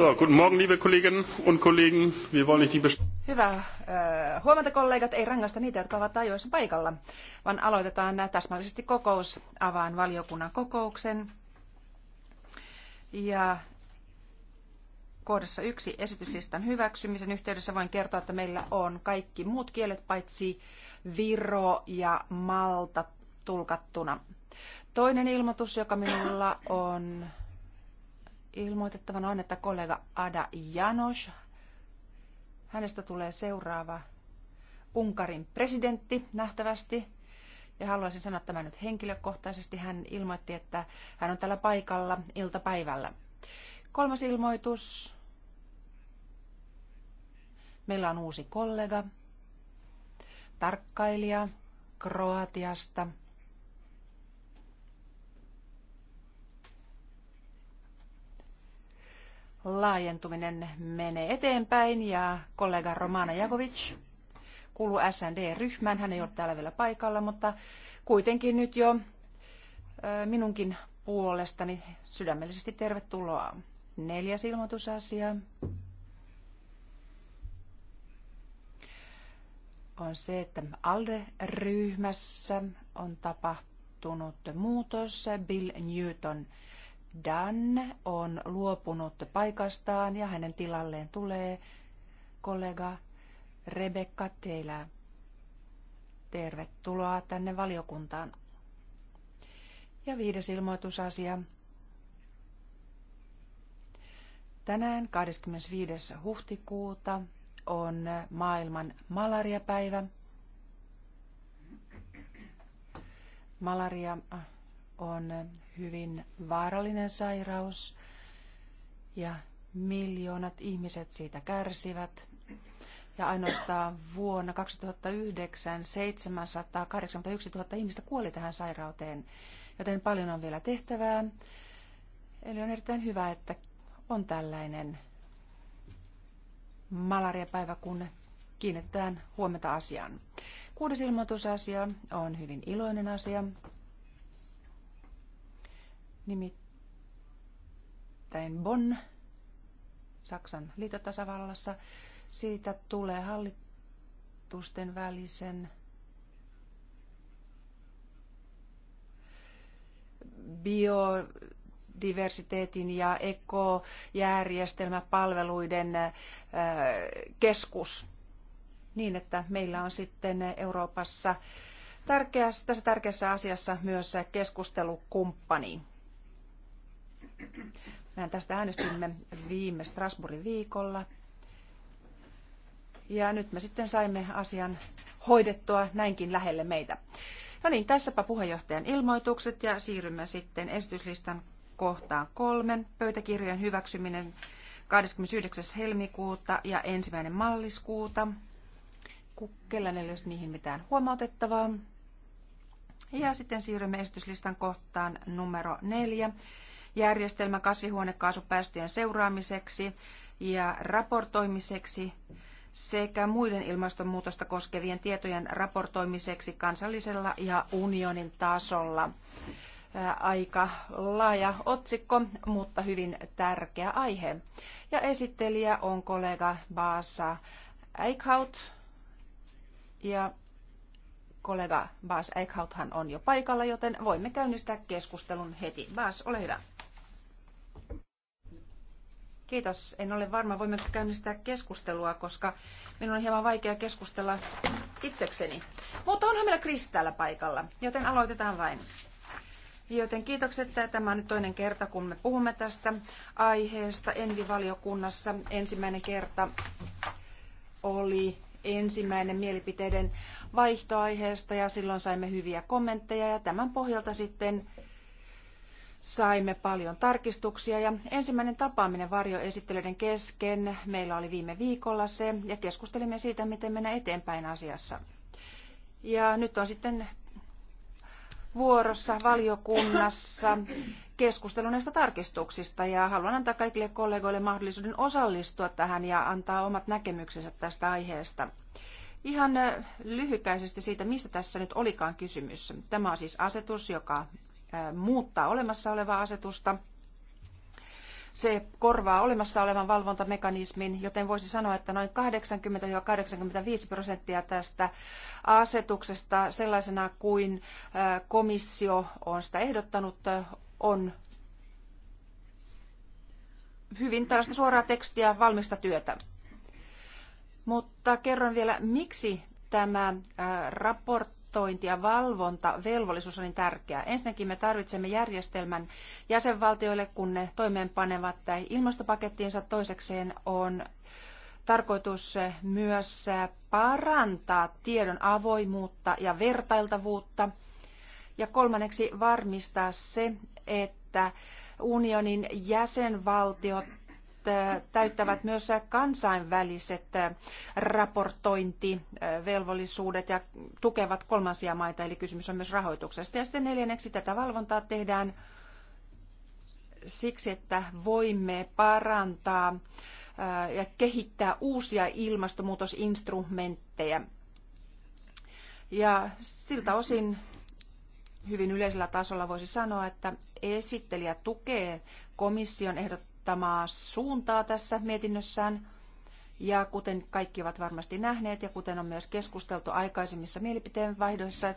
So, guten Morgen, liebe Kolleginnen und Kollegen. Wir wollen nicht die Hyvää äh, huomenta kollegat, ei rangaista niitä, jotka ovat ajoissa paikalla, vaan aloitetaan täsmällisesti kokous. Avaan valiokunnan kokouksen. Ja kohdassa yksi esityslistan hyväksymisen yhteydessä voin kertoa, että meillä on kaikki muut kielet paitsi Viro ja Malta tulkattuna. Toinen ilmoitus, joka minulla on Ilmoitettavana on, että kollega Ada Janos, hänestä tulee seuraava Unkarin presidentti nähtävästi. Ja haluaisin sanoa tämän nyt henkilökohtaisesti. Hän ilmoitti, että hän on tällä paikalla iltapäivällä. Kolmas ilmoitus. Meillä on uusi kollega, tarkkailija Kroatiasta – laajentuminen menee eteenpäin ja kollega Romana Jakovic kuuluu SND-ryhmään. Hän ei ole täällä vielä paikalla, mutta kuitenkin nyt jo minunkin puolestani sydämellisesti tervetuloa. Neljäs ilmoitusasia on se, että ALDE-ryhmässä on tapahtunut muutos. Bill Newton Dan on luopunut paikastaan ja hänen tilalleen tulee kollega Rebecca Teilä. Tervetuloa tänne valiokuntaan. Ja viides ilmoitusasia. Tänään 25. huhtikuuta on maailman malariapäivä. Malaria ah, on hyvin vaarallinen sairaus ja miljoonat ihmiset siitä kärsivät. Ja ainoastaan vuonna 2009 781 000 ihmistä kuoli tähän sairauteen, joten paljon on vielä tehtävää. Eli on erittäin hyvä, että on tällainen malariapäivä, kun kiinnitetään huomenta asiaan. Kuudes ilmoitusasia on hyvin iloinen asia nimittäin Bonn Saksan liitotasavallassa. Siitä tulee hallitusten välisen biodiversiteetin ja ekojärjestelmäpalveluiden äh, keskus niin, että meillä on sitten Euroopassa tärkeässä, tässä tärkeässä asiassa myös keskustelukumppani. Mehän tästä äänestimme viime Strasbourgin viikolla. Ja nyt me sitten saimme asian hoidettua näinkin lähelle meitä. No niin, tässäpä puheenjohtajan ilmoitukset ja siirrymme sitten esityslistan kohtaan kolmen. Pöytäkirjojen hyväksyminen 29. helmikuuta ja ensimmäinen malliskuuta. Kellään ei olisi niihin mitään huomautettavaa. Ja sitten siirrymme esityslistan kohtaan numero neljä järjestelmä kasvihuonekaasupäästöjen seuraamiseksi ja raportoimiseksi sekä muiden ilmastonmuutosta koskevien tietojen raportoimiseksi kansallisella ja unionin tasolla. Aika laaja otsikko, mutta hyvin tärkeä aihe. Ja esittelijä on kollega Baasa Eichhout. Ja kollega Baas Eichhouthan on jo paikalla, joten voimme käynnistää keskustelun heti. Baas, ole hyvä. Kiitos. En ole varma, voimmeko käynnistää keskustelua, koska minun on hieman vaikea keskustella itsekseni. Mutta onhan meillä Kris täällä paikalla, joten aloitetaan vain. Joten kiitokset. Tämä on nyt toinen kerta, kun me puhumme tästä aiheesta Envi-valiokunnassa. Ensimmäinen kerta oli ensimmäinen mielipiteiden vaihtoaiheesta ja silloin saimme hyviä kommentteja ja tämän pohjalta sitten Saimme paljon tarkistuksia ja ensimmäinen tapaaminen varjoesittelyiden kesken meillä oli viime viikolla se ja keskustelimme siitä, miten mennä eteenpäin asiassa. Ja nyt on sitten vuorossa valiokunnassa keskustelu näistä tarkistuksista ja haluan antaa kaikille kollegoille mahdollisuuden osallistua tähän ja antaa omat näkemyksensä tästä aiheesta. Ihan lyhykäisesti siitä, mistä tässä nyt olikaan kysymys. Tämä on siis asetus, joka muuttaa olemassa olevaa asetusta. Se korvaa olemassa olevan valvontamekanismin, joten voisi sanoa, että noin 80-85 prosenttia tästä asetuksesta sellaisena kuin komissio on sitä ehdottanut, on hyvin tällaista suoraa tekstiä valmista työtä. Mutta kerron vielä, miksi tämä raportti raportointi- ja valvontavelvollisuus on niin tärkeää. Ensinnäkin me tarvitsemme järjestelmän jäsenvaltioille, kun ne toimeenpanevat ilmastopakettiinsa. Toisekseen on tarkoitus myös parantaa tiedon avoimuutta ja vertailtavuutta. Ja kolmanneksi varmistaa se, että unionin jäsenvaltiot Äh, täyttävät myös kansainväliset äh, raportointivelvollisuudet äh, ja tukevat kolmansia maita, eli kysymys on myös rahoituksesta. Ja sitten neljänneksi tätä valvontaa tehdään siksi, että voimme parantaa ja kehittää uusia ilmastonmuutosinstrumentteja. Ja siltä osin hyvin yleisellä tasolla voisi sanoa, että esittelijä tukee komission ehdot, ottamaa suuntaa tässä mietinnössään. Ja kuten kaikki ovat varmasti nähneet ja kuten on myös keskusteltu aikaisemmissa mielipiteenvaihdoissa,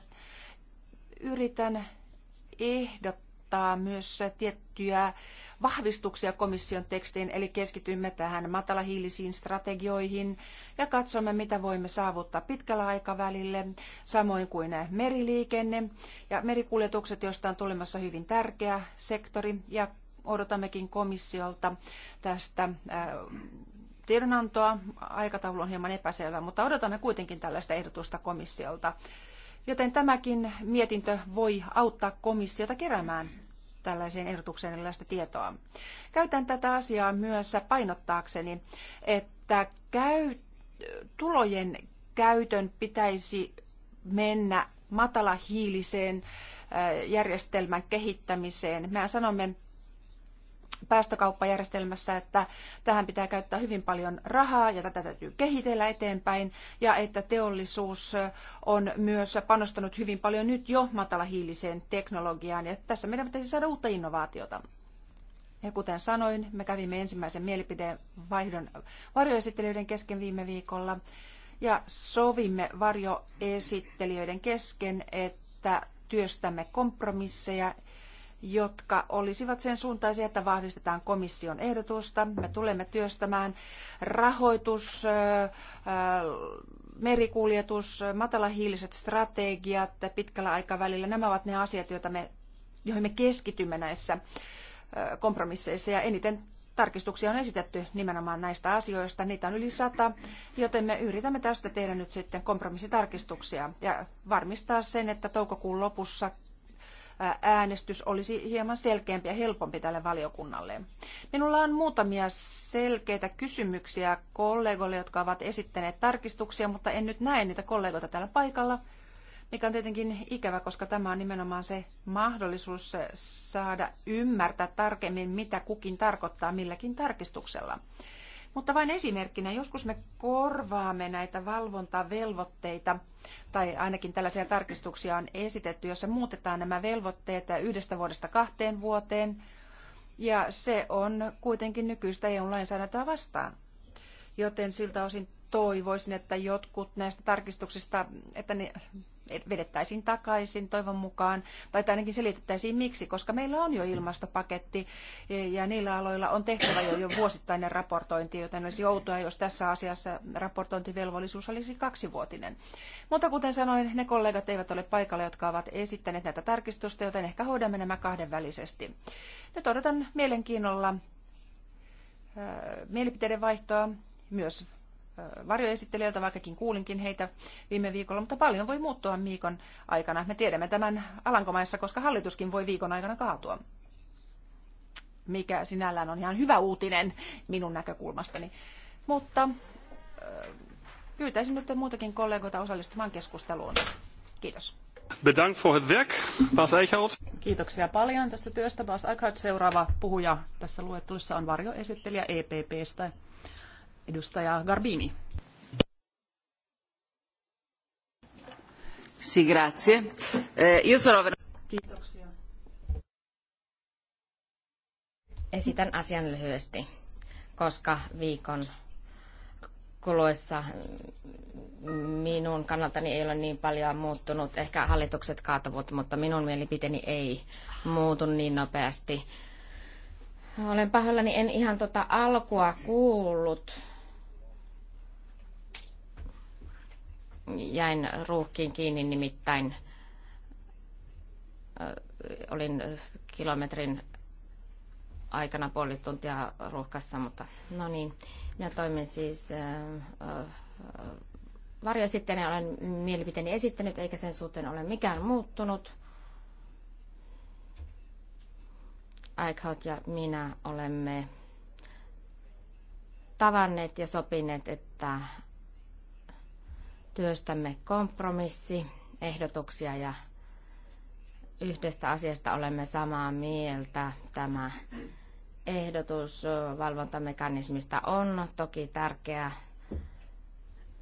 yritän ehdottaa myös tiettyjä vahvistuksia komission tekstiin, eli keskitymme tähän matalahiilisiin strategioihin ja katsomme, mitä voimme saavuttaa pitkällä aikavälillä, samoin kuin meriliikenne ja merikuljetukset, joista on tulemassa hyvin tärkeä sektori, ja odotammekin komissiolta tästä tiedonantoa. Aikataulu on hieman epäselvä, mutta odotamme kuitenkin tällaista ehdotusta komissiolta. Joten tämäkin mietintö voi auttaa komissiota keräämään tällaiseen ehdotukseen erilaista tietoa. Käytän tätä asiaa myös painottaakseni, että käy, tulojen käytön pitäisi mennä matalahiiliseen järjestelmän kehittämiseen. Mehän sanomme päästökauppajärjestelmässä, että tähän pitää käyttää hyvin paljon rahaa ja tätä täytyy kehitellä eteenpäin ja että teollisuus on myös panostanut hyvin paljon nyt jo matalahiiliseen teknologiaan ja tässä meidän pitäisi saada uutta innovaatiota. Ja kuten sanoin, me kävimme ensimmäisen mielipidevaihdon varjoesittelijöiden kesken viime viikolla ja sovimme varjoesittelijöiden kesken, että työstämme kompromisseja jotka olisivat sen suuntaisia, että vahvistetaan komission ehdotusta. Me tulemme työstämään rahoitus, merikuljetus, matalahiiliset strategiat pitkällä aikavälillä. Nämä ovat ne asiat, joita me, joihin me keskitymme näissä kompromisseissa ja eniten tarkistuksia on esitetty nimenomaan näistä asioista. Niitä on yli sata, joten me yritämme tästä tehdä nyt sitten kompromissitarkistuksia ja varmistaa sen, että toukokuun lopussa äänestys olisi hieman selkeämpi ja helpompi tälle valiokunnalle. Minulla on muutamia selkeitä kysymyksiä kollegoille, jotka ovat esittäneet tarkistuksia, mutta en nyt näe niitä kollegoita täällä paikalla, mikä on tietenkin ikävä, koska tämä on nimenomaan se mahdollisuus saada ymmärtää tarkemmin, mitä kukin tarkoittaa milläkin tarkistuksella. Mutta vain esimerkkinä, joskus me korvaamme näitä valvontavelvoitteita, tai ainakin tällaisia tarkistuksia on esitetty, jossa muutetaan nämä velvoitteet yhdestä vuodesta kahteen vuoteen, ja se on kuitenkin nykyistä EU-lainsäädäntöä vastaan. Joten siltä osin toivoisin, että jotkut näistä tarkistuksista, että ne, vedettäisiin takaisin toivon mukaan, tai ainakin selitettäisiin miksi, koska meillä on jo ilmastopaketti e, ja niillä aloilla on tehtävä jo, jo vuosittainen raportointi, joten olisi outoa, jos tässä asiassa raportointivelvollisuus olisi kaksivuotinen. Mutta kuten sanoin, ne kollegat eivät ole paikalla, jotka ovat esittäneet näitä tarkistusta, joten ehkä hoidamme nämä kahdenvälisesti. Nyt odotan mielenkiinnolla mielipiteiden vaihtoa myös varjoesittelijöiltä, vaikkakin kuulinkin heitä viime viikolla, mutta paljon voi muuttua viikon aikana. Me tiedämme tämän Alankomaissa, koska hallituskin voi viikon aikana kaatua mikä sinällään on ihan hyvä uutinen minun näkökulmastani. Mutta pyytäisin nyt muutakin kollegoita osallistumaan keskusteluun. Kiitos. Bedank for het werk, Bas Eichhout. Kiitoksia paljon tästä työstä, Bas Eichhout. Seuraava puhuja tässä luettelussa on varjoesittelijä EPPstä, Edustaja Garbini. grazie. Eh, io sono... Kiitoksia. Esitän asian lyhyesti, koska viikon kuluessa minun kannaltani ei ole niin paljon muuttunut. Ehkä hallitukset kaatuvat, mutta minun mielipiteeni ei muutu niin nopeasti. Olen pahoillani, en ihan tuota alkua kuullut jäin ruuhkiin kiinni, nimittäin olin kilometrin aikana puoli tuntia ruuhkassa, mutta no niin, minä toimin siis ja olen mielipiteeni esittänyt, eikä sen suhteen ole mikään muuttunut. Aikhaut ja minä olemme tavanneet ja sopineet, että työstämme kompromissi, ehdotuksia ja yhdestä asiasta olemme samaa mieltä. Tämä ehdotus valvontamekanismista on toki tärkeä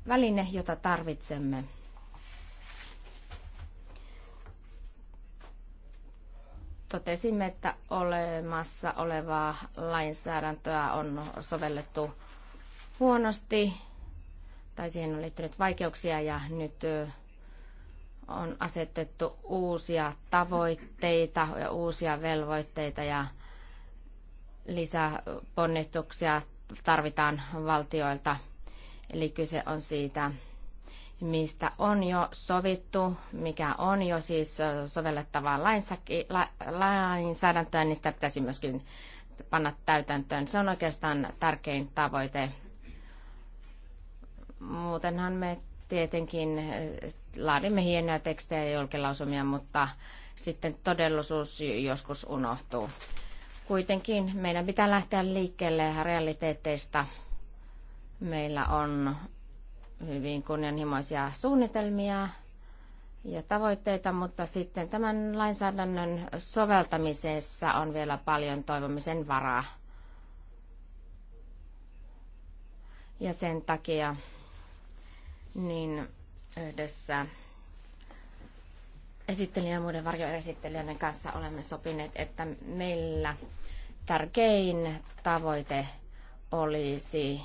väline, jota tarvitsemme. Totesimme, että olemassa olevaa lainsäädäntöä on sovellettu huonosti tai siihen on liittynyt vaikeuksia ja nyt on asetettu uusia tavoitteita ja uusia velvoitteita ja lisäponnistuksia tarvitaan valtioilta. Eli kyse on siitä, mistä on jo sovittu, mikä on jo siis sovellettavaa lainsäädäntöä, niin sitä pitäisi myöskin panna täytäntöön. Se on oikeastaan tärkein tavoite Muutenhan me tietenkin eh, laadimme hienoja tekstejä ja julkilausumia, mutta sitten todellisuus joskus unohtuu. Kuitenkin meidän pitää lähteä liikkeelle realiteetteista. Meillä on hyvin kunnianhimoisia suunnitelmia ja tavoitteita, mutta sitten tämän lainsäädännön soveltamisessa on vielä paljon toivomisen varaa. Ja sen takia niin yhdessä esittelijän ja muiden varjoesittelijöiden kanssa olemme sopineet, että meillä tärkein tavoite olisi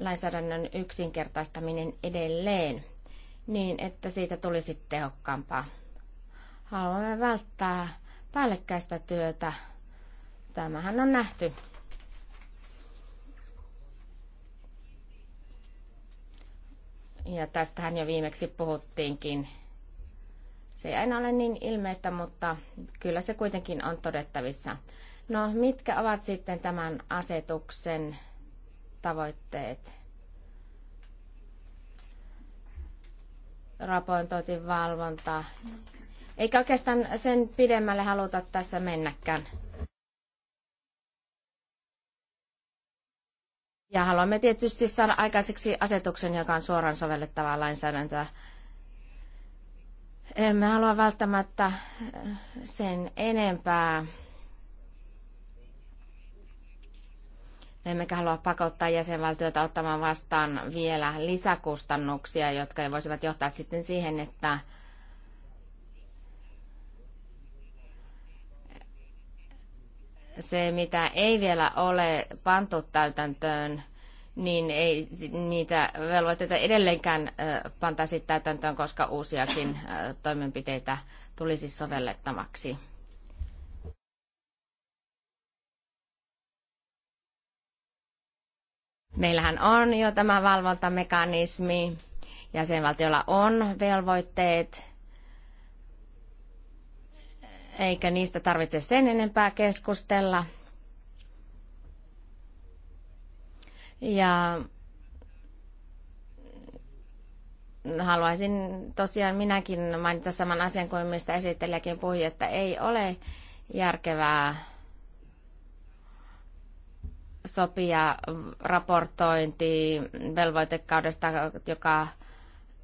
lainsäädännön yksinkertaistaminen edelleen niin, että siitä tulisi tehokkaampaa. Haluamme välttää päällekkäistä työtä. Tämähän on nähty Ja tästähän jo viimeksi puhuttiinkin. Se ei aina ole niin ilmeistä, mutta kyllä se kuitenkin on todettavissa. No, mitkä ovat sitten tämän asetuksen tavoitteet? Raportointi, valvonta. Eikä oikeastaan sen pidemmälle haluta tässä mennäkään. Ja haluamme tietysti saada aikaiseksi asetuksen, joka on suoraan sovellettavaa lainsäädäntöä. Emme halua välttämättä sen enempää. Emmekä halua pakottaa jäsenvaltioita ottamaan vastaan vielä lisäkustannuksia, jotka voisivat johtaa sitten siihen, että se, mitä ei vielä ole pantu täytäntöön, niin ei niitä velvoitteita edelleenkään pantaisi täytäntöön, koska uusiakin toimenpiteitä tulisi sovellettavaksi. Meillähän on jo tämä valvontamekanismi, jäsenvaltiolla on velvoitteet eikä niistä tarvitse sen enempää keskustella. Ja haluaisin tosiaan minäkin mainita saman asian kuin mistä esittelijäkin puhui, että ei ole järkevää sopia raportointi velvoitekaudesta joka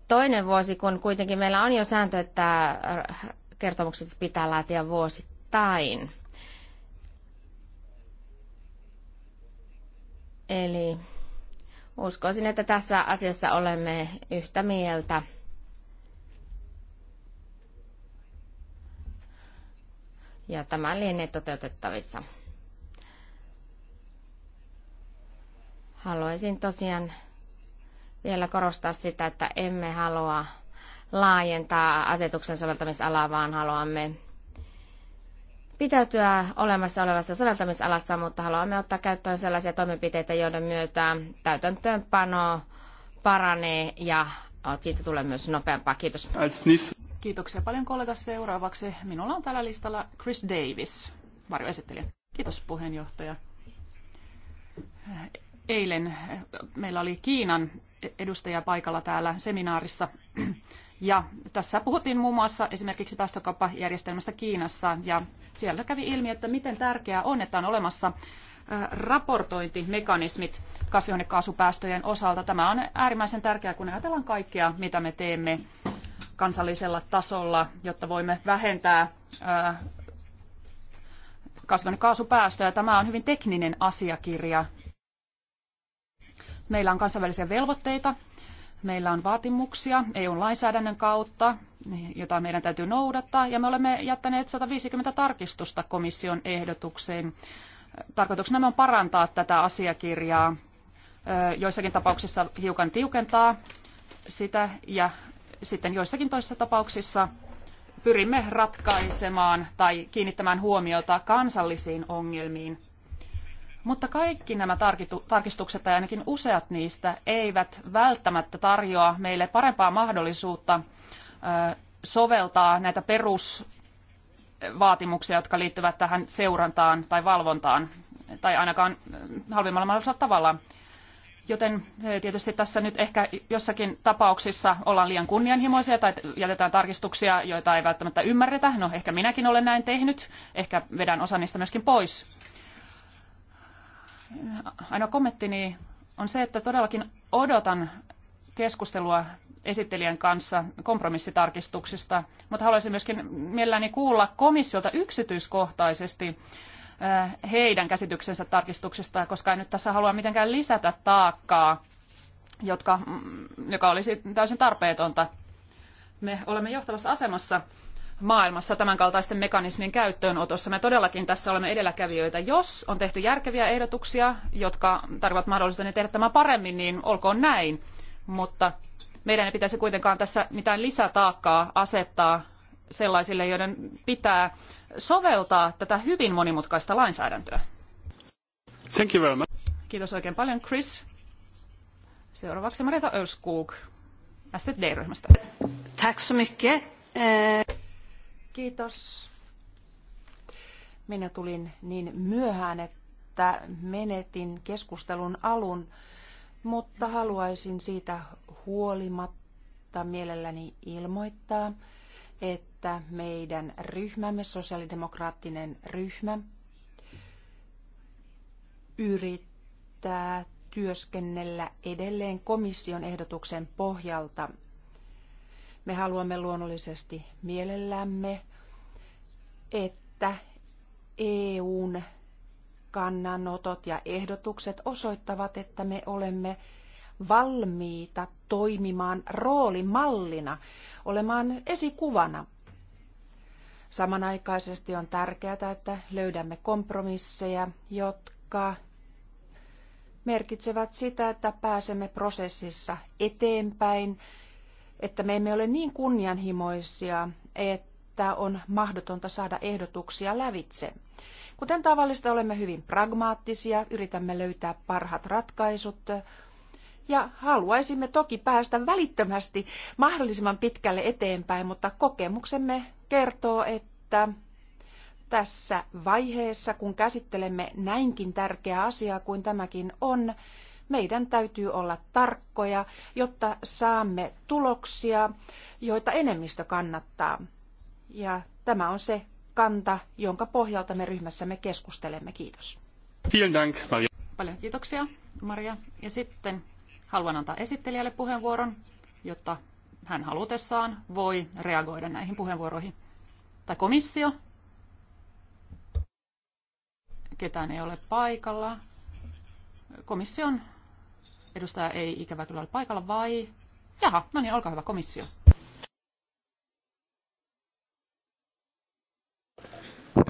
toinen vuosi, kun kuitenkin meillä on jo sääntö, että kertomukset pitää laatia vuosittain. Eli uskoisin, että tässä asiassa olemme yhtä mieltä. Ja tämä lienee toteutettavissa. Haluaisin tosiaan vielä korostaa sitä, että emme halua laajentaa asetuksen soveltamisalaa, vaan haluamme pitäytyä olemassa olevassa soveltamisalassa, mutta haluamme ottaa käyttöön sellaisia toimenpiteitä, joiden myötä täytäntöönpano paranee ja siitä tulee myös nopeampaa. Kiitos. Kiitoksia paljon kollega seuraavaksi. Minulla on tällä listalla Chris Davis, varjoesittelijä. Kiitos puheenjohtaja. Eilen meillä oli Kiinan edustaja paikalla täällä seminaarissa ja tässä puhuttiin muun muassa esimerkiksi päästökauppajärjestelmästä Kiinassa ja siellä kävi ilmi, että miten tärkeää on, että on olemassa raportointimekanismit kasvihuonekaasupäästöjen osalta. Tämä on äärimmäisen tärkeää, kun ajatellaan kaikkea, mitä me teemme kansallisella tasolla, jotta voimme vähentää kasvihuonekaasupäästöjä. Tämä on hyvin tekninen asiakirja. Meillä on kansainvälisiä velvoitteita meillä on vaatimuksia EU-lainsäädännön kautta, jota meidän täytyy noudattaa, ja me olemme jättäneet 150 tarkistusta komission ehdotukseen. Tarkoituksena on parantaa tätä asiakirjaa, joissakin tapauksissa hiukan tiukentaa sitä, ja sitten joissakin toisissa tapauksissa pyrimme ratkaisemaan tai kiinnittämään huomiota kansallisiin ongelmiin – mutta kaikki nämä tarkistukset tai ainakin useat niistä eivät välttämättä tarjoa meille parempaa mahdollisuutta soveltaa näitä perusvaatimuksia, jotka liittyvät tähän seurantaan tai valvontaan, tai ainakaan halvimmalla mahdollisella tavalla. Joten tietysti tässä nyt ehkä jossakin tapauksissa ollaan liian kunnianhimoisia tai jätetään tarkistuksia, joita ei välttämättä ymmärretä. No ehkä minäkin olen näin tehnyt, ehkä vedän osa niistä myöskin pois ainoa kommenttini on se, että todellakin odotan keskustelua esittelijän kanssa kompromissitarkistuksista, mutta haluaisin myöskin mielelläni kuulla komissiolta yksityiskohtaisesti eh, heidän käsityksensä tarkistuksesta, koska en nyt tässä halua mitenkään lisätä taakkaa, jotka, mm, joka olisi täysin tarpeetonta. Me olemme johtavassa asemassa maailmassa tämänkaltaisten mekanismien käyttöönotossa. Me todellakin tässä olemme edelläkävijöitä. Jos on tehty järkeviä ehdotuksia, jotka tarjoavat mahdollisuuden tehdä tämä paremmin, niin olkoon näin. Mutta meidän ei pitäisi kuitenkaan tässä mitään lisätaakkaa asettaa sellaisille, joiden pitää soveltaa tätä hyvin monimutkaista lainsäädäntöä. Thank you very much. Kiitos oikein paljon, Chris. Seuraavaksi Marita Örskog, STD-ryhmästä. Tack så mycket. Eh, Kiitos. Minä tulin niin myöhään, että menetin keskustelun alun, mutta haluaisin siitä huolimatta mielelläni ilmoittaa, että meidän ryhmämme, sosiaalidemokraattinen ryhmä, yrittää työskennellä edelleen komission ehdotuksen pohjalta me haluamme luonnollisesti mielellämme, että EUn kannanotot ja ehdotukset osoittavat, että me olemme valmiita toimimaan roolimallina, olemaan esikuvana. Samanaikaisesti on tärkeää, että löydämme kompromisseja, jotka merkitsevät sitä, että pääsemme prosessissa eteenpäin että me emme ole niin kunnianhimoisia, että on mahdotonta saada ehdotuksia lävitse. Kuten tavallista olemme hyvin pragmaattisia, yritämme löytää parhaat ratkaisut ja haluaisimme toki päästä välittömästi mahdollisimman pitkälle eteenpäin, mutta kokemuksemme kertoo, että tässä vaiheessa, kun käsittelemme näinkin tärkeää asiaa kuin tämäkin on, meidän täytyy olla tarkkoja, jotta saamme tuloksia, joita enemmistö kannattaa. Ja tämä on se kanta, jonka pohjalta me ryhmässämme keskustelemme. Kiitos. Dank, Maria. Paljon kiitoksia, Maria. Ja sitten haluan antaa esittelijälle puheenvuoron, jotta hän halutessaan voi reagoida näihin puheenvuoroihin. Tai komissio. Ketään ei ole paikalla. Komission Edustaja ei ikävä kyllä ole paikalla, vai? Jaha, no niin, olkaa hyvä, komissio.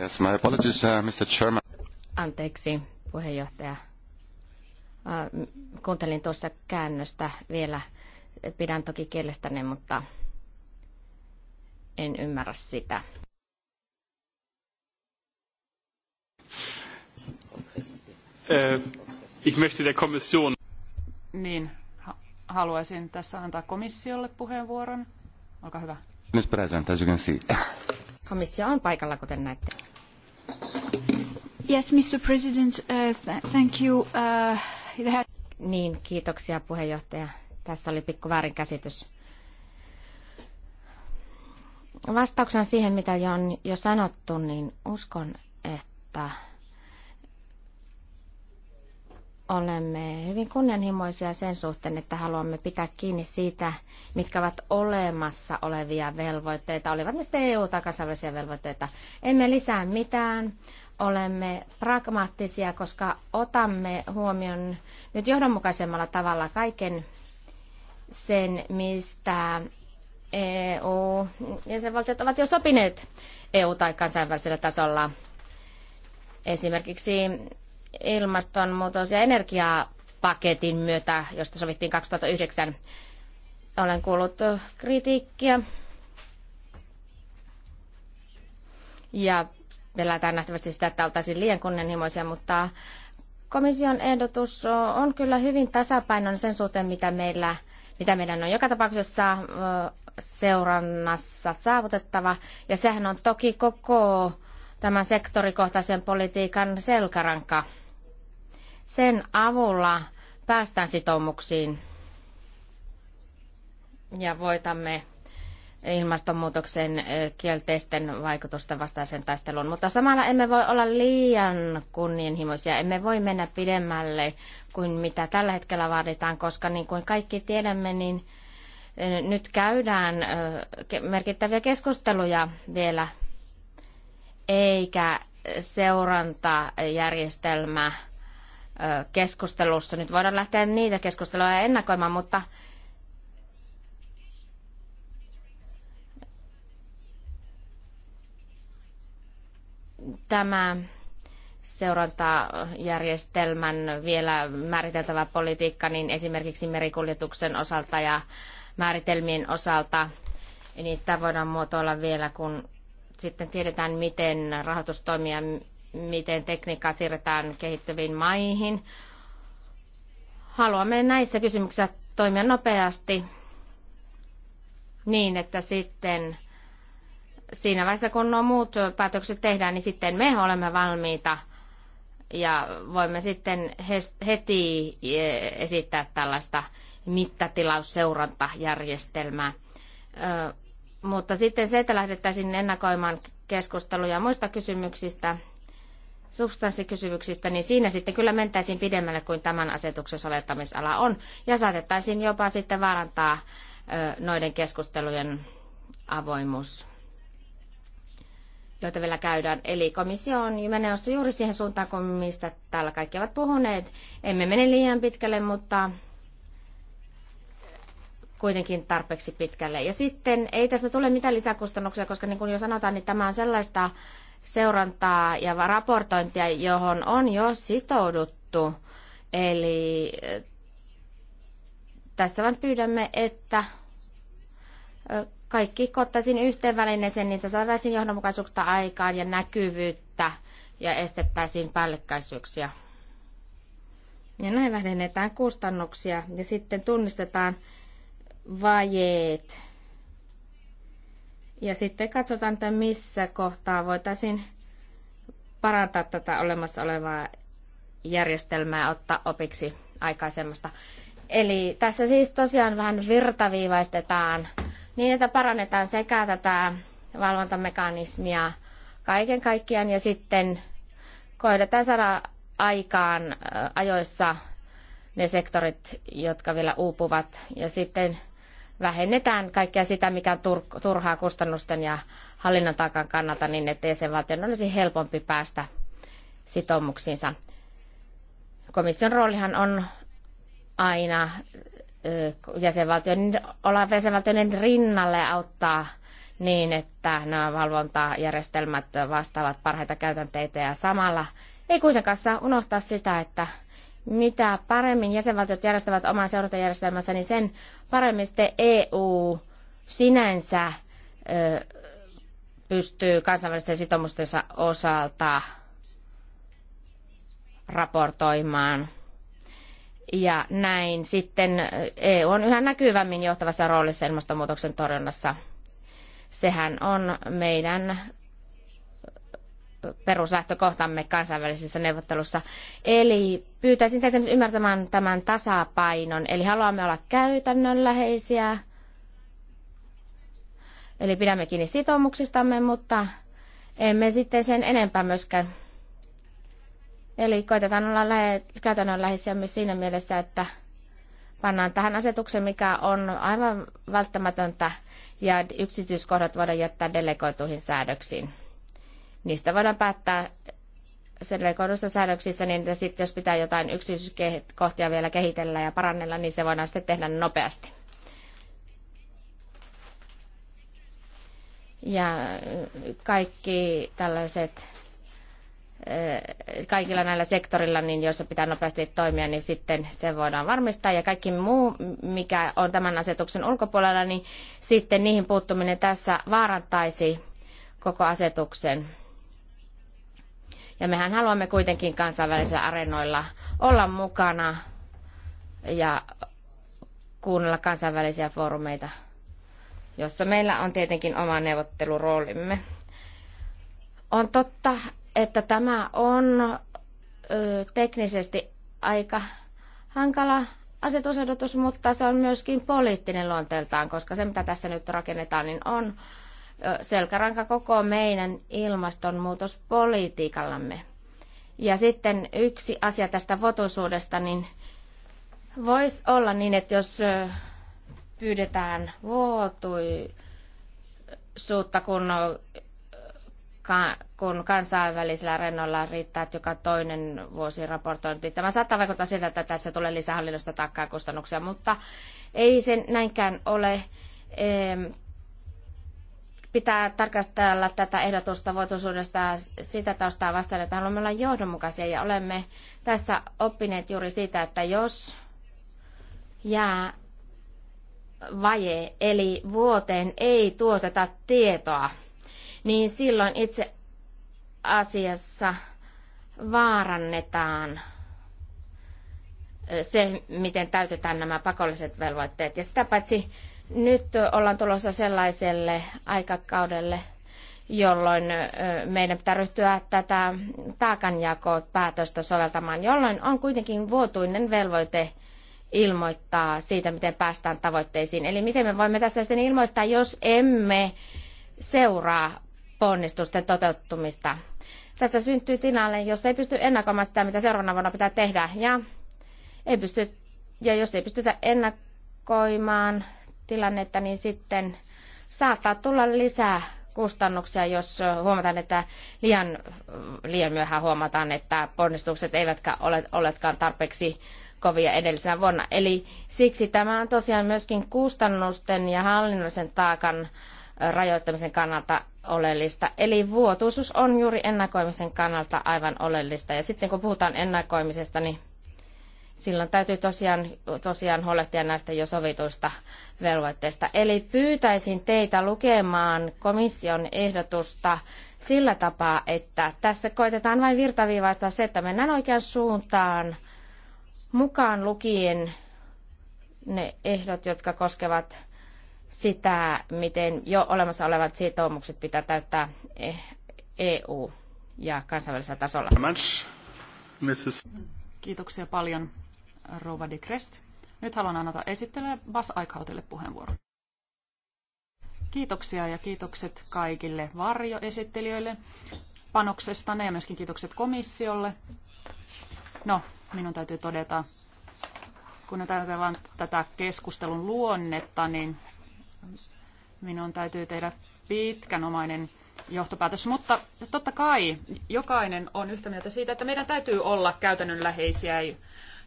Yes, my apologies, uh, Mr. Chairman. Anteeksi, puheenjohtaja. Uh, kuuntelin tuossa käännöstä vielä. Pidän toki kielestäni, mutta en ymmärrä sitä. Uh, ich möchte der Kommission niin, haluaisin tässä antaa komissiolle puheenvuoron. Olkaa hyvä. Miss President, as you can see. Komissio on paikalla, kuten näette. Yes, Mr. President, uh, thank you. Uh, that... Niin, kiitoksia puheenjohtaja. Tässä oli pikku väärinkäsitys. Vastauksen siihen, mitä jo on jo sanottu, niin uskon, että olemme hyvin kunnianhimoisia sen suhteen, että haluamme pitää kiinni siitä, mitkä ovat olemassa olevia velvoitteita, olivat ne sitten EU- tai kansainvälisiä velvoitteita. Emme lisää mitään, olemme pragmaattisia, koska otamme huomioon nyt johdonmukaisemmalla tavalla kaiken sen, mistä EU-jäsenvaltiot ovat jo sopineet EU- tai kansainvälisellä tasolla. Esimerkiksi ilmastonmuutos- ja energiapaketin myötä, josta sovittiin 2009. Olen kuullut kritiikkiä ja pelätään nähtävästi sitä, että oltaisiin liian kunnianhimoisia, mutta komission ehdotus on kyllä hyvin tasapainon sen suhteen, mitä, meillä, mitä meidän on joka tapauksessa seurannassa saavutettava. Ja sehän on toki koko tämän sektorikohtaisen politiikan selkäranka. Sen avulla päästään sitoumuksiin ja voitamme ilmastonmuutoksen kielteisten vaikutusten vastaisen taisteluun. Mutta samalla emme voi olla liian kunnianhimoisia. Emme voi mennä pidemmälle kuin mitä tällä hetkellä vaaditaan, koska niin kuin kaikki tiedämme, niin nyt käydään merkittäviä keskusteluja vielä, eikä seurantajärjestelmä järjestelmä keskustelussa. Nyt voidaan lähteä niitä keskusteluja ennakoimaan, mutta tämä seurantajärjestelmän vielä määriteltävä politiikka, niin esimerkiksi merikuljetuksen osalta ja määritelmien osalta, niin sitä voidaan muotoilla vielä, kun sitten tiedetään, miten rahoitustoimia miten tekniikkaa siirretään kehittyviin maihin. Haluamme näissä kysymyksissä toimia nopeasti niin, että sitten siinä vaiheessa, kun nuo muut päätökset tehdään, niin sitten me olemme valmiita ja voimme sitten heti eh, esittää tällaista mittatilausseurantajärjestelmää. Mutta sitten se, että lähdettäisiin ennakoimaan keskusteluja muista kysymyksistä, substanssikysymyksistä, niin siinä sitten kyllä mentäisiin pidemmälle kuin tämän asetuksen soveltamisala on, ja saatettaisiin jopa sitten vaarantaa noiden keskustelujen avoimuus, joita vielä käydään. Eli komissio on menossa juuri siihen suuntaan, kuin mistä täällä kaikki ovat puhuneet. Emme mene liian pitkälle, mutta kuitenkin tarpeeksi pitkälle. Ja sitten ei tässä tule mitään lisäkustannuksia, koska niin kuin jo sanotaan, niin tämä on sellaista seurantaa ja raportointia, johon on jo sitouduttu. Eli eh, tässä vain pyydämme, että eh, kaikki koottaisiin yhteen välineeseen, niin saataisiin johdonmukaisuutta aikaan ja näkyvyyttä ja estettäisiin päällekkäisyyksiä. Ja näin vähennetään kustannuksia ja sitten tunnistetaan vajeet. Ja sitten katsotaan, että missä kohtaa voitaisiin parantaa tätä olemassa olevaa järjestelmää ottaa opiksi aikaisemmasta. Eli tässä siis tosiaan vähän virtaviivaistetaan niin, että parannetaan sekä tätä valvontamekanismia kaiken kaikkiaan ja sitten koitetaan saada aikaan ajoissa ne sektorit, jotka vielä uupuvat ja sitten vähennetään kaikkea sitä, mikä on turhaa kustannusten ja hallinnon taakan kannalta, niin että jäsenvaltion olisi helpompi päästä sitoumuksiinsa. Komission roolihan on aina jäsenvaltioiden, olla jäsenvaltioiden rinnalle ja auttaa niin, että nämä valvontajärjestelmät vastaavat parhaita käytänteitä ja samalla ei kuitenkaan saa unohtaa sitä, että mitä paremmin jäsenvaltiot järjestävät oman seurantajärjestelmänsä, niin sen paremmin sitten EU sinänsä ö, pystyy kansainvälisten sitoumustensa osalta raportoimaan. Ja näin sitten EU on yhä näkyvämmin johtavassa roolissa ilmastonmuutoksen torjunnassa. Sehän on meidän peruslähtökohtamme kansainvälisissä neuvottelussa. Eli pyytäisin teitä nyt ymmärtämään tämän tasapainon. Eli haluamme olla käytännönläheisiä, eli pidämme kiinni sitoumuksistamme, mutta emme sitten sen enempää myöskään. Eli koitetaan olla lähe, käytännönläheisiä myös siinä mielessä, että pannaan tähän asetukseen, mikä on aivan välttämätöntä, ja yksityiskohdat voidaan jättää delegoituihin säädöksiin niistä voidaan päättää selvekoidussa säädöksissä, niin että sitten jos pitää jotain yksityiskohtia vielä kehitellä ja parannella, niin se voidaan sitten tehdä nopeasti. Ja kaikki tällaiset, eh, kaikilla näillä sektorilla, niin joissa pitää nopeasti toimia, niin sitten se voidaan varmistaa. Ja kaikki muu, mikä on tämän asetuksen ulkopuolella, niin sitten niihin puuttuminen tässä vaarantaisi koko asetuksen ja mehän haluamme kuitenkin kansainvälisillä areenoilla olla mukana ja kuunnella kansainvälisiä foorumeita, jossa meillä on tietenkin oma neuvotteluroolimme. On totta, että tämä on ö, teknisesti aika hankala asetusehdotus, mutta se on myöskin poliittinen luonteeltaan, koska se mitä tässä nyt rakennetaan, niin on selkäranka koko meidän ilmastonmuutospolitiikallamme. Ja sitten yksi asia tästä votuisuudesta, niin voisi olla niin, että jos pyydetään vuotuisuutta, kun, kun kansainvälisellä rennolla riittää, että joka toinen vuosi raportointi. Tämä saattaa vaikuttaa siltä, että tässä tulee lisähallinnosta takkaa kustannuksia, mutta ei se näinkään ole pitää tarkastella tätä ehdotusta voitosuudesta sitä taustaa vastaan, että haluamme olla johdonmukaisia ja olemme tässä oppineet juuri siitä, että jos jää vaje, eli vuoteen ei tuoteta tietoa, niin silloin itse asiassa vaarannetaan se, miten täytetään nämä pakolliset velvoitteet. Ja sitä paitsi nyt ollaan tulossa sellaiselle aikakaudelle, jolloin meidän pitää ryhtyä tätä taakanjakopäätöstä soveltamaan, jolloin on kuitenkin vuotuinen velvoite ilmoittaa siitä, miten päästään tavoitteisiin. Eli miten me voimme tästä sitten ilmoittaa, jos emme seuraa ponnistusten toteuttumista. Tästä syntyy tilanne, jos ei pysty ennakoimaan sitä, mitä seuraavana vuonna pitää tehdä, ja, ei pysty, ja jos ei pystytä ennakoimaan tilannetta, niin sitten saattaa tulla lisää kustannuksia, jos huomataan, että liian, liian myöhään huomataan, että ponnistukset eivätkä ole, oletkaan tarpeeksi kovia edellisenä vuonna. Eli siksi tämä on tosiaan myöskin kustannusten ja hallinnollisen taakan rajoittamisen kannalta oleellista. Eli vuotuisuus on juuri ennakoimisen kannalta aivan oleellista. Ja sitten kun puhutaan ennakoimisesta, niin silloin täytyy tosiaan, tosiaan huolehtia näistä jo sovituista velvoitteista. Eli pyytäisin teitä lukemaan komission ehdotusta sillä tapaa, että tässä koitetaan vain virtaviivaista se, että mennään oikean suuntaan mukaan lukien ne ehdot, jotka koskevat sitä, miten jo olemassa olevat sitoumukset pitää täyttää EU- e ja kansainvälisellä tasolla. Kiitoksia paljon. Rova de Crest. Nyt haluan annata esittelyä Bas Aikhautille puheenvuoron. Kiitoksia ja kiitokset kaikille varjoesittelijöille panoksestanne ja myöskin kiitokset komissiolle. No, minun täytyy todeta, kun ajatellaan tätä keskustelun luonnetta, niin minun täytyy tehdä pitkänomainen johtopäätös, mutta totta kai jokainen on yhtä mieltä siitä, että meidän täytyy olla käytännönläheisiä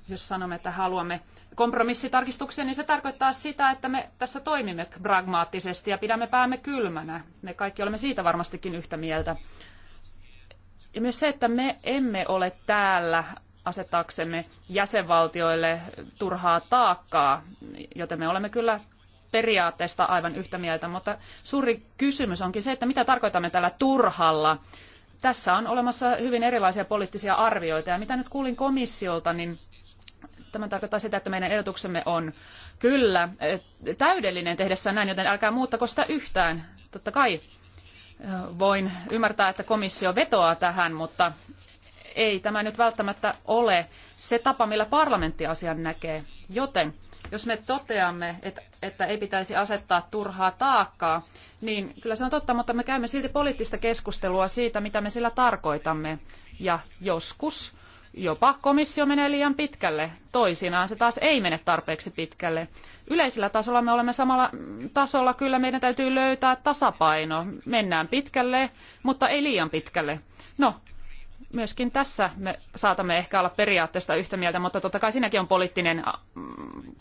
jos sanomme, että haluamme kompromissitarkistuksia, niin se tarkoittaa sitä, että me tässä toimimme pragmaattisesti ja pidämme päämme kylmänä. Me kaikki olemme siitä varmastikin yhtä mieltä. Ja myös se, että me emme ole täällä asettaaksemme jäsenvaltioille turhaa taakkaa, joten me olemme kyllä periaatteesta aivan yhtä mieltä, mutta suuri kysymys onkin se, että mitä tarkoitamme tällä turhalla. Tässä on olemassa hyvin erilaisia poliittisia arvioita ja mitä nyt kuulin komissiolta, niin Tämä tarkoittaa sitä, että meidän ehdotuksemme on kyllä täydellinen tehdessään näin, joten älkää muuttako sitä yhtään. Totta kai voin ymmärtää, että komissio vetoaa tähän, mutta ei tämä nyt välttämättä ole se tapa, millä parlamentti asian näkee. Joten jos me toteamme, että, että ei pitäisi asettaa turhaa taakkaa, niin kyllä se on totta, mutta me käymme silti poliittista keskustelua siitä, mitä me sillä tarkoitamme. Ja joskus Jopa komissio menee liian pitkälle, toisinaan se taas ei mene tarpeeksi pitkälle. Yleisellä tasolla me olemme samalla tasolla, kyllä meidän täytyy löytää tasapaino. Mennään pitkälle, mutta ei liian pitkälle. No, myöskin tässä me saatamme ehkä olla periaatteesta yhtä mieltä, mutta totta kai siinäkin on poliittinen mm,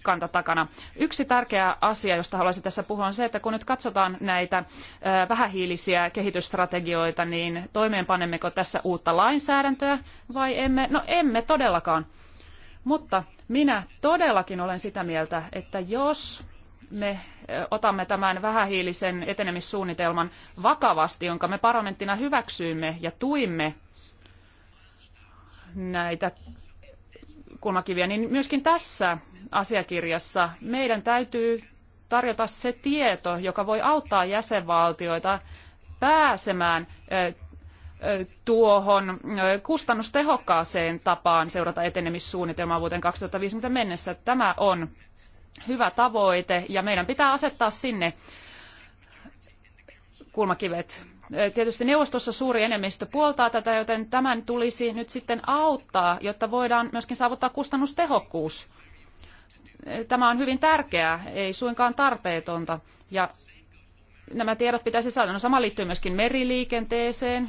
kanta takana. Yksi tärkeä asia, josta haluaisin tässä puhua, on se, että kun nyt katsotaan näitä vähähiilisiä kehitysstrategioita, niin toimeenpanemmeko tässä uutta lainsäädäntöä vai emme? No emme todellakaan. Mutta minä todellakin olen sitä mieltä, että jos me otamme tämän vähähiilisen etenemissuunnitelman vakavasti, jonka me parlamenttina hyväksyimme ja tuimme näitä kulmakiviä, niin myöskin tässä asiakirjassa meidän täytyy tarjota se tieto, joka voi auttaa jäsenvaltioita pääsemään tuohon kustannustehokkaaseen tapaan seurata etenemissuunnitelmaa vuoteen 2050 mennessä. Tämä on hyvä tavoite ja meidän pitää asettaa sinne kulmakivet Tietysti neuvostossa suuri enemmistö puoltaa tätä, joten tämän tulisi nyt sitten auttaa, jotta voidaan myöskin saavuttaa kustannustehokkuus. Tämä on hyvin tärkeää, ei suinkaan tarpeetonta. Ja nämä tiedot pitäisi saada. No sama liittyy myöskin meriliikenteeseen.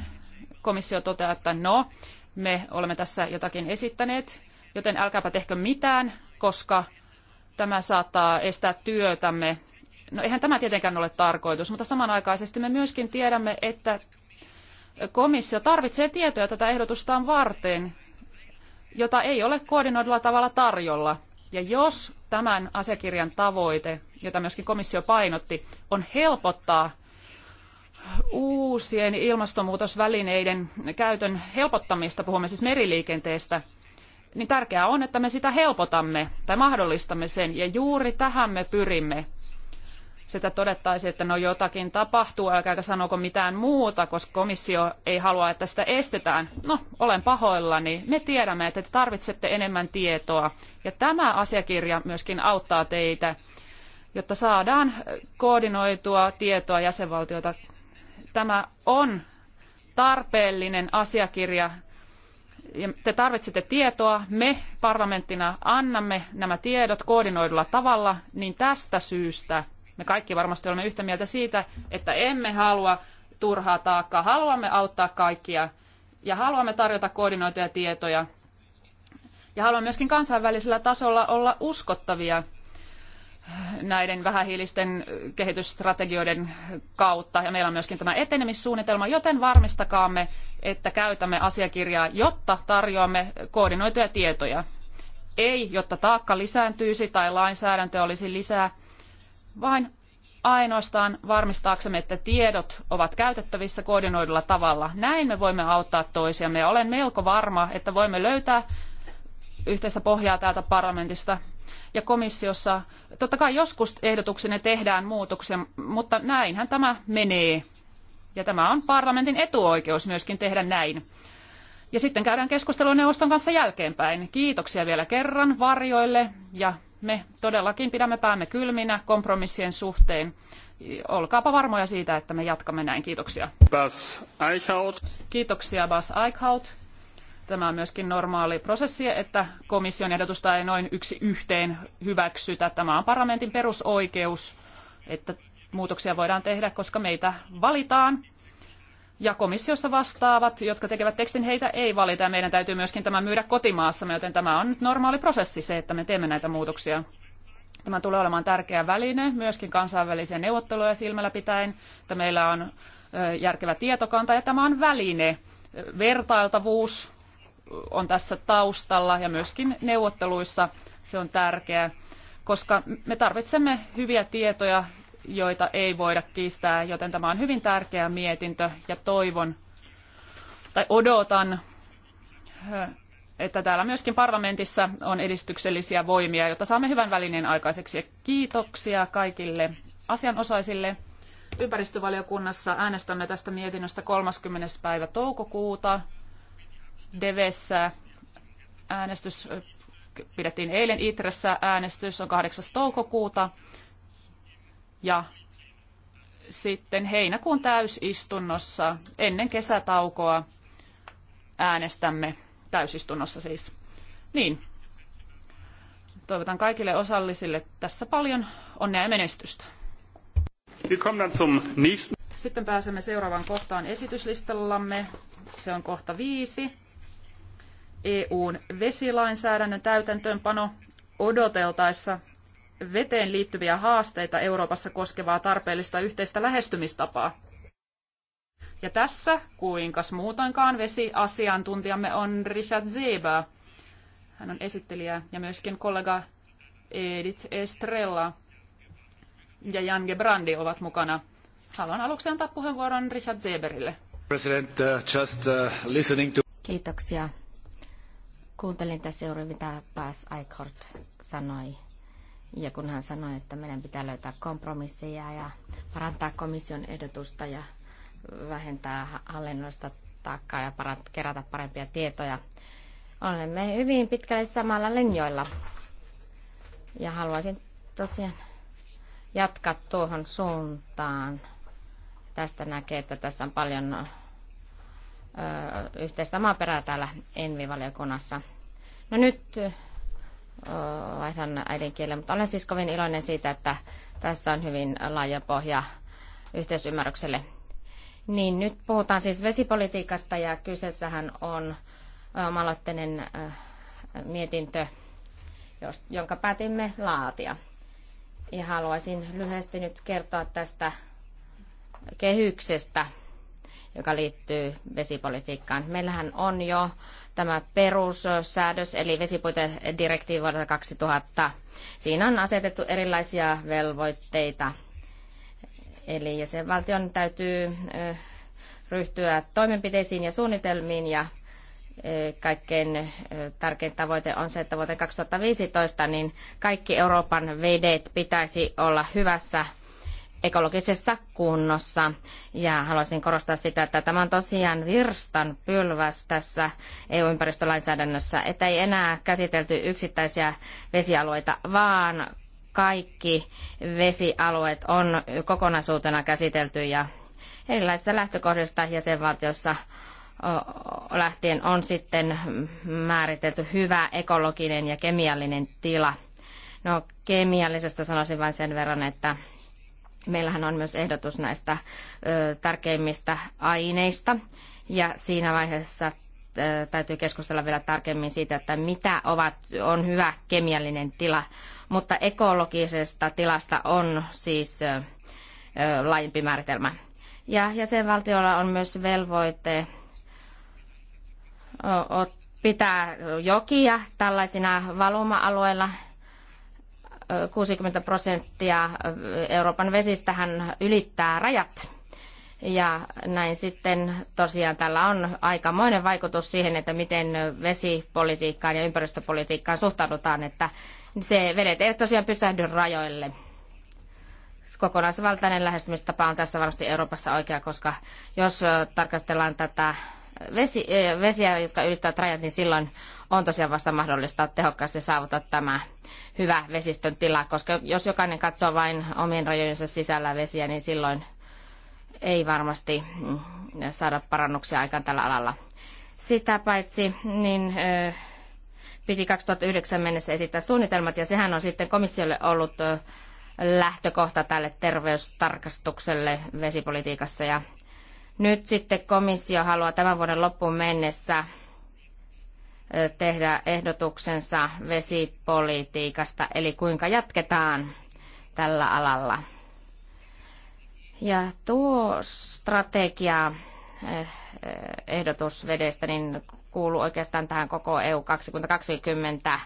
Komissio toteaa, että no, me olemme tässä jotakin esittäneet, joten älkääpä tehkö mitään, koska tämä saattaa estää työtämme No eihän tämä tietenkään ole tarkoitus, mutta samanaikaisesti me myöskin tiedämme, että komissio tarvitsee tietoja tätä ehdotustaan varten, jota ei ole koordinoidulla tavalla tarjolla. Ja jos tämän asiakirjan tavoite, jota myöskin komissio painotti, on helpottaa uusien ilmastonmuutosvälineiden käytön helpottamista, puhumme siis meriliikenteestä, niin tärkeää on, että me sitä helpotamme tai mahdollistamme sen, ja juuri tähän me pyrimme sitä todettaisiin, että no jotakin tapahtuu, älkääkä sanoko mitään muuta, koska komissio ei halua, että sitä estetään. No, olen pahoillani. Me tiedämme, että te tarvitsette enemmän tietoa. Ja tämä asiakirja myöskin auttaa teitä, jotta saadaan koordinoitua tietoa jäsenvaltiota. Tämä on tarpeellinen asiakirja te tarvitsette tietoa, me parlamenttina annamme nämä tiedot koordinoidulla tavalla, niin tästä syystä me kaikki varmasti olemme yhtä mieltä siitä, että emme halua turhaa taakkaa. Haluamme auttaa kaikkia ja haluamme tarjota koordinoituja tietoja. Ja haluamme myöskin kansainvälisellä tasolla olla uskottavia näiden vähähiilisten kehitysstrategioiden kautta. Ja meillä on myöskin tämä etenemissuunnitelma, joten varmistakaamme, että käytämme asiakirjaa, jotta tarjoamme koordinoituja tietoja. Ei, jotta taakka lisääntyisi tai lainsäädäntö olisi lisää vain ainoastaan varmistaaksemme, että tiedot ovat käytettävissä koordinoidulla tavalla. Näin me voimme auttaa toisiamme ja olen melko varma, että voimme löytää yhteistä pohjaa täältä parlamentista ja komissiossa. Totta kai joskus ehdotuksenne tehdään muutoksia, mutta näinhän tämä menee. Ja tämä on parlamentin etuoikeus myöskin tehdä näin. Ja sitten käydään keskustelua neuvoston kanssa jälkeenpäin. Kiitoksia vielä kerran varjoille ja me todellakin pidämme päämme kylminä kompromissien suhteen. Olkaapa varmoja siitä, että me jatkamme näin. Kiitoksia. Bas Eichhout. Kiitoksia Bas Eichhout. Tämä on myöskin normaali prosessi, että komission ehdotusta ei noin yksi yhteen hyväksytä. Tämä on parlamentin perusoikeus, että muutoksia voidaan tehdä, koska meitä valitaan ja komissiossa vastaavat, jotka tekevät tekstin, heitä ei valita ja meidän täytyy myöskin tämä myydä kotimaassamme, joten tämä on nyt normaali prosessi se, että me teemme näitä muutoksia. Tämä tulee olemaan tärkeä väline myöskin kansainvälisiä neuvotteluja silmällä pitäen, että meillä on järkevä tietokanta ja tämä on väline. Vertailtavuus on tässä taustalla ja myöskin neuvotteluissa se on tärkeää, koska me tarvitsemme hyviä tietoja joita ei voida kiistää, joten tämä on hyvin tärkeä mietintö ja toivon tai odotan, että täällä myöskin parlamentissa on edistyksellisiä voimia, jotta saamme hyvän välineen aikaiseksi. kiitoksia kaikille asianosaisille. Ympäristövaliokunnassa äänestämme tästä mietinnöstä 30. päivä toukokuuta. Devessä äänestys pidettiin eilen Itressä äänestys on 8. toukokuuta ja sitten heinäkuun täysistunnossa ennen kesätaukoa äänestämme täysistunnossa siis. Niin. Toivotan kaikille osallisille tässä paljon onnea ja menestystä. Sitten pääsemme seuraavaan kohtaan esityslistallamme. Se on kohta viisi. EUn vesilainsäädännön täytäntöönpano odoteltaessa veteen liittyviä haasteita Euroopassa koskevaa tarpeellista yhteistä lähestymistapaa. Ja tässä, kuinkas muutoinkaan, vesiasiantuntijamme on Richard Zeba. Hän on esittelijä ja myöskin kollega Edith Estrella ja Jan Gebrandi ovat mukana. Haluan aluksi antaa puheenvuoron Richard Zeberille. President, uh, just, uh, listening to... Kiitoksia. Kuuntelin tässä juuri, mitä Bas Eichhardt sanoi ja kun hän sanoi, että meidän pitää löytää kompromisseja ja parantaa komission ehdotusta ja vähentää hallinnollista taakkaa ja parant- kerätä parempia tietoja, olemme hyvin pitkälle samalla linjoilla. Ja haluaisin tosiaan jatkaa tuohon suuntaan. Tästä näkee, että tässä on paljon ö, yhteistä maaperää täällä Envi-valiokunnassa. No nyt vaihdan äidinkielen, mutta olen siis kovin iloinen siitä, että tässä on hyvin laaja pohja yhteisymmärrykselle. Niin nyt puhutaan siis vesipolitiikasta ja kyseessähän on omaloitteinen mietintö, jonka päätimme laatia. Ja haluaisin lyhyesti nyt kertoa tästä kehyksestä, joka liittyy vesipolitiikkaan. Meillähän on jo tämä perussäädös, eli vesipuitedirektiivi vuodelta 2000. Siinä on asetettu erilaisia velvoitteita. Eli jäsenvaltion täytyy ryhtyä toimenpiteisiin ja suunnitelmiin ja kaikkein tärkein tavoite on se, että vuoteen 2015 niin kaikki Euroopan vedet pitäisi olla hyvässä ekologisessa kunnossa. Ja haluaisin korostaa sitä, että tämä on tosiaan virstan pylväs tässä EU-ympäristölainsäädännössä, että ei enää käsitelty yksittäisiä vesialueita, vaan kaikki vesialueet on kokonaisuutena käsitelty ja erilaisista lähtökohdista jäsenvaltiossa lähtien on sitten määritelty hyvä ekologinen ja kemiallinen tila. No kemiallisesta sanoisin vain sen verran, että Meillähän on myös ehdotus näistä tärkeimmistä aineista ja siinä vaiheessa täytyy keskustella vielä tarkemmin siitä, että mitä ovat, on hyvä kemiallinen tila. Mutta ekologisesta tilasta on siis laajempi määritelmä. Ja jäsenvaltiolla on myös velvoite pitää jokia tällaisina valuma-alueilla 60 prosenttia Euroopan vesistähän ylittää rajat. Ja näin sitten tosiaan tällä on aikamoinen vaikutus siihen, että miten vesipolitiikkaan ja ympäristöpolitiikkaan suhtaudutaan, että se vedet eivät tosiaan pysähdy rajoille. Kokonaisvaltainen lähestymistapa on tässä varmasti Euroopassa oikea, koska jos tarkastellaan tätä vesi, eh, vesiä, jotka ylittävät rajat, niin silloin on tosiaan vasta mahdollista tehokkaasti saavuttaa tämä hyvä vesistön tila, koska jos jokainen katsoo vain omien rajojensa sisällä vesiä, niin silloin ei varmasti mm, saada parannuksia aikaan tällä alalla. Sitä paitsi, niin eh, piti 2009 mennessä esittää suunnitelmat, ja sehän on sitten komissiolle ollut eh, lähtökohta tälle terveystarkastukselle vesipolitiikassa, ja nyt sitten komissio haluaa tämän vuoden loppuun mennessä tehdä ehdotuksensa vesipolitiikasta, eli kuinka jatketaan tällä alalla. Ja tuo strategia ehdotus vedestä niin kuuluu oikeastaan tähän koko EU 2020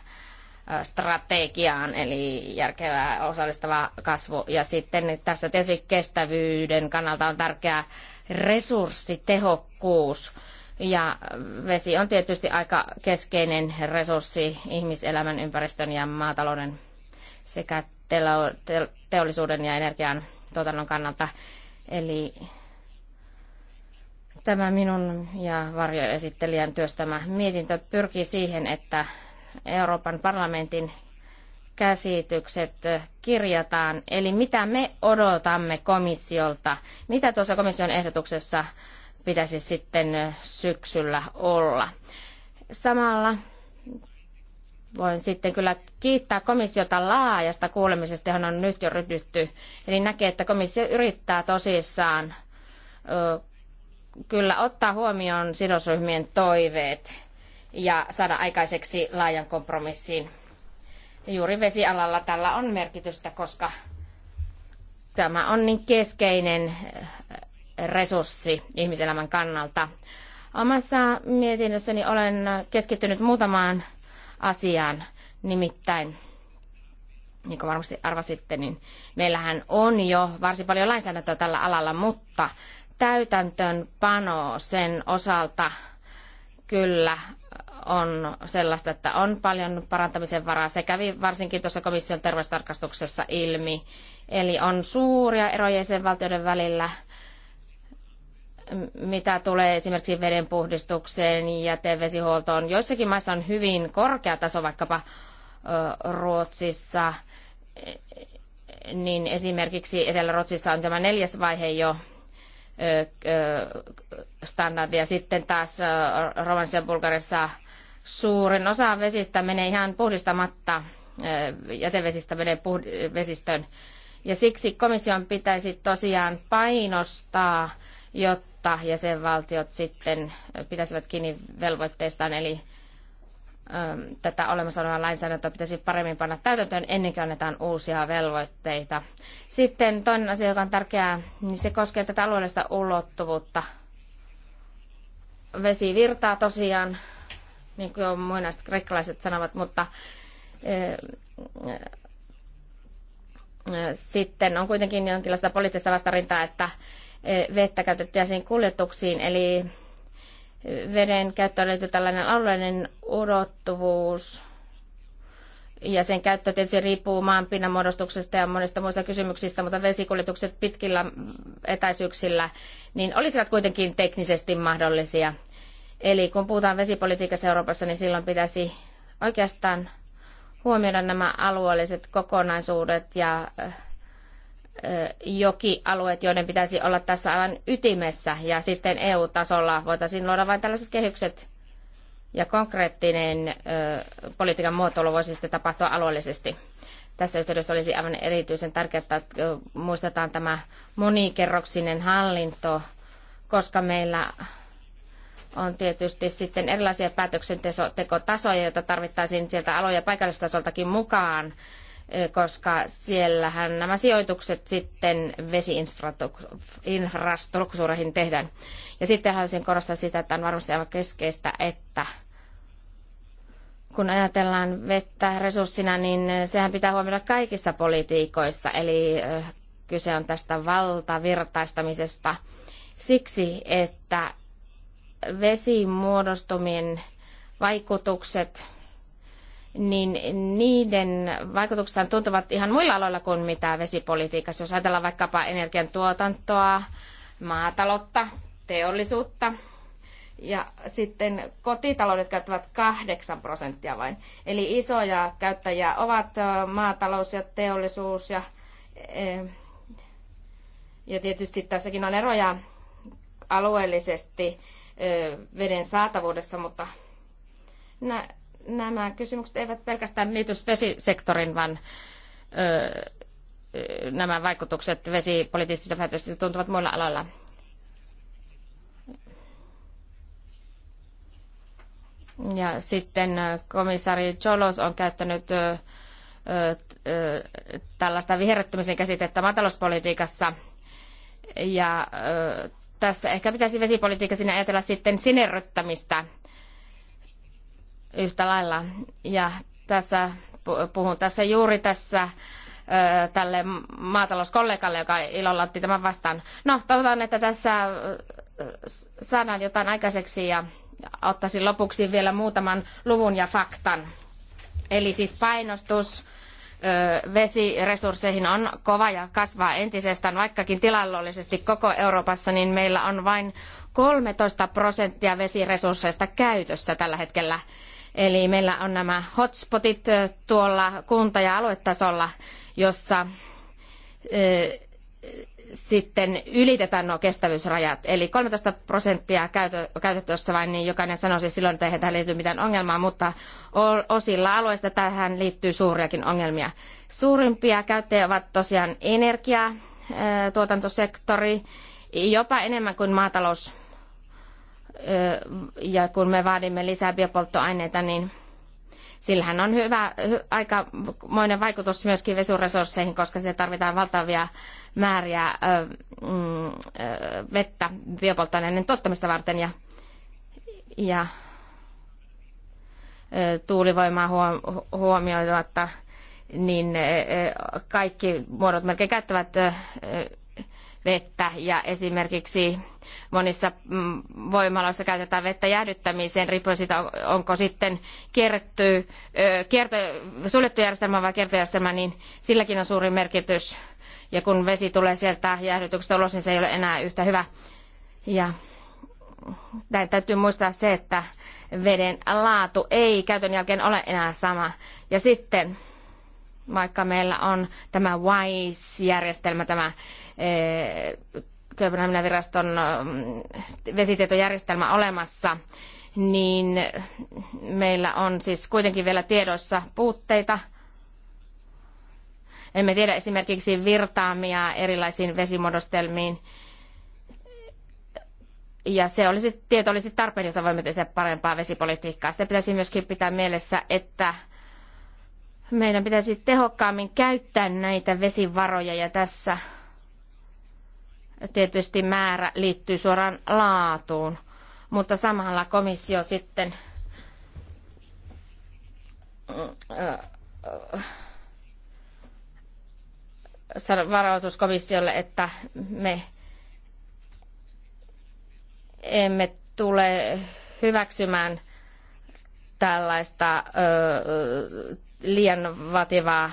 strategiaan, eli järkevää osallistava kasvu. Ja sitten tässä tietysti kestävyyden kannalta on tärkeää resurssitehokkuus. Ja vesi on tietysti aika keskeinen resurssi ihmiselämän, ympäristön ja maatalouden sekä teollisuuden ja energian tuotannon kannalta. Eli tämä minun ja varjoesittelijän työstämä mietintö pyrkii siihen, että Euroopan parlamentin käsitykset kirjataan, eli mitä me odotamme komissiolta, mitä tuossa komission ehdotuksessa pitäisi sitten syksyllä olla. Samalla voin sitten kyllä kiittää komissiota laajasta kuulemisesta, johon on nyt jo ryhdytty. Eli näkee, että komissio yrittää tosissaan ö, kyllä ottaa huomioon sidosryhmien toiveet ja saada aikaiseksi laajan kompromissin Juuri vesialalla tällä on merkitystä, koska tämä on niin keskeinen eh, resurssi ihmiselämän kannalta. Omassa mietinnössäni olen keskittynyt muutamaan asiaan, nimittäin niin kuin varmasti arvasitte, niin meillähän on jo varsin paljon lainsäädäntöä tällä alalla, mutta pano sen osalta kyllä on sellaista, että on paljon parantamisen varaa. Se kävi varsinkin tuossa komission terveystarkastuksessa ilmi. Eli on suuria eroja jäsenvaltioiden välillä, mitä tulee esimerkiksi vedenpuhdistukseen ja jätevesihuoltoon. Joissakin maissa on hyvin korkea taso, vaikkapa Ruotsissa, niin esimerkiksi Etelä-Ruotsissa on tämä neljäs vaihe jo standardia. Sitten taas Romaniassa ja Suurin osa vesistä menee ihan puhdistamatta, jätevesistä menee vesistöön. Ja siksi komission pitäisi tosiaan painostaa, jotta jäsenvaltiot sitten pitäisivät kiinni velvoitteistaan, eli tätä olemassa olevaa lainsäädäntöä pitäisi paremmin panna täytäntöön ennen kuin annetaan uusia velvoitteita. Sitten toinen asia, joka on tärkeää, niin se koskee tätä alueellista ulottuvuutta. Vesi virtaa tosiaan niin kuin muinaiset kreikkalaiset sanovat, mutta eh, eh, sitten on kuitenkin jonkinlaista poliittista vastarintaa, että eh, vettä käytettäisiin kuljetuksiin, eli veden käyttöön löytyy tällainen alueellinen odottuvuus, ja sen käyttö tietysti riippuu maan pinnan muodostuksesta ja monista muista kysymyksistä, mutta vesikuljetukset pitkillä etäisyyksillä niin olisivat kuitenkin teknisesti mahdollisia. Eli kun puhutaan vesipolitiikassa Euroopassa, niin silloin pitäisi oikeastaan huomioida nämä alueelliset kokonaisuudet ja jokialueet, joiden pitäisi olla tässä aivan ytimessä. Ja sitten EU-tasolla voitaisiin luoda vain tällaiset kehykset ja konkreettinen politiikan muotoilu voisi sitten tapahtua alueellisesti. Tässä yhteydessä olisi aivan erityisen tärkeää, että muistetaan tämä monikerroksinen hallinto, koska meillä on tietysti sitten erilaisia päätöksentekotasoja, joita tarvittaisiin sieltä alo- ja paikallistasoltakin mukaan, e, koska siellähän nämä sijoitukset sitten vesiinfrastruktuureihin tehdään. Ja sitten haluaisin korostaa sitä, että on varmasti aivan keskeistä, että kun ajatellaan vettä resurssina, niin sehän pitää huomioida kaikissa politiikoissa, eli e, kyse on tästä valtavirtaistamisesta siksi, että vesimuodostumien vaikutukset, niin niiden vaikutukset tuntuvat ihan muilla aloilla kuin mitä vesipolitiikassa. Jos ajatellaan vaikkapa energiantuotantoa, maataloutta, teollisuutta ja sitten kotitaloudet käyttävät 8 prosenttia vain. Eli isoja käyttäjiä ovat maatalous ja teollisuus ja, e, ja tietysti tässäkin on eroja alueellisesti veden saatavuudessa, mutta nämä kysymykset eivät pelkästään liity vesisektorin, vaan nämä vaikutukset vesipoliittisissa päätöksissä tuntuvat muilla aloilla. Ja sitten komissaari Cholos on käyttänyt ö, ö, tällaista viherryttämisen käsitettä maatalouspolitiikassa. Ja ö, tässä ehkä pitäisi vesipolitiikassa ajatella sitten sinerryttämistä yhtä lailla. Ja tässä puhun tässä juuri tässä tälle maatalouskollegalle, joka ilolla otti tämän vastaan. No, toivotaan, että tässä saadaan jotain aikaiseksi ja ottaisin lopuksi vielä muutaman luvun ja faktan. Eli siis painostus vesiresursseihin on kova ja kasvaa entisestään, vaikkakin tilallollisesti koko Euroopassa, niin meillä on vain 13 prosenttia vesiresursseista käytössä tällä hetkellä. Eli meillä on nämä hotspotit tuolla kunta- ja aluetasolla, jossa sitten ylitetään nuo kestävyysrajat. Eli 13 prosenttia käytettävissä vain, niin jokainen sanoisi silloin, että eihän tähän liity mitään ongelmaa, mutta osilla alueista tähän liittyy suuriakin ongelmia. Suurimpia käyttäjiä ovat tosiaan energia, tuotantosektori, jopa enemmän kuin maatalous. Ja kun me vaadimme lisää biopolttoaineita, niin Sillähän on hyvä, aikamoinen vaikutus myöskin vesuresursseihin, koska siellä tarvitaan valtavia määriä mm, vettä biopolttoaineiden tuottamista varten ja, ja tuulivoimaa ottaen, niin kaikki muodot melkein käyttävät vettä ja esimerkiksi monissa mm, voimaloissa käytetään vettä jäähdyttämiseen, riippuen siitä, onko sitten kierretty, kierto, suljettu järjestelmä vai kiertojärjestelmä, niin silläkin on suuri merkitys. Ja kun vesi tulee sieltä jäähdytyksestä ulos, niin se ei ole enää yhtä hyvä. Ja täytyy muistaa se, että veden laatu ei käytön jälkeen ole enää sama. Ja sitten, vaikka meillä on tämä WISE-järjestelmä, tämä Kööpenhaminan viraston mm, vesitietojärjestelmä olemassa, niin meillä on siis kuitenkin vielä tiedoissa puutteita. Emme tiedä esimerkiksi virtaamia erilaisiin vesimuodostelmiin. Ja se olisi, tieto olisi tarpeen, jota voimme tehdä parempaa vesipolitiikkaa. Sitä pitäisi myöskin pitää mielessä, että meidän pitäisi tehokkaammin käyttää näitä vesivaroja ja tässä tietysti määrä liittyy suoraan laatuun, mutta samalla komissio sitten äh, äh, varoituskomissiolle, että me emme tule hyväksymään tällaista äh, liian vaativaa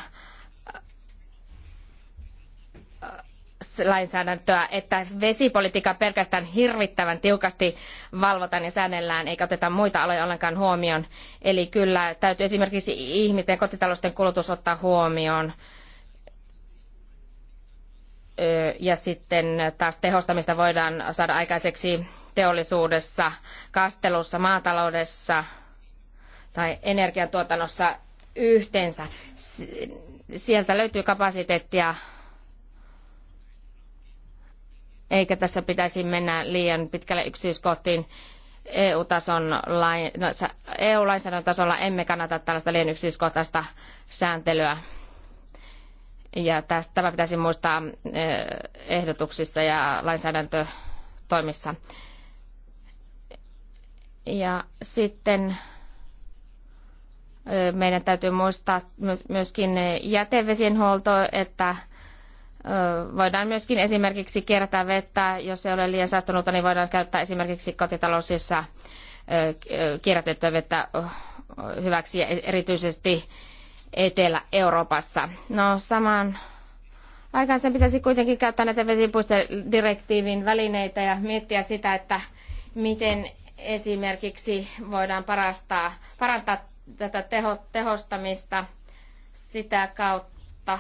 lainsäädäntöä, että vesipolitiikkaa pelkästään hirvittävän tiukasti valvotaan ja säännellään, eikä oteta muita aloja ollenkaan huomioon. Eli kyllä täytyy esimerkiksi ihmisten ja kotitalousten kulutus ottaa huomioon. Ja sitten taas tehostamista voidaan saada aikaiseksi teollisuudessa, kastelussa, maataloudessa tai energiantuotannossa yhteensä. Sieltä löytyy kapasiteettia eikä tässä pitäisi mennä liian pitkälle yksityiskohtiin. EU-tason lain, no, EU-lainsäädännön tasolla emme kannata tällaista liian yksityiskohtaista sääntelyä. Ja tästä, tämä pitäisi muistaa äh, ehdotuksissa ja lainsäädäntötoimissa. Ja sitten äh, meidän täytyy muistaa myöskin jätevesien huolto, että voidaan myöskin esimerkiksi kiertää vettä, jos ei ole liian saastunutta, niin voidaan käyttää esimerkiksi kotitalousissa kierrätettyä vettä hyväksi erityisesti Etelä-Euroopassa. No samaan aikaan sitten pitäisi kuitenkin käyttää näitä vesipuistodirektiivin välineitä ja miettiä sitä, että miten esimerkiksi voidaan parastaa, parantaa tätä teho, tehostamista sitä kautta,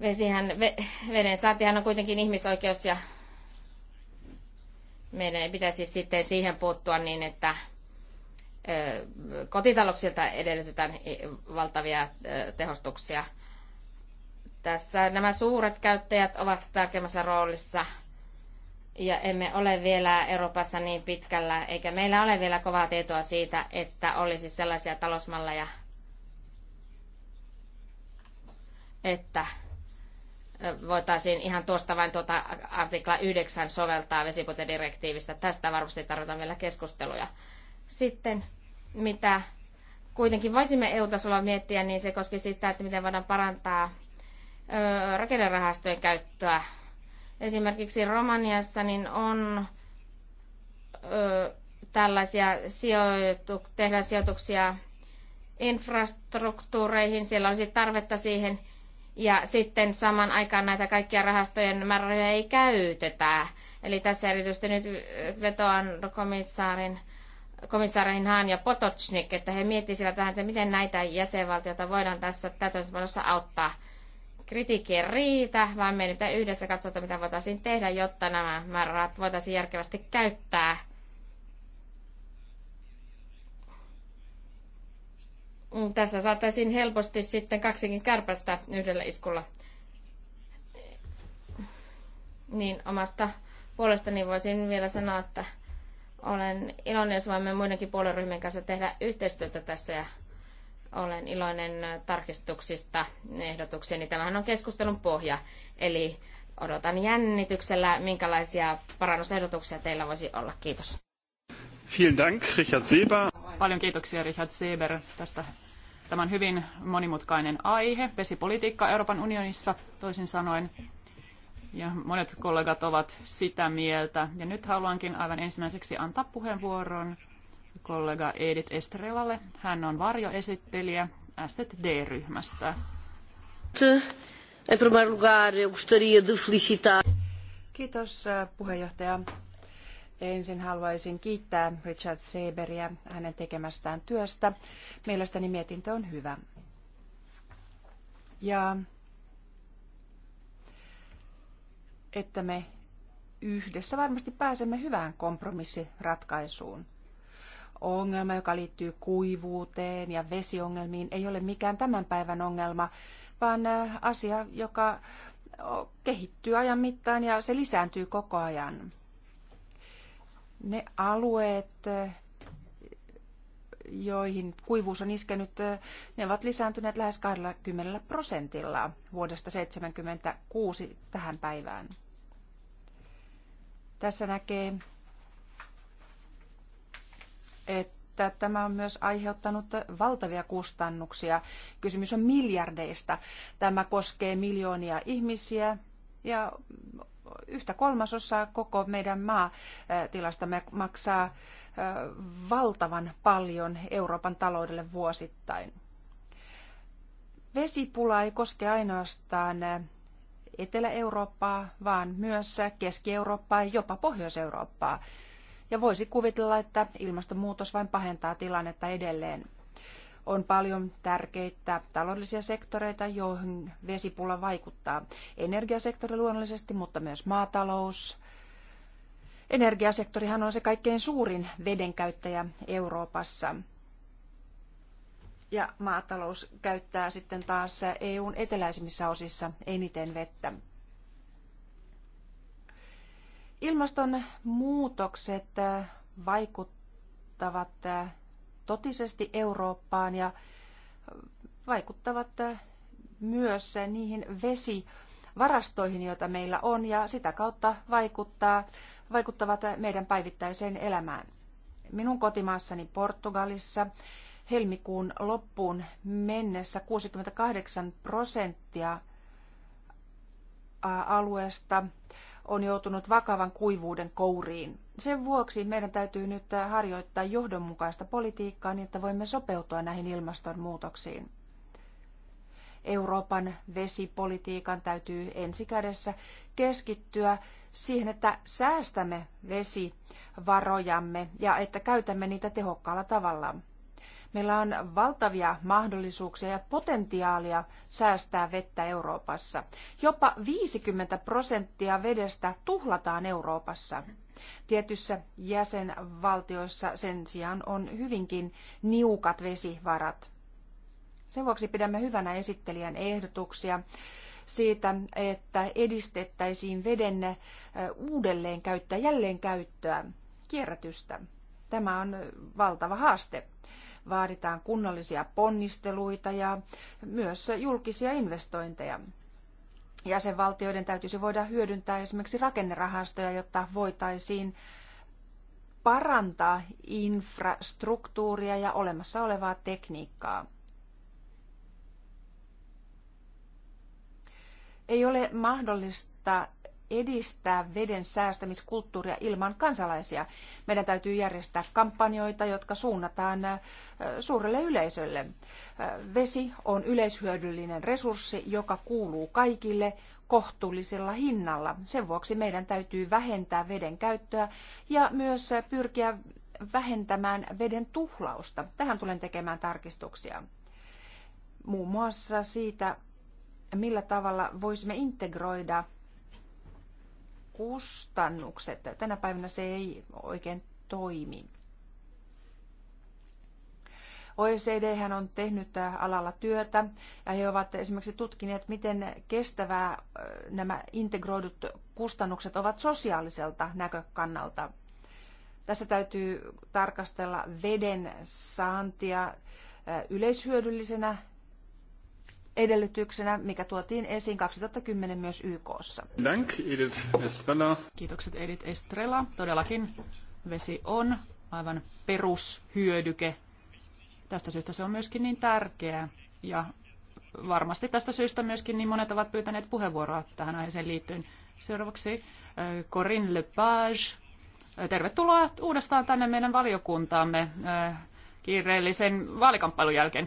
Vesihän, veden saantihan on kuitenkin ihmisoikeus ja meidän ei pitäisi sitten siihen puuttua niin, että kotitalouksilta edellytetään valtavia tehostuksia. Tässä nämä suuret käyttäjät ovat tärkeimmässä roolissa ja emme ole vielä Euroopassa niin pitkällä, eikä meillä ole vielä kovaa tietoa siitä, että olisi sellaisia talousmalleja, että voitaisiin ihan tuosta vain tuota artikla 9 soveltaa vesipuitedirektiivistä. Tästä varmasti tarvitaan vielä keskusteluja. Sitten mitä kuitenkin voisimme EU-tasolla miettiä, niin se koski sitä, että miten voidaan parantaa rakennerahastojen käyttöä. Esimerkiksi Romaniassa niin on ö, tällaisia sijoitu, tehdään sijoituksia infrastruktuureihin. Siellä olisi tarvetta siihen – ja sitten saman aikaan näitä kaikkia rahastojen määrärahoja ei käytetä. Eli tässä erityisesti nyt vetoan komissaarin komissaarin haan ja Potocnik, että he miettisivät vähän, että miten näitä jäsenvaltioita voidaan tässä täytäntöönpanossa auttaa. Kritiikki ei riitä, vaan meidän pitää yhdessä katsoa, mitä voitaisiin tehdä, jotta nämä määrärahat voitaisiin järkevästi käyttää Mm, tässä saataisiin helposti sitten kaksikin kärpästä yhdellä iskulla. Niin omasta puolestani voisin vielä sanoa, että olen iloinen, jos voimme muidenkin puolueryhmien kanssa tehdä yhteistyötä tässä ja olen iloinen tarkistuksista ehdotukseni. Tämähän on keskustelun pohja, eli odotan jännityksellä, minkälaisia parannusehdotuksia teillä voisi olla. Kiitos. Dank, Richard Seber. Paljon kiitoksia Richard Seber tästä. Tämä on hyvin monimutkainen aihe, vesipolitiikka Euroopan unionissa toisin sanoen. Ja monet kollegat ovat sitä mieltä. Ja nyt haluankin aivan ensimmäiseksi antaa puheenvuoron kollega Edith Estrelalle. Hän on varjoesittelijä STD-ryhmästä. Kiitos äh, puheenjohtaja. Ensin haluaisin kiittää Richard Seberiä hänen tekemästään työstä. Mielestäni mietintö on hyvä. Ja että me yhdessä varmasti pääsemme hyvään kompromissiratkaisuun. Ongelma, joka liittyy kuivuuteen ja vesiongelmiin, ei ole mikään tämän päivän ongelma, vaan asia, joka kehittyy ajan mittaan ja se lisääntyy koko ajan. Ne alueet, joihin kuivuus on iskenyt, ne ovat lisääntyneet lähes 20 prosentilla vuodesta 1976 tähän päivään. Tässä näkee, että tämä on myös aiheuttanut valtavia kustannuksia. Kysymys on miljardeista. Tämä koskee miljoonia ihmisiä ja yhtä kolmasosaa koko meidän maatilastamme maksaa valtavan paljon Euroopan taloudelle vuosittain. Vesipula ei koske ainoastaan Etelä-Eurooppaa, vaan myös Keski-Eurooppaa ja jopa Pohjois-Eurooppaa. Ja voisi kuvitella, että ilmastonmuutos vain pahentaa tilannetta edelleen on paljon tärkeitä taloudellisia sektoreita, joihin vesipula vaikuttaa. Energiasektori luonnollisesti, mutta myös maatalous. Energiasektorihan on se kaikkein suurin vedenkäyttäjä Euroopassa. Ja maatalous käyttää sitten taas EUn eteläisimmissä osissa eniten vettä. Ilmastonmuutokset vaikuttavat totisesti Eurooppaan ja vaikuttavat myös niihin vesivarastoihin, joita meillä on, ja sitä kautta vaikuttaa, vaikuttavat meidän päivittäiseen elämään. Minun kotimaassani Portugalissa helmikuun loppuun mennessä 68 prosenttia alueesta on joutunut vakavan kuivuuden kouriin. Sen vuoksi meidän täytyy nyt harjoittaa johdonmukaista politiikkaa niin, että voimme sopeutua näihin ilmastonmuutoksiin. Euroopan vesipolitiikan täytyy ensikädessä keskittyä siihen, että säästämme vesivarojamme ja että käytämme niitä tehokkaalla tavalla. Meillä on valtavia mahdollisuuksia ja potentiaalia säästää vettä Euroopassa. Jopa 50 prosenttia vedestä tuhlataan Euroopassa. Tietyssä jäsenvaltioissa sen sijaan on hyvinkin niukat vesivarat. Sen vuoksi pidämme hyvänä esittelijän ehdotuksia siitä, että edistettäisiin veden uudelleenkäyttöä, jälleenkäyttöä, kierrätystä. Tämä on valtava haaste vaaditaan kunnollisia ponnisteluita ja myös julkisia investointeja. Jäsenvaltioiden täytyisi voida hyödyntää esimerkiksi rakennerahastoja, jotta voitaisiin parantaa infrastruktuuria ja olemassa olevaa tekniikkaa. Ei ole mahdollista edistää veden säästämiskulttuuria ilman kansalaisia. Meidän täytyy järjestää kampanjoita, jotka suunnataan suurelle yleisölle. Vesi on yleishyödyllinen resurssi, joka kuuluu kaikille kohtuullisella hinnalla. Sen vuoksi meidän täytyy vähentää veden käyttöä ja myös pyrkiä vähentämään veden tuhlausta. Tähän tulen tekemään tarkistuksia. Muun muassa siitä, millä tavalla voisimme integroida kustannukset. Tänä päivänä se ei oikein toimi. OECD on tehnyt alalla työtä ja he ovat esimerkiksi tutkineet, miten kestävää nämä integroidut kustannukset ovat sosiaaliselta näkökannalta. Tässä täytyy tarkastella veden saantia yleishyödyllisenä edellytyksenä, mikä tuotiin esiin 2010 myös YKssa. Dank, Estrella. Kiitokset Edith Estrella. Todellakin vesi on aivan perushyödyke. Tästä syystä se on myöskin niin tärkeä ja varmasti tästä syystä myöskin niin monet ovat pyytäneet puheenvuoroa tähän aiheeseen liittyen. Seuraavaksi äh, Corinne Lepage. Äh, tervetuloa uudestaan tänne meidän valiokuntaamme äh, kiireellisen vaalikamppailun jälkeen.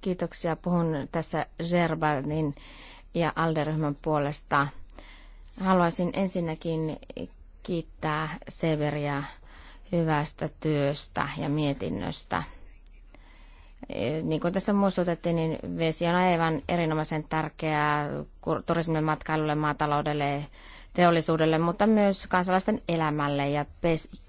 Kiitoksia. Puhun tässä Gerbanin ja Alderyhmän puolesta. Haluaisin ensinnäkin kiittää Severia hyvästä työstä ja mietinnöstä. Niin kuin tässä muistutettiin, niin vesi on aivan erinomaisen tärkeää turismin matkailulle, maataloudelle, teollisuudelle, mutta myös kansalaisten elämälle ja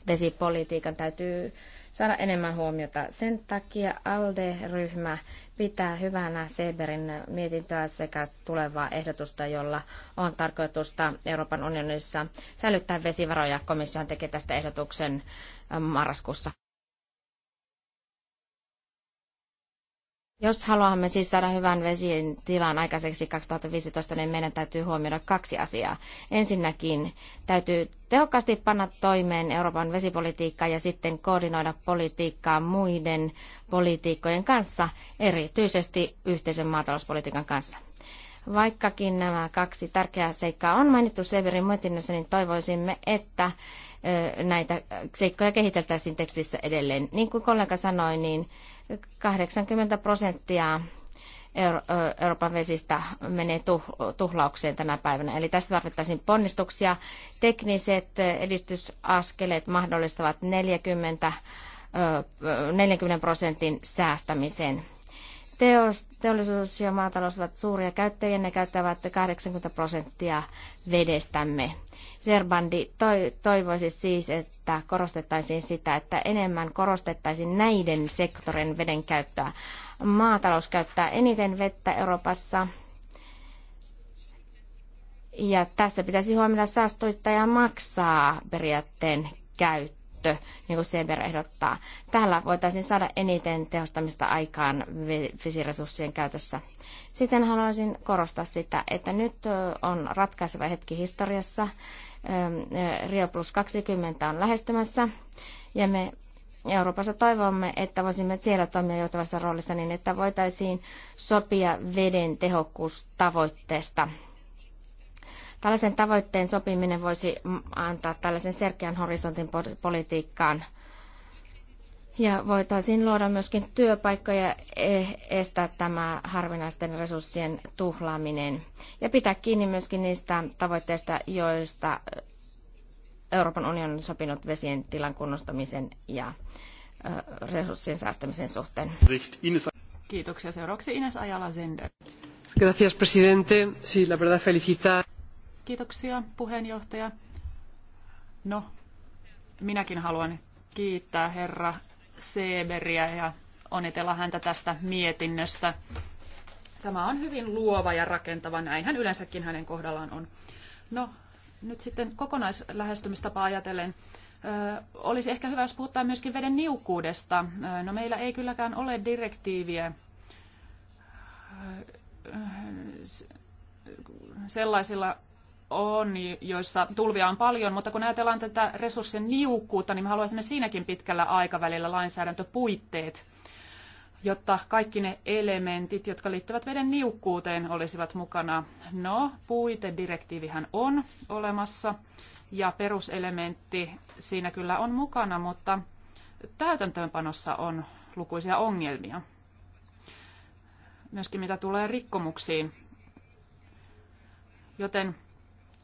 vesipolitiikan täytyy saada enemmän huomiota. Sen takia ALDE-ryhmä pitää hyvänä Seberin mietintöä sekä tulevaa ehdotusta, jolla on tarkoitusta Euroopan unionissa säilyttää vesivaroja. Komissio tekee tästä ehdotuksen marraskuussa. Jos haluamme siis saada hyvän vesien tilan aikaiseksi 2015, niin meidän täytyy huomioida kaksi asiaa. Ensinnäkin täytyy tehokkaasti panna toimeen Euroopan vesipolitiikkaa ja sitten koordinoida politiikkaa muiden politiikkojen kanssa, erityisesti yhteisen maatalouspolitiikan kanssa. Vaikkakin nämä kaksi tärkeää seikkaa on mainittu Severin mietinnössä, niin toivoisimme, että näitä seikkoja kehiteltäisiin tekstissä edelleen. Niin kuin kollega sanoi, niin 80 prosenttia Euroopan vesistä menee tuhlaukseen tänä päivänä. Eli tässä tarvittaisiin ponnistuksia. Tekniset edistysaskeleet mahdollistavat 40, 40 prosentin säästämisen Teos, teollisuus ja maatalous ovat suuria käyttäjiä, ne käyttävät 80 prosenttia vedestämme. Serbandi toi, toivoisi siis, että korostettaisiin sitä, että enemmän korostettaisiin näiden sektorin veden käyttöä. Maatalous käyttää eniten vettä Euroopassa. Ja tässä pitäisi huomioida saastuittaja maksaa periaatteen käyttöä käyttö, niin kuin Seber ehdottaa. Täällä voitaisiin saada eniten tehostamista aikaan vesiresurssien käytössä. Sitten haluaisin korostaa sitä, että nyt on ratkaiseva hetki historiassa. Rio Plus 20 on lähestymässä ja me Euroopassa toivomme, että voisimme siellä toimia johtavassa roolissa niin, että voitaisiin sopia veden tehokkuustavoitteesta Tällaisen tavoitteen sopiminen voisi antaa tällaisen selkeän horisontin politiikkaan. Ja voitaisiin luoda myöskin työpaikkoja e, estää tämä harvinaisten resurssien tuhlaaminen. Ja pitää kiinni myöskin niistä tavoitteista, joista Euroopan unioni on sopinut vesien tilan kunnostamisen ja resurssien säästämisen suhteen. Kiitoksia. Seuraavaksi Ines ajala zender Gracias, presidente. Sí, la verdad felicitar. Kiitoksia puheenjohtaja. No, minäkin haluan kiittää herra Seberiä ja onnitella häntä tästä mietinnöstä. Tämä on hyvin luova ja rakentava, näinhän yleensäkin hänen kohdallaan on. No, nyt sitten kokonaislähestymistapa ajatellen, olisi ehkä hyvä, jos puhutaan myöskin veden niukkuudesta. No meillä ei kylläkään ole direktiiviä sellaisilla on, joissa tulvia on paljon, mutta kun ajatellaan tätä resurssien niukkuutta, niin me haluaisimme siinäkin pitkällä aikavälillä lainsäädäntöpuitteet, jotta kaikki ne elementit, jotka liittyvät veden niukkuuteen, olisivat mukana. No, puitedirektiivihän on olemassa ja peruselementti siinä kyllä on mukana, mutta täytäntöönpanossa on lukuisia ongelmia. Myöskin mitä tulee rikkomuksiin. Joten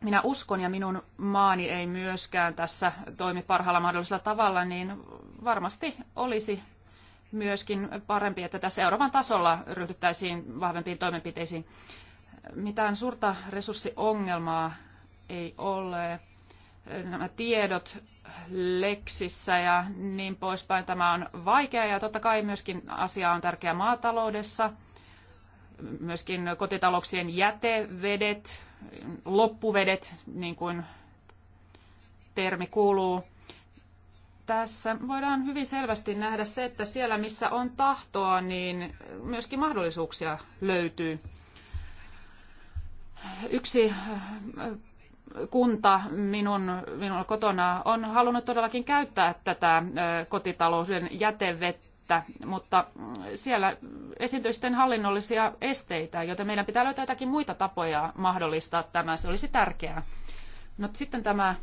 minä uskon ja minun maani ei myöskään tässä toimi parhaalla mahdollisella tavalla, niin varmasti olisi myöskin parempi, että tässä Euroopan tasolla ryhdyttäisiin vahvempiin toimenpiteisiin. Mitään suurta resurssiongelmaa ei ole. Nämä tiedot leksissä ja niin poispäin. Tämä on vaikea ja totta kai myöskin asia on tärkeä maataloudessa – myöskin kotitalouksien jätevedet, loppuvedet, niin kuin termi kuuluu. Tässä voidaan hyvin selvästi nähdä se, että siellä missä on tahtoa, niin myöskin mahdollisuuksia löytyy. Yksi äh, kunta minun, minun kotona on halunnut todellakin käyttää tätä äh, kotitalouksien jätevettä että, mutta siellä esiintyy sitten hallinnollisia esteitä, joten meidän pitää löytää jotakin muita tapoja mahdollistaa tämä. Se olisi tärkeää. No sitten tämä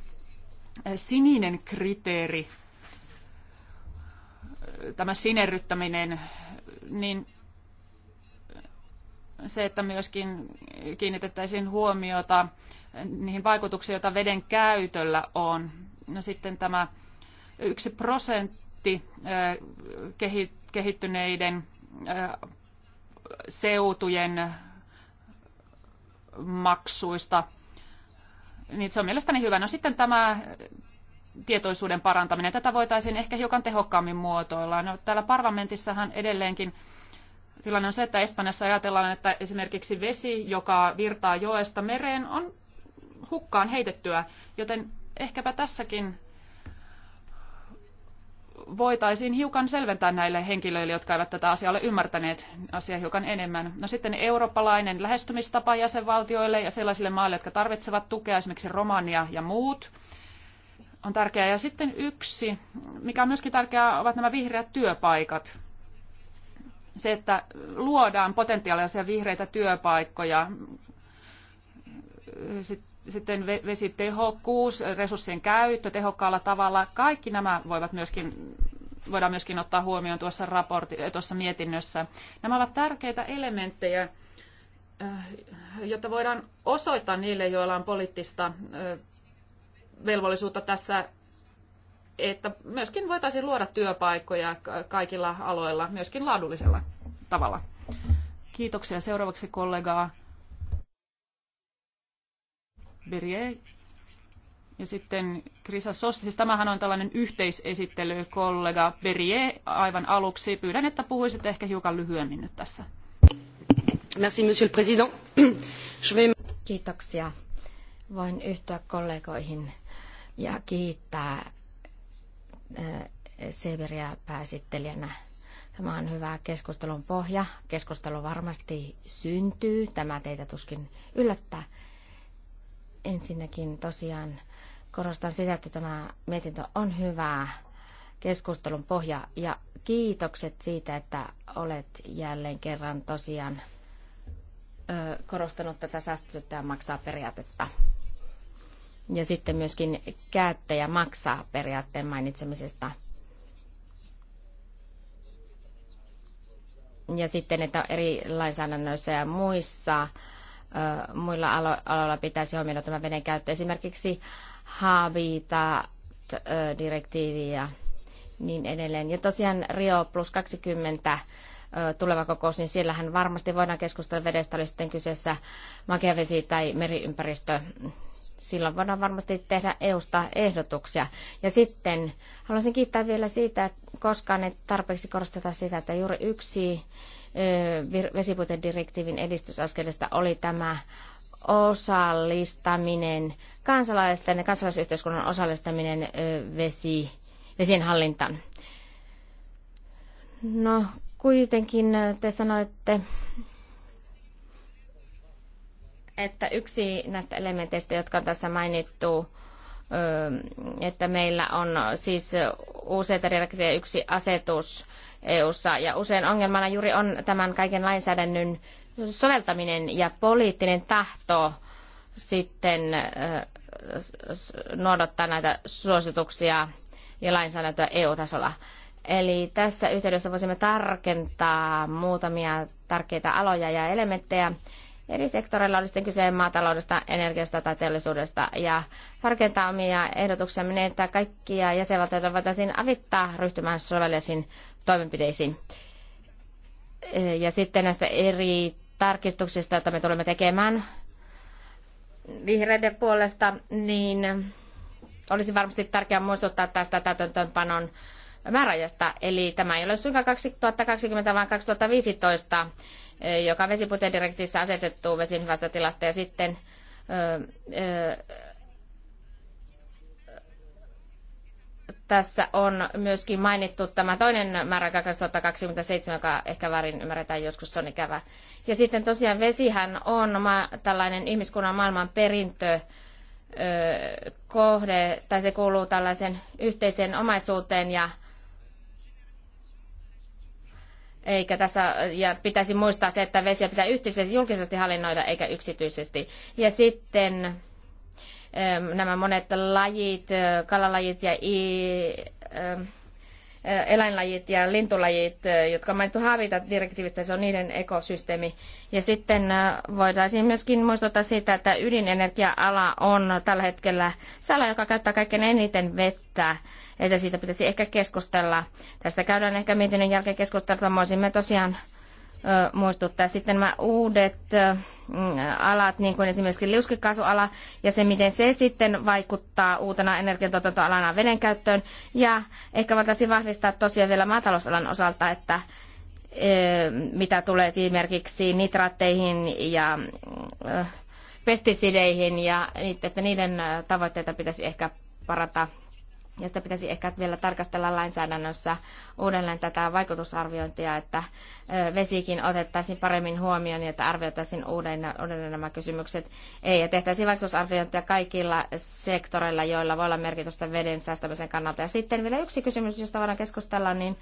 eh, sininen kriteeri, tämä sinerryttäminen, niin se, että myöskin kiinnitettäisiin huomiota niihin vaikutuksiin, joita veden käytöllä on. No sitten tämä yksi prosentti kohti kehittyneiden seutujen maksuista. Niin se on mielestäni hyvä. No sitten tämä tietoisuuden parantaminen. Tätä voitaisiin ehkä hiukan tehokkaammin muotoilla. No, täällä parlamentissahan edelleenkin tilanne on se, että Espanjassa ajatellaan, että esimerkiksi vesi, joka virtaa joesta mereen, on hukkaan heitettyä, joten ehkäpä tässäkin voitaisiin hiukan selventää näille henkilöille, jotka eivät tätä asiaa ole ymmärtäneet asiaa hiukan enemmän. No sitten eurooppalainen lähestymistapa jäsenvaltioille ja sellaisille maille, jotka tarvitsevat tukea, esimerkiksi Romania ja muut, on tärkeää. Ja sitten yksi, mikä on myöskin tärkeää, ovat nämä vihreät työpaikat. Se, että luodaan potentiaalisia vihreitä työpaikkoja. Sitten sitten vesitehokkuus, resurssien käyttö tehokkaalla tavalla, kaikki nämä voivat myöskin, voidaan myöskin ottaa huomioon tuossa, raporti, eh, tuossa mietinnössä. Nämä ovat tärkeitä elementtejä, eh, jotta voidaan osoittaa niille, joilla on poliittista eh, velvollisuutta tässä, että myöskin voitaisiin luoda työpaikkoja kaikilla aloilla, myöskin laadullisella tavalla. Kiitoksia seuraavaksi kollegaa Berie Ja sitten Krisa Sossi, siis tämähän on tällainen yhteisesittely, kollega Berje aivan aluksi. Pyydän, että puhuisit ehkä hiukan lyhyemmin nyt tässä. Merci, monsieur le président. Kiitoksia. Voin yhtyä kollegoihin ja kiittää eh, Severiä pääsittelijänä. Tämä on hyvä keskustelun pohja. Keskustelu varmasti syntyy. Tämä teitä tuskin yllättää. Ensinnäkin tosiaan korostan sitä, että tämä mietintö on hyvää keskustelun pohja ja kiitokset siitä, että olet jälleen kerran tosiaan ö, korostanut tätä säästöttää maksaa periaatetta. Ja sitten myöskin käyttäjä maksaa periaatteen mainitsemisesta. Ja sitten, että eri lainsäädännöissä ja muissa muilla alo- aloilla pitäisi huomioida tämä veden käyttö. Esimerkiksi habitat direktiiviä niin edelleen. Ja tosiaan Rio plus 20 tuleva kokous, niin siellähän varmasti voidaan keskustella vedestä, oli sitten kyseessä makeavesi tai meriympäristö. Silloin voidaan varmasti tehdä EUsta ehdotuksia. Ja sitten haluaisin kiittää vielä siitä, että koskaan ei tarpeeksi korosteta sitä, että juuri yksi vesipuitedirektiivin edistysaskelista oli tämä osallistaminen, kansalaisten ja kansalaisyhteiskunnan osallistaminen vesi, vesien hallintaan. No kuitenkin te sanoitte, että yksi näistä elementeistä, jotka on tässä mainittu, että meillä on siis uusi direktiivejä yksi asetus, EU:ssa ja usein ongelmana juuri on tämän kaiken lainsäädännön soveltaminen ja poliittinen tahto sitten noudattaa näitä suosituksia ja lainsäädäntöä EU-tasolla. Eli tässä yhteydessä voisimme tarkentaa muutamia tärkeitä aloja ja elementtejä eri sektoreilla, oli sitten kyse maataloudesta, energiasta tai teollisuudesta, ja tarkentaa omia ehdotuksia niin, että kaikkia jäsenvaltioita voitaisiin avittaa ryhtymään sovellisiin toimenpiteisiin. Ja sitten näistä eri tarkistuksista, joita me tulemme tekemään vihreiden puolesta, niin olisi varmasti tärkeää muistuttaa tästä täytäntöönpanon määräajasta. Eli tämä ei ole suinkaan 2020, vaan 2015 joka on vesipuitedirektiivissä asetettu vesin hyvästä tilasta ja sitten tässä on myöskin mainittu tämä toinen määrä 2027, joka ehkä väärin ymmärretään joskus, se on ikävä. Ja sitten tosiaan vesihän on ma- tällainen ihmiskunnan maailman perintö, kohde, tai se kuuluu tällaisen yhteiseen omaisuuteen ja eikä tässä, ja pitäisi muistaa se, että vesiä pitää yhteisesti julkisesti hallinnoida eikä yksityisesti. Ja sitten ähm, nämä monet lajit, äh, kalalajit ja ähm, äh, eläinlajit ja lintulajit, äh, jotka on mainittu Habitat-direktiivistä, se on niiden ekosysteemi. Ja sitten voitaisiin myöskin muistuttaa siitä, että ydinenergia-ala on tällä hetkellä se ala, joka käyttää kaikkein eniten vettä että siitä pitäisi ehkä keskustella. Tästä käydään ehkä mietinnön jälkeen keskustelua. Voisimme tosiaan muistuttaa. Sitten nämä uudet mm, alat, niin kuin esimerkiksi liuskekaasuala ja se, miten se sitten vaikuttaa uutena energiantuotantoalana vedenkäyttöön. Ja ehkä voitaisiin vahvistaa tosiaan vielä maatalousalan osalta, että mitä tulee esimerkiksi nitraatteihin ja mm, pestisideihin ja että niiden tavoitteita pitäisi ehkä parata ja sitä pitäisi ehkä vielä tarkastella lainsäädännössä uudelleen tätä vaikutusarviointia, että vesikin otettaisiin paremmin huomioon ja että arvioitaisiin uudelleen, uudelleen nämä kysymykset. Ei, ja tehtäisiin vaikutusarviointia kaikilla sektoreilla, joilla voi olla merkitystä veden säästämisen kannalta. Ja sitten vielä yksi kysymys, josta voidaan keskustella, niin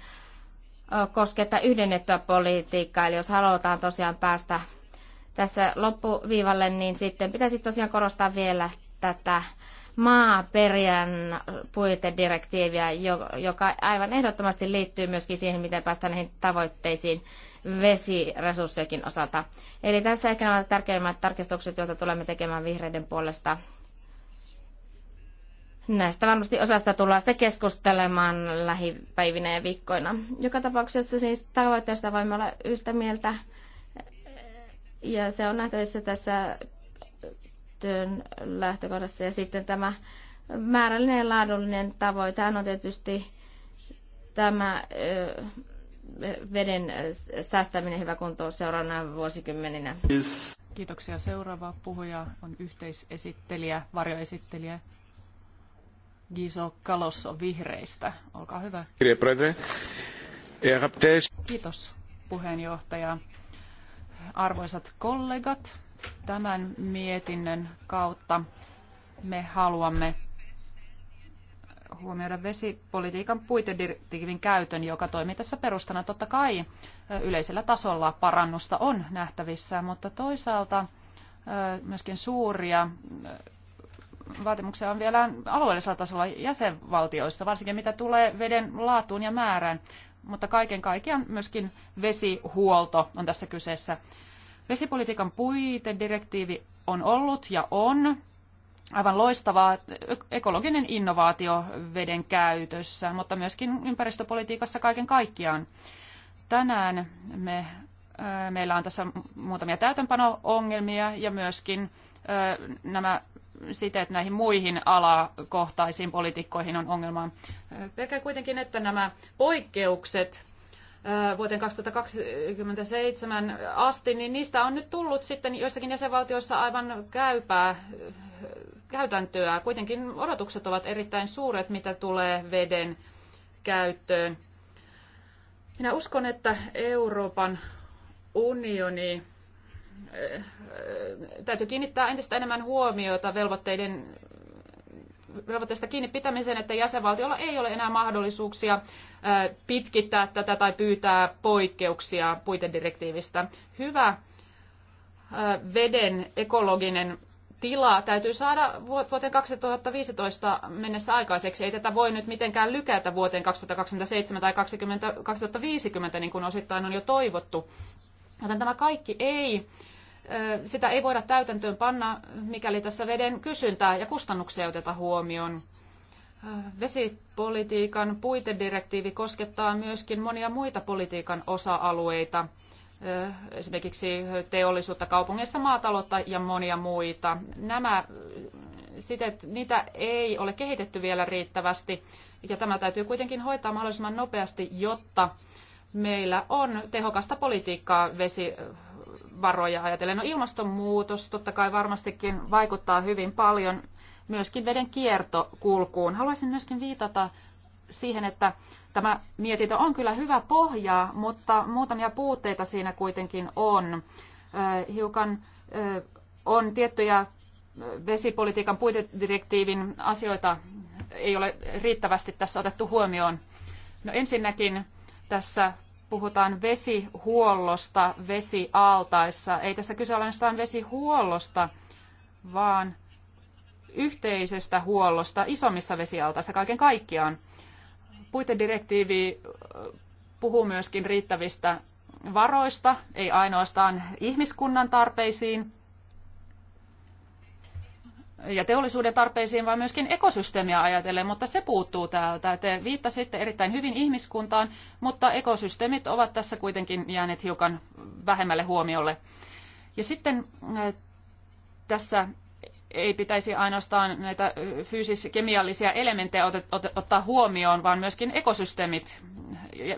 koskettaa yhdennettyä politiikkaa. Eli jos halutaan tosiaan päästä tässä loppuviivalle, niin sitten pitäisi tosiaan korostaa vielä tätä maaperän puitedirektiiviä, joka aivan ehdottomasti liittyy myöskin siihen, miten päästään näihin tavoitteisiin vesiresurssiakin osalta. Eli tässä ehkä nämä tärkeimmät tarkistukset, joita tulemme tekemään vihreiden puolesta. Näistä varmasti osasta tullaan sitten keskustelemaan lähipäivinä ja viikkoina. Joka tapauksessa siis tavoitteesta voimme olla yhtä mieltä. Ja se on nähtävissä tässä käyttöön lähtökohdassa. Ja sitten tämä määrällinen ja laadullinen tavoite on tietysti tämä veden säästäminen hyvä kuntoon seuraavana vuosikymmeninä. Kiitoksia. Seuraava puhuja on yhteisesittelijä, varjoesittelijä Giso Kalosso Vihreistä. Olkaa hyvä. Kiitos puheenjohtaja. Arvoisat kollegat, Tämän mietinnön kautta me haluamme huomioida vesipolitiikan puitedirektiivin käytön, joka toimii tässä perustana. Totta kai yleisellä tasolla parannusta on nähtävissä, mutta toisaalta myöskin suuria vaatimuksia on vielä alueellisella tasolla jäsenvaltioissa, varsinkin mitä tulee veden laatuun ja määrään. Mutta kaiken kaikkiaan myöskin vesihuolto on tässä kyseessä. Vesipolitiikan puitedirektiivi on ollut ja on aivan loistava ekologinen innovaatio veden käytössä, mutta myöskin ympäristöpolitiikassa kaiken kaikkiaan. Tänään me, meillä on tässä muutamia täytänpano-ongelmia ja myöskin nämä siteet näihin muihin alakohtaisiin politiikkoihin on ongelma. Pelkään kuitenkin, että nämä poikkeukset vuoteen 2027 asti, niin niistä on nyt tullut sitten joissakin jäsenvaltioissa aivan käypää käytäntöä. Kuitenkin odotukset ovat erittäin suuret, mitä tulee veden käyttöön. Minä uskon, että Euroopan unioni täytyy kiinnittää entistä enemmän huomiota velvoitteiden velvoitteesta kiinni pitämiseen, että jäsenvaltiolla ei ole enää mahdollisuuksia pitkittää tätä tai pyytää poikkeuksia puitedirektiivistä. Hyvä veden ekologinen tila täytyy saada vuoteen 2015 mennessä aikaiseksi. Ei tätä voi nyt mitenkään lykätä vuoteen 2027 tai 20, 2050, niin kuin osittain on jo toivottu. Joten tämä kaikki ei sitä ei voida täytäntöön panna, mikäli tässä veden kysyntää ja kustannuksia ei oteta huomioon. Vesipolitiikan puitedirektiivi koskettaa myöskin monia muita politiikan osa-alueita, esimerkiksi teollisuutta kaupungeissa, maataloutta ja monia muita. Nämä sitet, niitä ei ole kehitetty vielä riittävästi, ja tämä täytyy kuitenkin hoitaa mahdollisimman nopeasti, jotta meillä on tehokasta politiikkaa vesi, varoja ajatellen. No ilmastonmuutos totta kai varmastikin vaikuttaa hyvin paljon myöskin veden kiertokulkuun. Haluaisin myöskin viitata siihen, että tämä mietintö on kyllä hyvä pohja, mutta muutamia puutteita siinä kuitenkin on. Hiukan on tiettyjä vesipolitiikan puitedirektiivin asioita ei ole riittävästi tässä otettu huomioon. No ensinnäkin tässä puhutaan vesihuollosta vesialtaissa. Ei tässä kyse ole ainoastaan vesihuollosta, vaan yhteisestä huollosta isommissa vesialtaissa kaiken kaikkiaan. Puitedirektiivi puhuu myöskin riittävistä varoista, ei ainoastaan ihmiskunnan tarpeisiin, ja teollisuuden tarpeisiin, vaan myöskin ekosysteemiä ajatellen, mutta se puuttuu täältä. Te viittasitte erittäin hyvin ihmiskuntaan, mutta ekosysteemit ovat tässä kuitenkin jääneet hiukan vähemmälle huomiolle. Ja sitten äh, tässä ei pitäisi ainoastaan näitä äh, fyysis-kemiallisia elementtejä ottaa huomioon, vaan myöskin ekosysteemit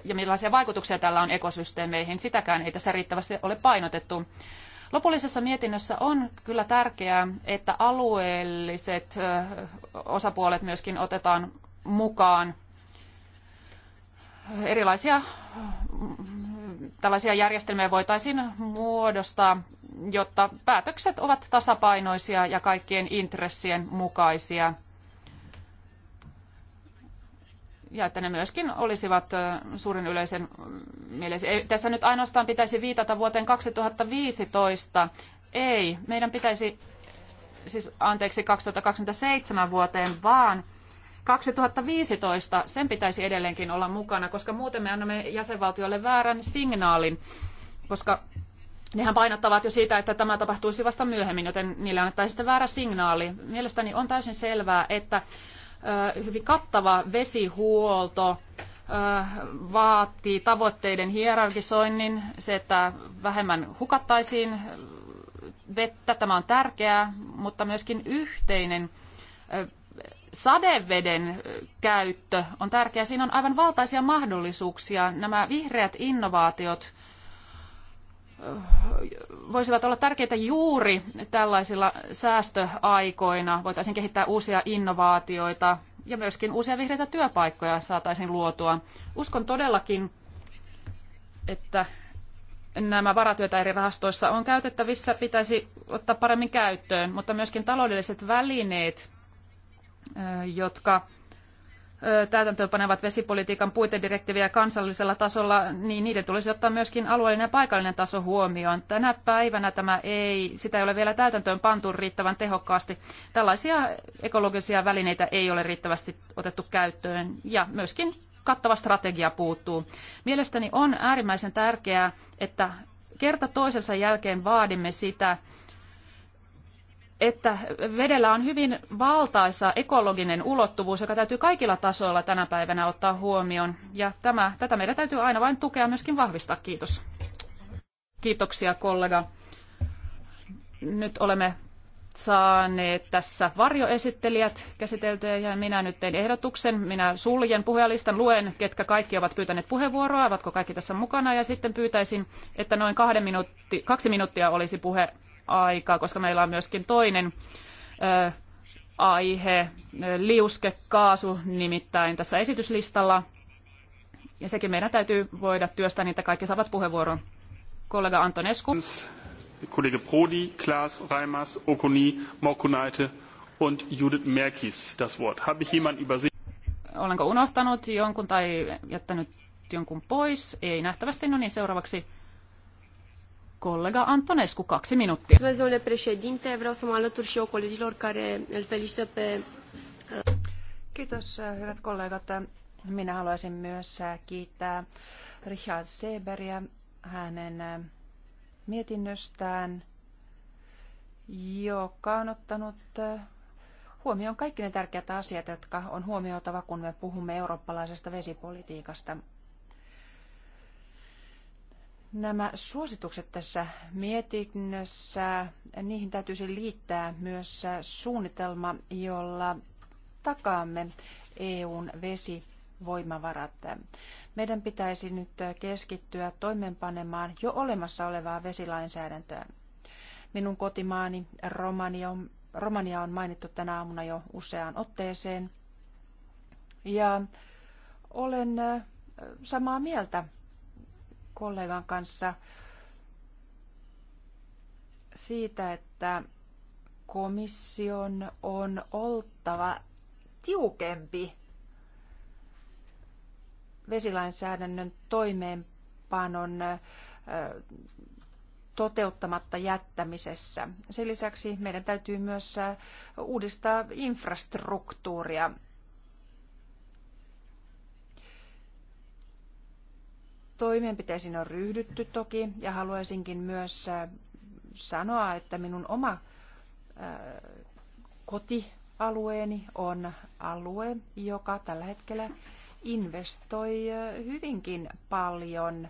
ja millaisia vaikutuksia tällä on ekosysteemeihin. Sitäkään ei tässä riittävästi ole painotettu. Lopullisessa mietinnössä on kyllä tärkeää, että alueelliset osapuolet myöskin otetaan mukaan erilaisia tällaisia järjestelmiä voitaisiin muodostaa, jotta päätökset ovat tasapainoisia ja kaikkien intressien mukaisia ja että ne myöskin olisivat suurin yleisen mielessä. Tässä nyt ainoastaan pitäisi viitata vuoteen 2015. Ei, meidän pitäisi, siis anteeksi, 2027 vuoteen, vaan 2015 sen pitäisi edelleenkin olla mukana, koska muuten me annamme jäsenvaltiolle väärän signaalin, koska nehän painottavat jo siitä, että tämä tapahtuisi vasta myöhemmin, joten niille annettaisiin sitten väärä signaali. Mielestäni on täysin selvää, että hyvin kattava vesihuolto vaatii tavoitteiden hierarkisoinnin, se, että vähemmän hukattaisiin vettä, tämä on tärkeää, mutta myöskin yhteinen sadeveden käyttö on tärkeää. Siinä on aivan valtaisia mahdollisuuksia. Nämä vihreät innovaatiot voisivat olla tärkeitä juuri tällaisilla säästöaikoina. Voitaisiin kehittää uusia innovaatioita ja myöskin uusia vihreitä työpaikkoja saataisiin luotua. Uskon todellakin, että nämä varat, joita eri rahastoissa on käytettävissä, pitäisi ottaa paremmin käyttöön, mutta myöskin taloudelliset välineet, jotka täytäntöönpanevat vesipolitiikan puitedirektiiviä kansallisella tasolla, niin niiden tulisi ottaa myöskin alueellinen ja paikallinen taso huomioon. Tänä päivänä tämä ei, sitä ei ole vielä täytäntöön pantu riittävän tehokkaasti. Tällaisia ekologisia välineitä ei ole riittävästi otettu käyttöön ja myöskin kattava strategia puuttuu. Mielestäni on äärimmäisen tärkeää, että kerta toisensa jälkeen vaadimme sitä, että vedellä on hyvin valtaisa ekologinen ulottuvuus, joka täytyy kaikilla tasoilla tänä päivänä ottaa huomioon. Ja tämä, tätä meidän täytyy aina vain tukea myöskin vahvistaa. Kiitos. Kiitoksia kollega. Nyt olemme saaneet tässä varjoesittelijät käsiteltyä ja minä nyt tein ehdotuksen. Minä suljen puhujalistan, luen, ketkä kaikki ovat pyytäneet puheenvuoroa, ovatko kaikki tässä mukana ja sitten pyytäisin, että noin kahden minuutti, kaksi minuuttia olisi puhe aikaa, koska meillä on myöskin toinen ö, aihe, liuskekaasu nimittäin tässä esityslistalla. Ja sekin meidän täytyy voida työstää, niitä kaikki saavat puheenvuoron. Kollega Antonescu. Kollege Prodi, Klaas, Reimers, Okoni, Mokunaite und Judith Merkis das Wort. Habe ich jemand übersehen? Olenko unohtanut jonkun tai jättänyt jonkun pois? Ei nähtävästi. No niin, seuraavaksi Kollega Antonescu, kaksi minuuttia. Domnule președinte, vreau să mă alătur și eu colegilor care îl felicită pe... Uh, Kiitos, hyvät kollegat. Minä haluaisin myös uh, kiittää Richard Seberia hänen uh, mietinnöstään, joka on ottanut huomioon kaikki ne tärkeät asiat, jotka on huomioitava, kun me puhumme eurooppalaisesta vesipolitiikasta nämä suositukset tässä mietinnössä, niihin täytyisi liittää myös suunnitelma, jolla takaamme EUn voimavarat. Meidän pitäisi nyt keskittyä toimeenpanemaan jo olemassa olevaa vesilainsäädäntöä. Minun kotimaani Romania on, Romania on mainittu tänä aamuna jo useaan otteeseen. Ja olen samaa mieltä kollegan kanssa siitä, että komission on oltava tiukempi vesilainsäädännön toimeenpanon toteuttamatta jättämisessä. Sen lisäksi meidän täytyy myös uudistaa infrastruktuuria Toimenpiteisiin on ryhdytty toki ja haluaisinkin myös äh, sanoa, että minun oma äh, kotialueeni on alue, joka tällä hetkellä investoi äh, hyvinkin paljon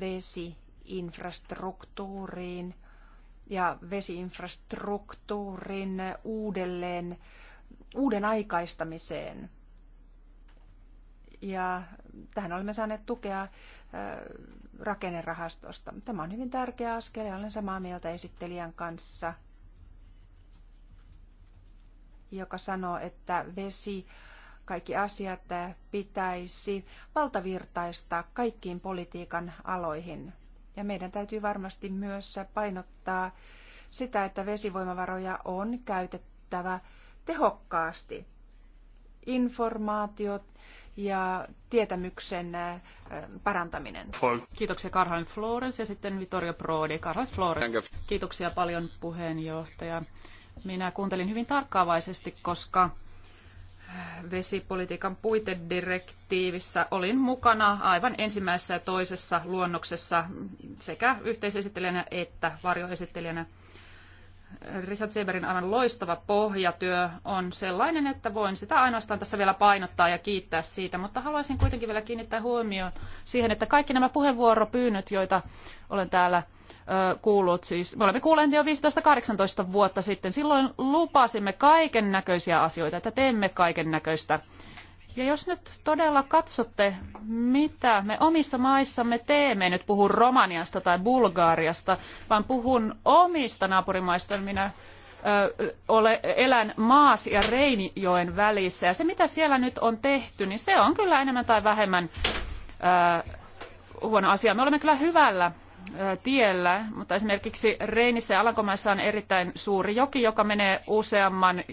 vesiinfrastruktuuriin ja vesiinfrastruktuurin uudelleen, uuden aikaistamiseen. Ja tähän olemme saaneet tukea rakennerahastosta. Tämä on hyvin tärkeä askel ja olen samaa mieltä esittelijän kanssa, joka sanoo, että vesi, kaikki asiat pitäisi valtavirtaistaa kaikkiin politiikan aloihin. Ja meidän täytyy varmasti myös painottaa sitä, että vesivoimavaroja on käytettävä tehokkaasti. Informaatiot ja tietämyksen äh, parantaminen. Kiitoksia Karhain Flores ja sitten Vittorio Prodi. Karhain Flores, kiitoksia paljon puheenjohtaja. Minä kuuntelin hyvin tarkkaavaisesti, koska äh, vesipolitiikan puitedirektiivissä olin mukana aivan ensimmäisessä ja toisessa luonnoksessa sekä yhteisesittelijänä että varjoesittelijänä. Richard Seberin aivan loistava pohjatyö on sellainen, että voin sitä ainoastaan tässä vielä painottaa ja kiittää siitä, mutta haluaisin kuitenkin vielä kiinnittää huomioon siihen, että kaikki nämä puheenvuoropyynnöt, joita olen täällä ö, kuullut, siis me olemme kuulleet jo 15-18 vuotta sitten, silloin lupasimme kaiken näköisiä asioita, että teemme kaiken näköistä ja jos nyt todella katsotte, mitä me omissa maissamme teemme, en nyt puhu Romaniasta tai Bulgaariasta, vaan puhun omista naapurimaista, niin minä ö, ole, elän Maas- ja Reinijoen välissä. Ja se, mitä siellä nyt on tehty, niin se on kyllä enemmän tai vähemmän ö, huono asia. Me olemme kyllä hyvällä tiellä, mutta esimerkiksi Reinissä ja Alankomaissa on erittäin suuri joki, joka menee useamman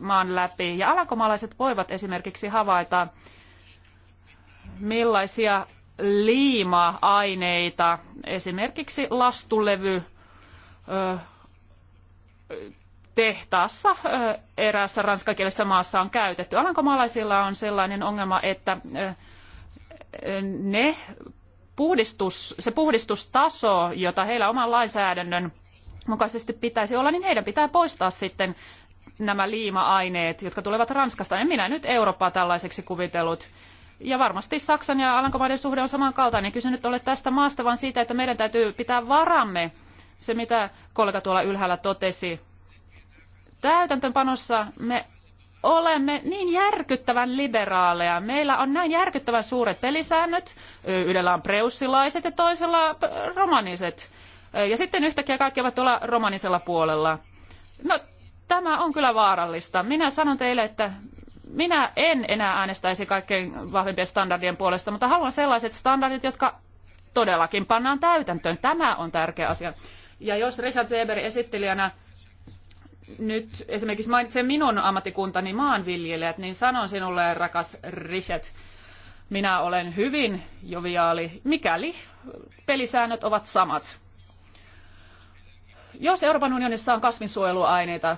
maan läpi. Ja alankomaalaiset voivat esimerkiksi havaita, millaisia liima-aineita, esimerkiksi lastulevy tehtaassa eräässä ranskakielisessä maassa on käytetty. Alankomaalaisilla on sellainen ongelma, että ne puhdistus, se puhdistustaso, jota heillä oman lainsäädännön mukaisesti pitäisi olla, niin heidän pitää poistaa sitten nämä liima-aineet, jotka tulevat Ranskasta. En minä nyt Eurooppaa tällaiseksi kuvitellut. Ja varmasti Saksan ja Alankomaiden suhde on samankaltainen. Kyse nyt ole tästä maasta, vaan siitä, että meidän täytyy pitää varamme se, mitä kollega tuolla ylhäällä totesi. Täytäntöönpanossa me olemme niin järkyttävän liberaaleja. Meillä on näin järkyttävän suuret pelisäännöt. Yhdellä on preussilaiset ja toisella romaniset. Ja sitten yhtäkkiä kaikki ovat tuolla romanisella puolella. No, tämä on kyllä vaarallista. Minä sanon teille, että minä en enää äänestäisi kaikkein vahvimpien standardien puolesta, mutta haluan sellaiset standardit, jotka todellakin pannaan täytäntöön. Tämä on tärkeä asia. Ja jos Richard Zeber esittelijänä nyt esimerkiksi mainitsen minun ammattikuntani maanviljelijät, niin sanon sinulle, rakas Richard, minä olen hyvin joviaali, mikäli pelisäännöt ovat samat. Jos Euroopan unionissa on kasvinsuojeluaineita,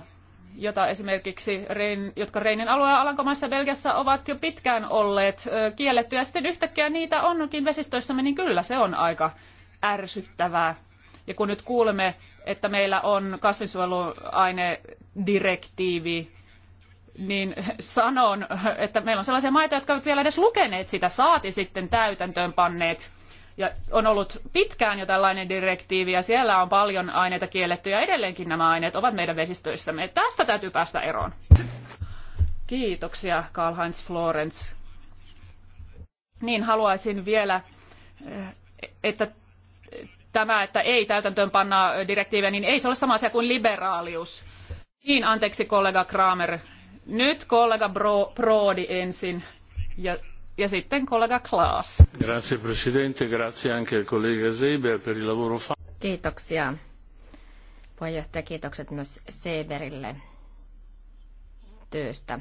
jota esimerkiksi Rein, jotka Reinin alueen Alankomaissa ja Belgiassa ovat jo pitkään olleet kiellettyjä, ja sitten yhtäkkiä niitä onkin vesistöissämme, niin kyllä se on aika ärsyttävää. Ja kun nyt kuulemme että meillä on kasvinsuojeluainedirektiivi, niin sanon, että meillä on sellaisia maita, jotka ovat vielä edes lukeneet sitä, saati sitten täytäntöön panneet. Ja on ollut pitkään jo tällainen direktiivi ja siellä on paljon aineita kielletty ja edelleenkin nämä aineet ovat meidän vesistöissämme. Tästä täytyy päästä eroon. Kiitoksia Karl-Heinz Florence. Niin haluaisin vielä, eh, että tämä, että ei täytäntöön panna direktiivejä, niin ei se ole sama asia kuin liberaalius. Niin, anteeksi kollega Kramer. Nyt kollega Bro, Brody ensin ja, ja sitten kollega Klaas. Grazie presidente, grazie anche al collega per il lavoro fatto. Kiitoksia. Puheenjohtaja, kiitokset myös Seberille työstä.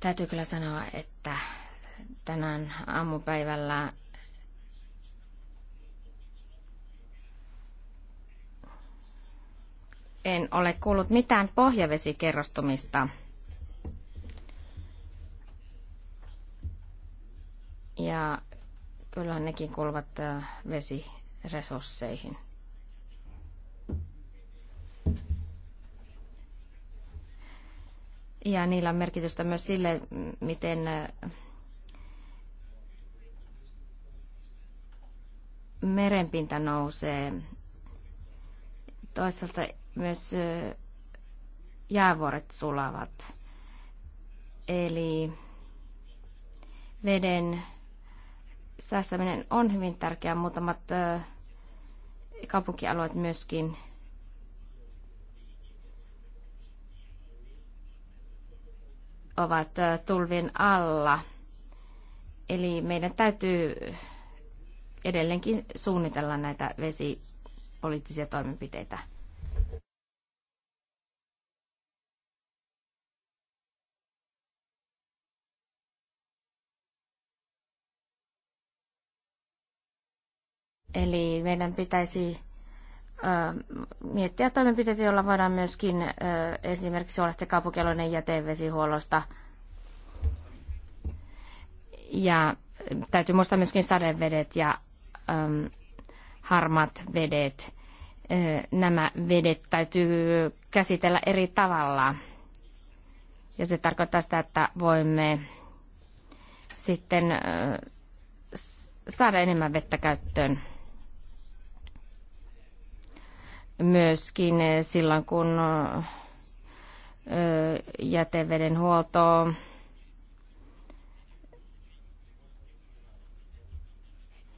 Täytyy kyllä sanoa, että tänään aamupäivällä en ole kuullut mitään pohjavesikerrostumista. Ja kyllähän nekin kuuluvat äh, vesiresursseihin. Ja niillä on merkitystä myös sille, miten äh, merenpinta nousee. Toisaalta myös jäävuoret sulavat. Eli veden säästäminen on hyvin tärkeää. Muutamat kaupunkialueet myöskin ovat tulvin alla. Eli meidän täytyy edelleenkin suunnitella näitä vesipoliittisia toimenpiteitä. Eli meidän pitäisi miettiä toimenpiteitä, joilla voidaan myöskin esimerkiksi huolehtia kaupunkialueiden jätevesihuollosta. Ja täytyy muistaa myöskin sadevedet ja harmat vedet. Nämä vedet täytyy käsitellä eri tavalla. Ja se tarkoittaa sitä, että voimme sitten saada enemmän vettä käyttöön myöskin eh, silloin, kun eh, jäteveden huolto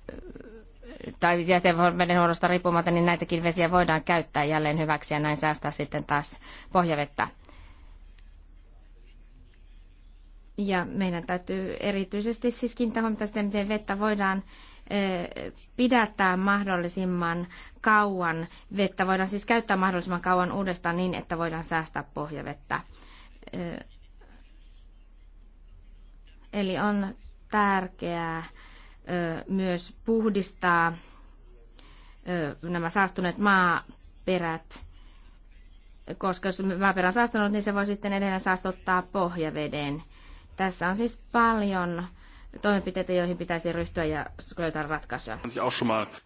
eh, tai jätevedenhuollosta riippumatta, niin näitäkin vesiä voidaan käyttää jälleen hyväksi ja näin säästää sitten taas pohjavettä. Ja meidän täytyy erityisesti siis kiinnittää huomiota sitten, miten vettä voidaan Eh, pidättää mahdollisimman kauan vettä. Voidaan siis käyttää mahdollisimman kauan uudestaan niin, että voidaan säästää pohjavettä. Eh, eli on tärkeää eh, myös puhdistaa nämä saastuneet maaperät, koska jos maaperä on saastunut, niin se voi sitten edelleen saastuttaa pohjaveden. Tässä on siis paljon toimenpiteitä, joihin pitäisi ryhtyä ja löytää ratkaisuja.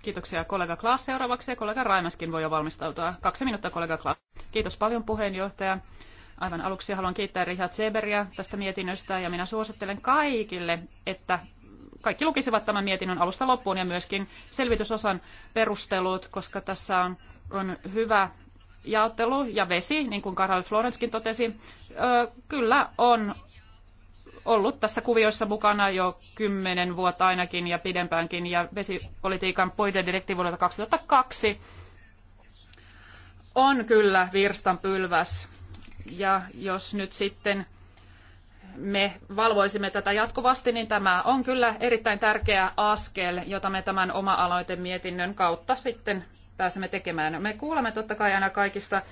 Kiitoksia kollega Klaas seuraavaksi ja kollega Raimaskin voi jo valmistautua. Kaksi minuuttia kollega Klaas. Kiitos paljon puheenjohtaja. Aivan aluksi haluan kiittää Richard Seberia tästä mietinnöstä ja minä suosittelen kaikille, että kaikki lukisivat tämän mietinnön alusta loppuun ja myöskin selvitysosan perustelut, koska tässä on, on hyvä jaottelu ja vesi, niin kuin Karl Florenskin totesi, ö, kyllä on ollut tässä kuvioissa mukana jo kymmenen vuotta ainakin ja pidempäänkin, ja vesipolitiikan puitedirektiivi vuodelta 2002 on kyllä virstanpylväs. Ja jos nyt sitten me valvoisimme tätä jatkuvasti, niin tämä on kyllä erittäin tärkeä askel, jota me tämän oma-aloitemietinnön kautta sitten pääsemme tekemään. Me kuulemme totta kai aina kaikista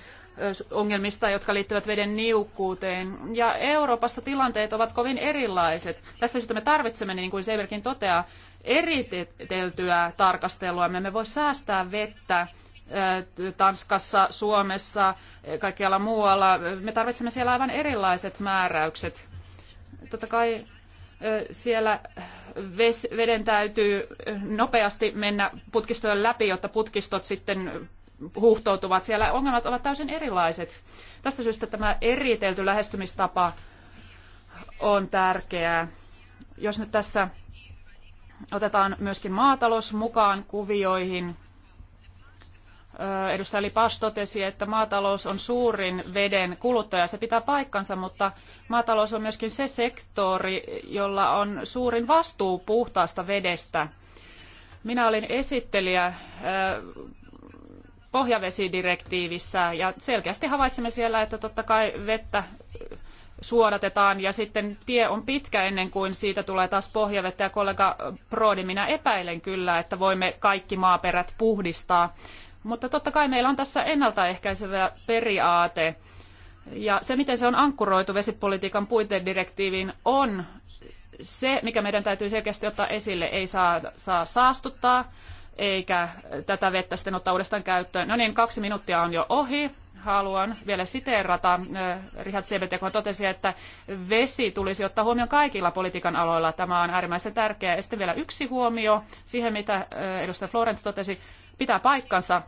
ongelmista, jotka liittyvät veden niukkuuteen. Ja Euroopassa tilanteet ovat kovin erilaiset. Tästä syystä me tarvitsemme, niin kuin Severkin toteaa, eriteltyä tarkastelua. Me emme voi säästää vettä Tanskassa, Suomessa, e, kaikkialla muualla. Me tarvitsemme siellä aivan erilaiset määräykset. Totta kai siellä veden täytyy eh, nopeasti mennä putkistojen läpi, jotta putkistot sitten huuhtoutuvat. Siellä ongelmat ovat täysin erilaiset. Tästä syystä tämä eritelty lähestymistapa on tärkeää. Jos nyt tässä otetaan myöskin maatalous mukaan kuvioihin, edustaja Lipas totesi, että maatalous on suurin veden kuluttaja. Se pitää paikkansa, mutta maatalous on myöskin se sektori, jolla on suurin vastuu puhtaasta vedestä. Minä olin esittelijä pohjavesidirektiivissä ja selkeästi havaitsimme siellä, että totta kai vettä suodatetaan ja sitten tie on pitkä ennen kuin siitä tulee taas pohjavettä ja kollega Prodi minä epäilen kyllä, että voimme kaikki maaperät puhdistaa mutta totta kai meillä on tässä ennaltaehkäisevä periaate. Ja se, miten se on ankkuroitu vesipolitiikan puitedirektiiviin, on se, mikä meidän täytyy selkeästi ottaa esille. Ei saa, saa saastuttaa, eikä tätä vettä sitten ottaa uudestaan käyttöön. No niin, kaksi minuuttia on jo ohi. Haluan vielä siteerata. Rihat Sebet, joka totesi, että vesi tulisi ottaa huomioon kaikilla politiikan aloilla. Tämä on äärimmäisen tärkeää. Ja sitten vielä yksi huomio siihen, mitä edustaja Florence totesi pitää paikkansa.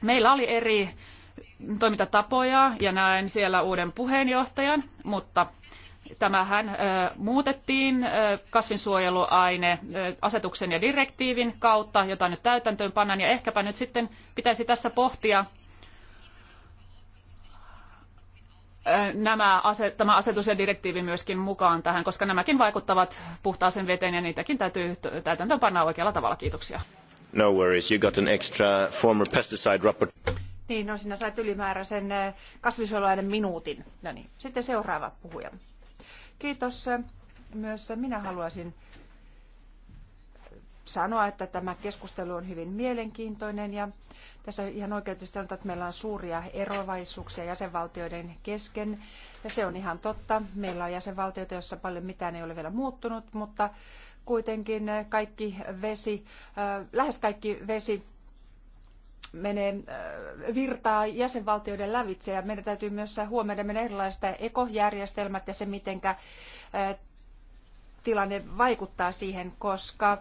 Meillä oli eri toimintatapoja ja näin siellä uuden puheenjohtajan, mutta tämähän muutettiin kasvinsuojeluaine asetuksen ja direktiivin kautta, jota nyt täytäntöön pannaan, ja ehkäpä nyt sitten pitäisi tässä pohtia nämä aset, tämä asetus ja direktiivi myöskin mukaan tähän, koska nämäkin vaikuttavat puhtaaseen veteen ja niitäkin täytyy täytäntöön panna oikealla tavalla. Kiitoksia. No worries, you got an extra former pesticide rapport. Niin, no sinä sait ylimääräisen eh, kasvisuojeluaineen minuutin. No niin, sitten seuraava puhuja. Kiitos. Myös minä haluaisin sanoa, että tämä keskustelu on hyvin mielenkiintoinen ja tässä ihan oikeasti sanotaan, että meillä on suuria eroavaisuuksia jäsenvaltioiden kesken ja se on ihan totta. Meillä on jäsenvaltioita, joissa paljon mitään ei ole vielä muuttunut, mutta kuitenkin kaikki vesi, lähes kaikki vesi menee virtaa jäsenvaltioiden lävitse ja meidän täytyy myös huomioida meidän erilaiset ekojärjestelmät ja se, miten tilanne vaikuttaa siihen, koska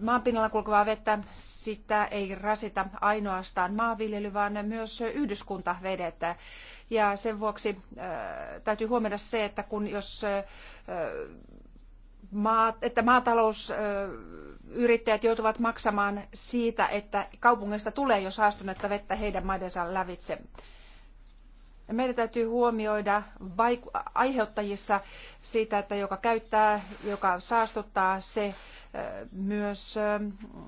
maanpinnalla kulkevaa vettä sitä ei rasita ainoastaan maanviljely, vaan myös yhdyskuntavedet. Ja sen vuoksi täytyy huomioida se, että kun jos että maatalousyrittäjät joutuvat maksamaan siitä, että kaupungeista tulee jo saastunutta vettä heidän maidensa lävitse. Meidän täytyy huomioida aiheuttajissa siitä, että joka käyttää, joka saastuttaa, se myös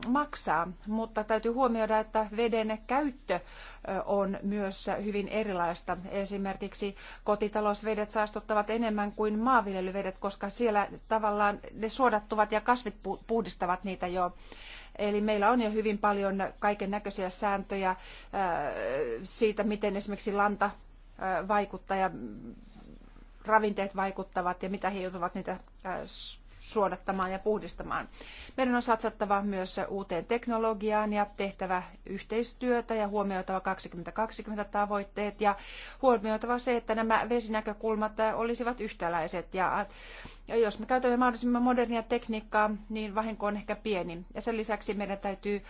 maksaa. Mutta täytyy huomioida, että veden käyttö on myös hyvin erilaista. Esimerkiksi kotitalousvedet saastuttavat enemmän kuin maanviljelyvedet, koska siellä tavallaan ne suodattuvat ja kasvit puhdistavat niitä jo. Eli meillä on jo hyvin paljon kaiken näköisiä sääntöjä siitä, miten esimerkiksi lanta vaikuttaa ja ravinteet vaikuttavat ja mitä he joutuvat niitä suodattamaan ja puhdistamaan. Meidän on satsattava myös uuteen teknologiaan ja tehtävä yhteistyötä ja huomioitava 2020 tavoitteet ja huomioitava se, että nämä vesinäkökulmat olisivat yhtäläiset ja ja jos me käytämme mahdollisimman modernia tekniikkaa, niin vahinko on ehkä pieni. Ja sen lisäksi meidän täytyy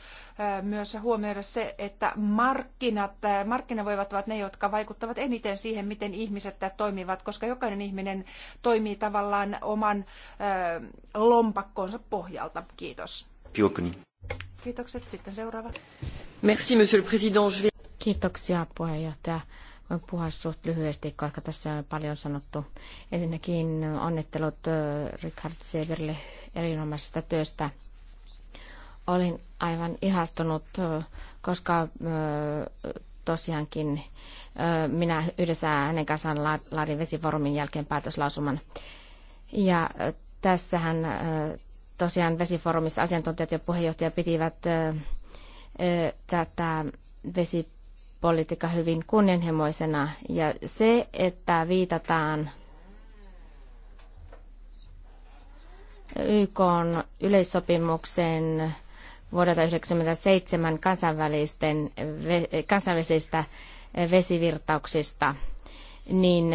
myös huomioida se, että markkinat, markkinavoivat ovat ne, jotka vaikuttavat eniten siihen, miten ihmiset toimivat, koska jokainen ihminen toimii tavallaan oman lompakkonsa pohjalta. Kiitos. Kiitokset. Sitten seuraava. Merci, monsieur le président. Kiitoksia puheenjohtaja. Voin puhua suht lyhyesti, koska tässä on paljon sanottu. Ensinnäkin onnittelut Richard Severille erinomaisesta työstä. Olin aivan ihastunut, koska tosiaankin minä yhdessä hänen kanssaan laadin vesifoorumin jälkeen päätöslausuman. Ja tässähän tosiaan vesifoorumissa asiantuntijat ja puheenjohtaja pitivät tätä vesi politiikka hyvin kunnianhimoisena ja se, että viitataan YK yleissopimuksen vuodelta 1997 kansainvälisten, kansainvälisistä vesivirtauksista, niin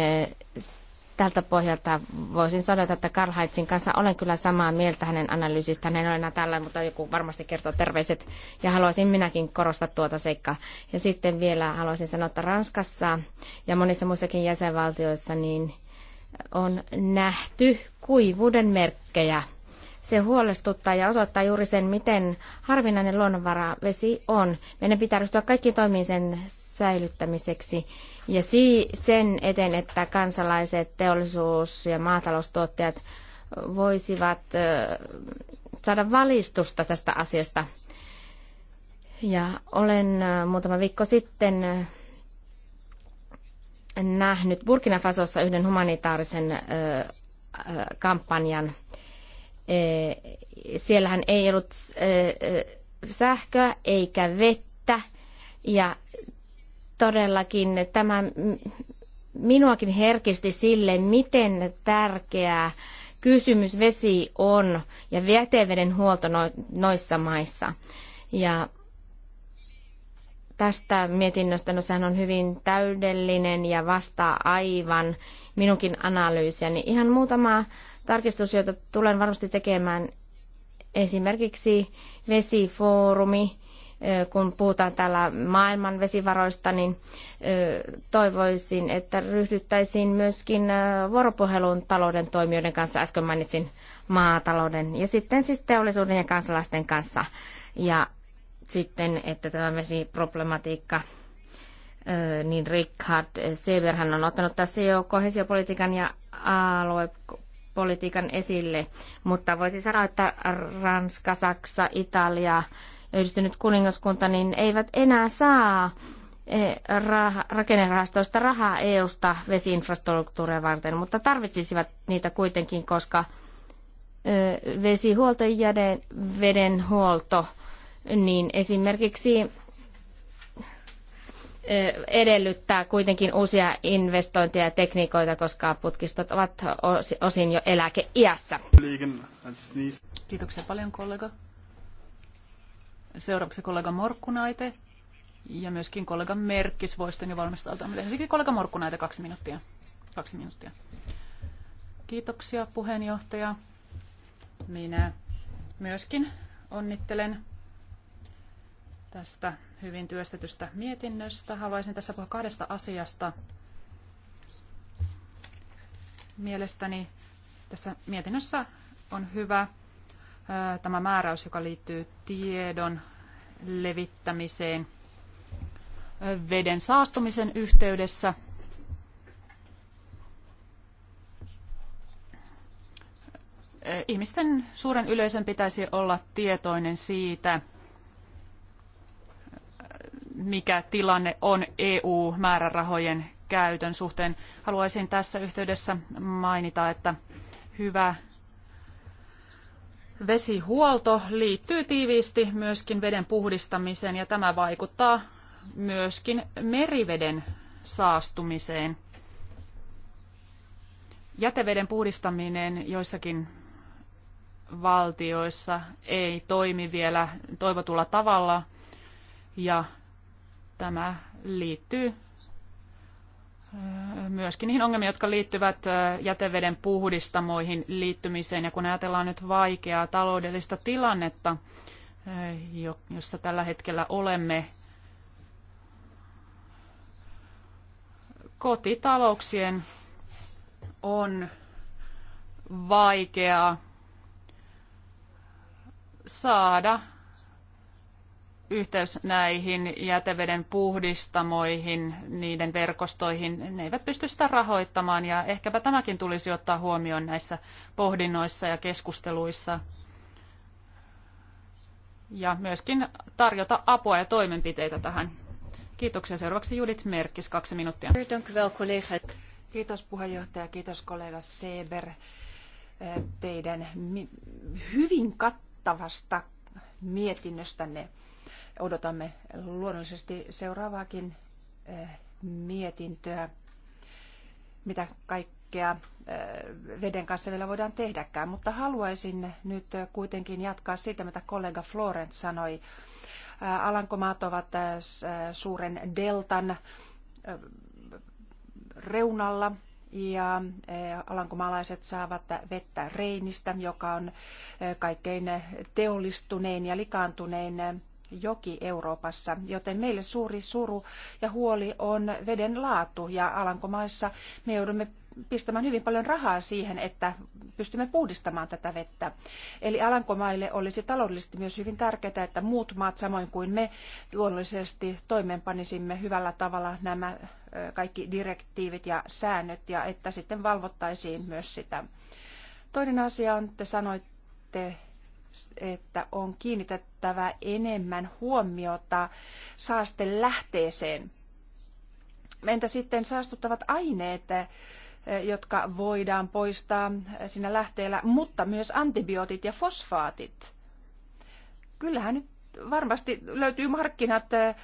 tältä pohjalta voisin sanoa, että Karl Heitzin kanssa olen kyllä samaa mieltä hänen analyysistään. Hän ole enää tällä, mutta joku varmasti kertoo terveiset. Ja haluaisin minäkin korostaa tuota seikkaa. Ja sitten vielä haluaisin sanoa, että Ranskassa ja monissa muissakin jäsenvaltioissa niin on nähty kuivuuden merkkejä. Se huolestuttaa ja osoittaa juuri sen, miten harvinainen luonnonvara vesi on. Meidän pitää ryhtyä kaikkiin toimiin sen säilyttämiseksi ja sen eteen, että kansalaiset, teollisuus ja maataloustuottajat voisivat saada valistusta tästä asiasta. Ja olen muutama viikko sitten nähnyt Burkina Fasossa yhden humanitaarisen kampanjan. E, siellähän ei ollut sähköä eikä vettä ja todellakin tämä minuakin herkisti sille, miten tärkeää kysymys vesi on ja jäteveden huolto no-, noissa maissa. Ja tästä mietinnöstä, no sehän on hyvin täydellinen ja vastaa aivan minunkin analyysiäni. Niin ihan muutama tarkistus, jota tulen varmasti tekemään, esimerkiksi vesifoorumi, kun puhutaan täällä maailman vesivaroista, niin toivoisin, että ryhdyttäisiin myöskin vuoropuheluun talouden toimijoiden kanssa. Äsken mainitsin maatalouden ja sitten siis teollisuuden ja kansalaisten kanssa. Ja sitten, että tämä vesiproblematiikka niin Richard Severhän on ottanut tässä jo kohesiopolitiikan ja aluepolitiikan esille, mutta voisi sanoa, että Ranska, Saksa, Italia, yhdistynyt kuningaskunta, niin eivät enää saa eh, rakennerahastoista rahaa EU-sta vesiinfrastruktuuria varten, mutta tarvitsisivat niitä kuitenkin, koska eh, vesihuolto ja vedenhuolto, niin esimerkiksi eh, edellyttää kuitenkin uusia investointeja ja tekniikoita, koska putkistot ovat osin jo eläkeiässä. Kiitoksia paljon kollega. Seuraavaksi kollega Morkkunaite ja myöskin kollega Merkkis voi sitten jo valmistautua. Mutta ensinnäkin kollega Morkkunaite kaksi minuuttia. Kaksi minuuttia. Kiitoksia puheenjohtaja. Minä myöskin onnittelen tästä hyvin työstetystä mietinnöstä. Haluaisin tässä puhua kahdesta asiasta. Mielestäni tässä mietinnössä on hyvä tämä määräys, joka liittyy tiedon levittämiseen veden saastumisen yhteydessä. Ihmisten suuren yleisön pitäisi olla tietoinen siitä, mikä tilanne on EU-määrärahojen käytön suhteen. Haluaisin tässä yhteydessä mainita, että hyvä Vesihuolto liittyy tiiviisti myöskin veden puhdistamiseen ja tämä vaikuttaa myöskin meriveden saastumiseen. Jäteveden puhdistaminen joissakin valtioissa ei toimi vielä toivotulla tavalla ja tämä liittyy myöskin niihin ongelmiin, jotka liittyvät jäteveden puhdistamoihin liittymiseen. Ja kun ajatellaan nyt vaikeaa taloudellista tilannetta, jossa tällä hetkellä olemme, kotitalouksien on vaikeaa saada yhteys näihin jäteveden puhdistamoihin, niiden verkostoihin, ne eivät pysty sitä rahoittamaan ja ehkäpä tämäkin tulisi ottaa huomioon näissä pohdinnoissa ja keskusteluissa. Ja myöskin tarjota apua ja toimenpiteitä tähän. Kiitoksia. Seuraavaksi Judith Merkis, kaksi minuuttia. Kiitos puheenjohtaja, kiitos kollega Seber teidän hyvin kattavasta mietinnöstänne odotamme luonnollisesti seuraavaakin eh, mietintöä, mitä kaikkea eh, veden kanssa vielä voidaan tehdäkään. Mutta haluaisin nyt kuitenkin jatkaa siitä, mitä kollega Florent sanoi. Eh, Alankomaat ovat suuren deltan reunalla ja alankomaalaiset saavat vettä Reinistä, joka on kaikkein teollistunein ja likaantunein joki Euroopassa, joten meille suuri suru ja huoli on veden laatu ja Alankomaissa me joudumme pistämään hyvin paljon rahaa siihen, että pystymme puhdistamaan tätä vettä. Eli Alankomaille olisi taloudellisesti myös hyvin tärkeää, että muut maat samoin kuin me luonnollisesti toimeenpanisimme hyvällä tavalla nämä kaikki direktiivit ja säännöt ja että sitten valvottaisiin myös sitä. Toinen asia on, että sanoitte että on kiinnitettävä enemmän huomiota lähteeseen. Entä sitten saastuttavat aineet, eh, jotka voidaan poistaa siinä lähteellä, mutta myös antibiootit ja fosfaatit? Kyllähän nyt varmasti löytyy markkinat eh,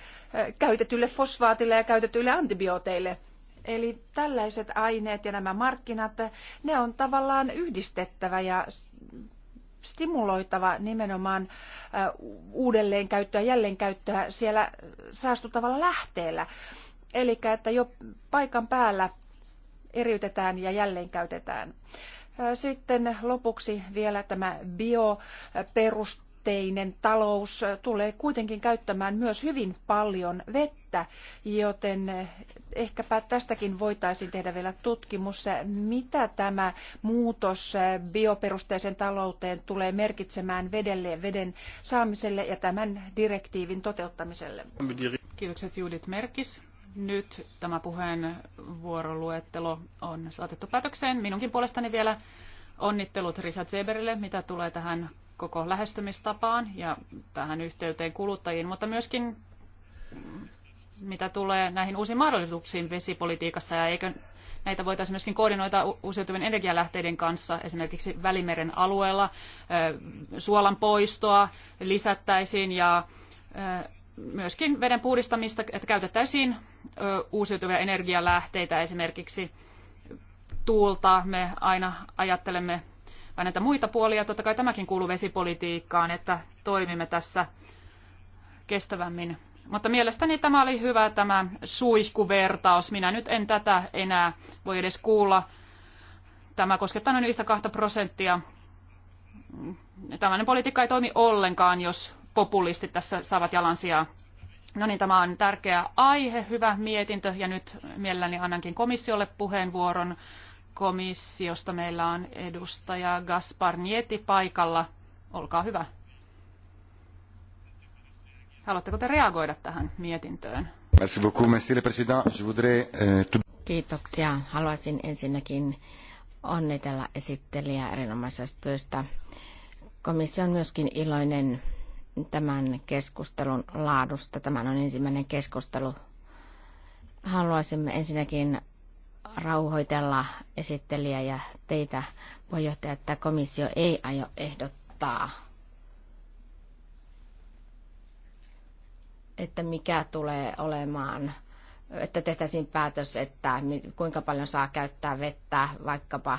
käytetylle fosfaatille ja käytetyille antibiooteille. Eli tällaiset aineet ja nämä markkinat, eh, ne on tavallaan yhdistettävä ja stimuloitava nimenomaan uudelleenkäyttöä, jälleenkäyttöä siellä saastuttavalla lähteellä. Eli että jo paikan päällä eriytetään ja jälleenkäytetään. Sitten lopuksi vielä tämä bioperustus jännitteinen talous tulee kuitenkin käyttämään myös hyvin paljon vettä, joten ehkäpä tästäkin voitaisiin tehdä vielä tutkimus, mitä tämä muutos bioperusteisen talouteen tulee merkitsemään vedelle, veden saamiselle ja tämän direktiivin toteuttamiselle. Kiitokset Judith Merkis. Nyt tämä puheenvuoroluettelo on saatettu päätökseen. Minunkin puolestani vielä onnittelut Richard Zeberille, mitä tulee tähän koko lähestymistapaan ja tähän yhteyteen kuluttajiin, mutta myöskin mitä tulee näihin uusiin mahdollisuuksiin vesipolitiikassa ja eikö näitä voitaisiin myöskin koordinoida uusiutuvien energialähteiden kanssa, esimerkiksi Välimeren alueella suolan poistoa lisättäisiin ja myöskin veden puhdistamista, että käytettäisiin uusiutuvia energialähteitä esimerkiksi tuulta. Me aina ajattelemme vaan näitä muita puolia. Totta kai tämäkin kuuluu vesipolitiikkaan, että toimimme tässä kestävämmin. Mutta mielestäni tämä oli hyvä tämä suihkuvertaus. Minä nyt en tätä enää voi edes kuulla. Tämä koskettaa noin yhtä kahta prosenttia. Tällainen politiikka ei toimi ollenkaan, jos populistit tässä saavat jalansijaa. No niin, tämä on tärkeä aihe, hyvä mietintö ja nyt mielelläni annankin komissiolle puheenvuoron komissiosta meillä on edustaja Gaspar Nieti paikalla. Olkaa hyvä. Haluatteko te reagoida tähän mietintöön? Euh, Kiitoksia. Haluaisin ensinnäkin onnitella esittelijää erinomaisesta työstä. Komissio on myöskin iloinen tämän keskustelun laadusta. Tämä on ensimmäinen keskustelu. Haluaisimme ensinnäkin rauhoitella esittelijä ja teitä, puheenjohtaja, että komissio ei aio ehdottaa, että mikä tulee olemaan, että tehtäisiin päätös, että kuinka paljon saa käyttää vettä vaikkapa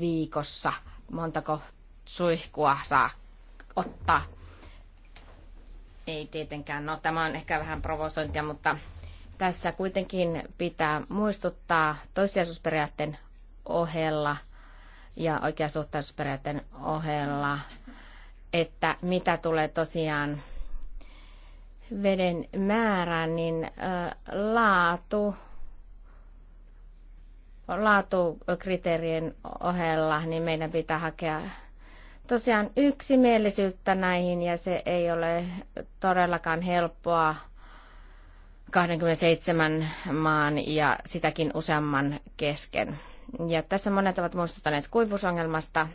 viikossa, montako suihkua saa ottaa. Ei tietenkään, no tämä on ehkä vähän provosointia, mutta tässä kuitenkin pitää muistuttaa toissijaisuusperiaatteen ohella ja oikeasuhtaisuusperiaatteen ohella, että mitä tulee tosiaan veden määrään, niin laatu laatukriteerien ohella, niin meidän pitää hakea tosiaan yksimielisyyttä näihin ja se ei ole todellakaan helppoa 27 maan ja sitäkin useamman kesken. Ja tässä monet ovat muistuttaneet kuivuusongelmasta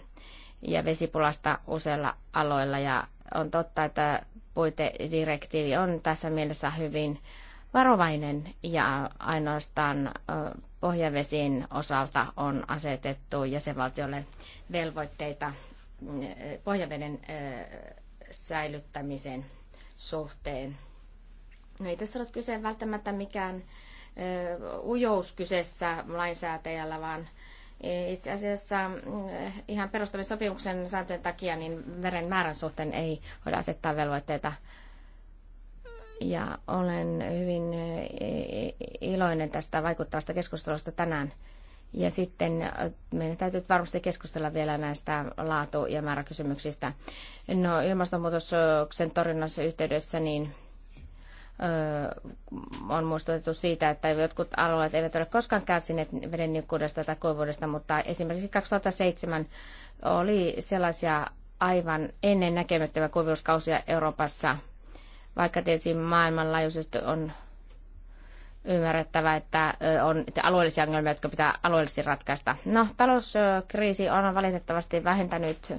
ja vesipulasta useilla aloilla. Ja on totta, että puitedirektiivi on tässä mielessä hyvin varovainen ja ainoastaan pohjavesiin osalta on asetettu jäsenvaltiolle velvoitteita pohjaveden säilyttämisen suhteen. No ei tässä ole kyse välttämättä mikään ujous kyseessä lainsäätäjällä, vaan itse asiassa mm, ihan perustamissopimuksen sääntöjen takia niin veren määrän suhteen ei voida asettaa velvoitteita. Ja olen hyvin iloinen tästä vaikuttavasta keskustelusta tänään. Ja sitten meidän täytyy varmasti keskustella vielä näistä laatu- ja määräkysymyksistä. No ilmastonmuutoksen torjunnassa yhteydessä niin on muistutettu siitä, että jotkut alueet eivät ole koskaan kärsineet veden niukkuudesta tai koivuudesta, mutta esimerkiksi 2007 oli sellaisia aivan ennen näkemättömiä kuivuuskausia Euroopassa, vaikka tietysti maailmanlaajuisesti on ymmärrettävä, että on alueellisia ongelmia, jotka pitää alueellisesti ratkaista. No, talouskriisi on valitettavasti vähentänyt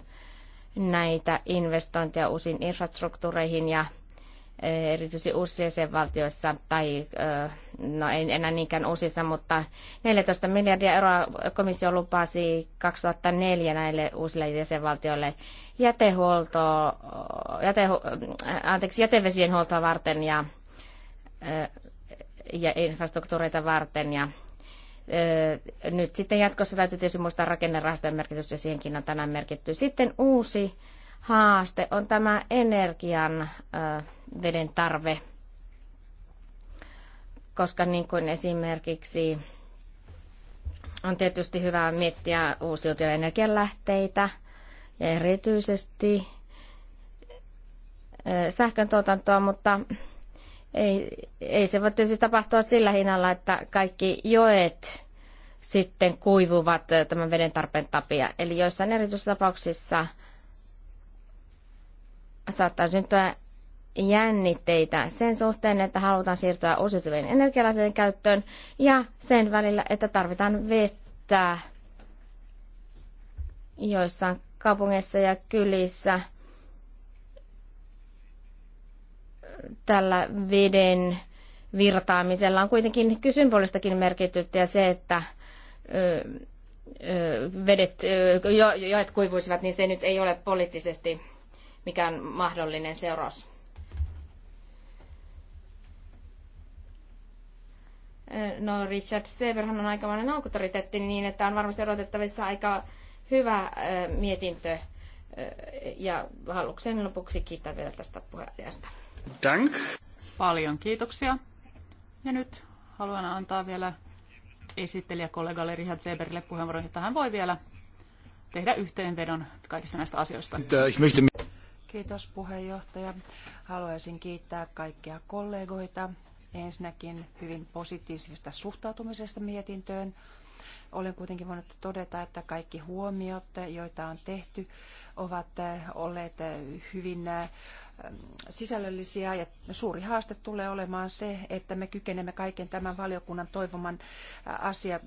näitä investointeja uusiin infrastruktuureihin ja erityisesti uusissa valtioissa, tai no ei enää niinkään uusissa, mutta 14 miljardia euroa komissio lupasi 2004 näille uusille jäsenvaltioille jätehuolto, jäte, äh, anteeksi, jätevesien huoltoa varten ja, ja infrastruktuureita varten ja nyt sitten jatkossa täytyy tietysti muistaa rakennerahastojen merkitys ja siihenkin on tänään merkitty. Sitten uusi haaste on tämä energian äh, veden tarve, koska niin kuin esimerkiksi on tietysti hyvä miettiä uusiutuvia energialähteitä ja erityisesti sähkön tuotantoa, mutta ei, ei se voi tietysti tapahtua sillä hinnalla, että kaikki joet sitten kuivuvat tämän veden tarpeen tapia. Eli joissain erityisissä tapauksissa saattaa syntyä jännitteitä sen suhteen, että halutaan siirtyä uusiutuvien energialaisten käyttöön ja sen välillä, että tarvitaan vettä joissain kaupungeissa ja kylissä tällä veden virtaamisella on kuitenkin symbolistakin merkitystä ja se, että ö, vedet, jo, joet kuivuisivat, niin se nyt ei ole poliittisesti mikään mahdollinen seuraus. Eh, no Richard Seberhan on aikamoinen autoriteetti niin, että on varmasti odotettavissa aika hyvä eh, mietintö. Eh, ja haluan lopuksi kiittää vielä tästä puheenjohtajasta. Dank. Paljon kiitoksia. Ja nyt haluan antaa vielä esittelijäkollegalle Richard Seberille puheenvuoron, jotta hän voi vielä tehdä yhteenvedon kaikista näistä asioista. Äh, Kiitos puheenjohtaja. Haluaisin kiittää kaikkia kollegoita ensinnäkin hyvin positiivisesta suhtautumisesta mietintöön. Olen kuitenkin voinut todeta, että kaikki huomiot, joita on tehty, ovat eh, olleet eh, hyvin eh, sisällöllisiä ja suuri haaste tulee olemaan se, että me kykenemme kaiken tämän valiokunnan toivoman asia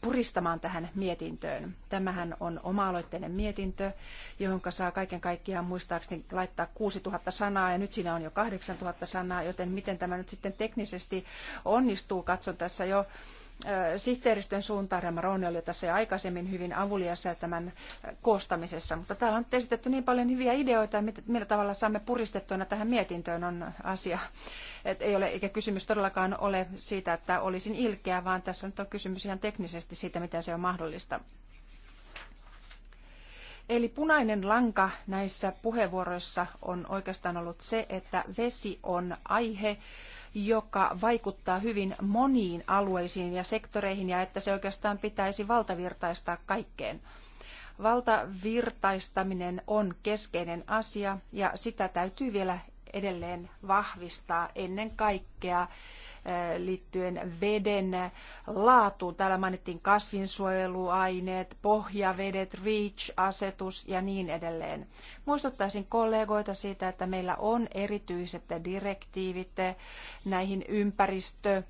puristamaan tähän mietintöön. Tämähän on oma-aloitteinen mietintö, johon saa kaiken kaikkiaan muistaakseni laittaa 6000 sanaa ja nyt siinä on jo 8000 sanaa, joten miten tämä nyt sitten teknisesti onnistuu, katson tässä jo sihteeristön suuntaan. Ramarone oli tässä jo aikaisemmin hyvin avuliassa tämän koostamisessa, mutta täällä on esitetty niin paljon hyviä ideoita, millä tavalla saamme puristettuina tähän mietintöön on asia. Et ei ole, eikä kysymys todellakaan ole siitä, että olisin ilkeä, vaan tässä nyt on kysymys ihan teknisesti siitä, miten se on mahdollista. Eli punainen lanka näissä puheenvuoroissa on oikeastaan ollut se, että vesi on aihe, joka vaikuttaa hyvin moniin alueisiin ja sektoreihin ja että se oikeastaan pitäisi valtavirtaistaa kaikkeen. Valtavirtaistaminen on keskeinen asia ja sitä täytyy vielä edelleen vahvistaa ennen kaikkea liittyen veden laatuun. Täällä mainittiin kasvinsuojeluaineet, pohjavedet, REACH-asetus ja niin edelleen. Muistuttaisin kollegoita siitä, että meillä on erityiset direktiivit näihin ympäristö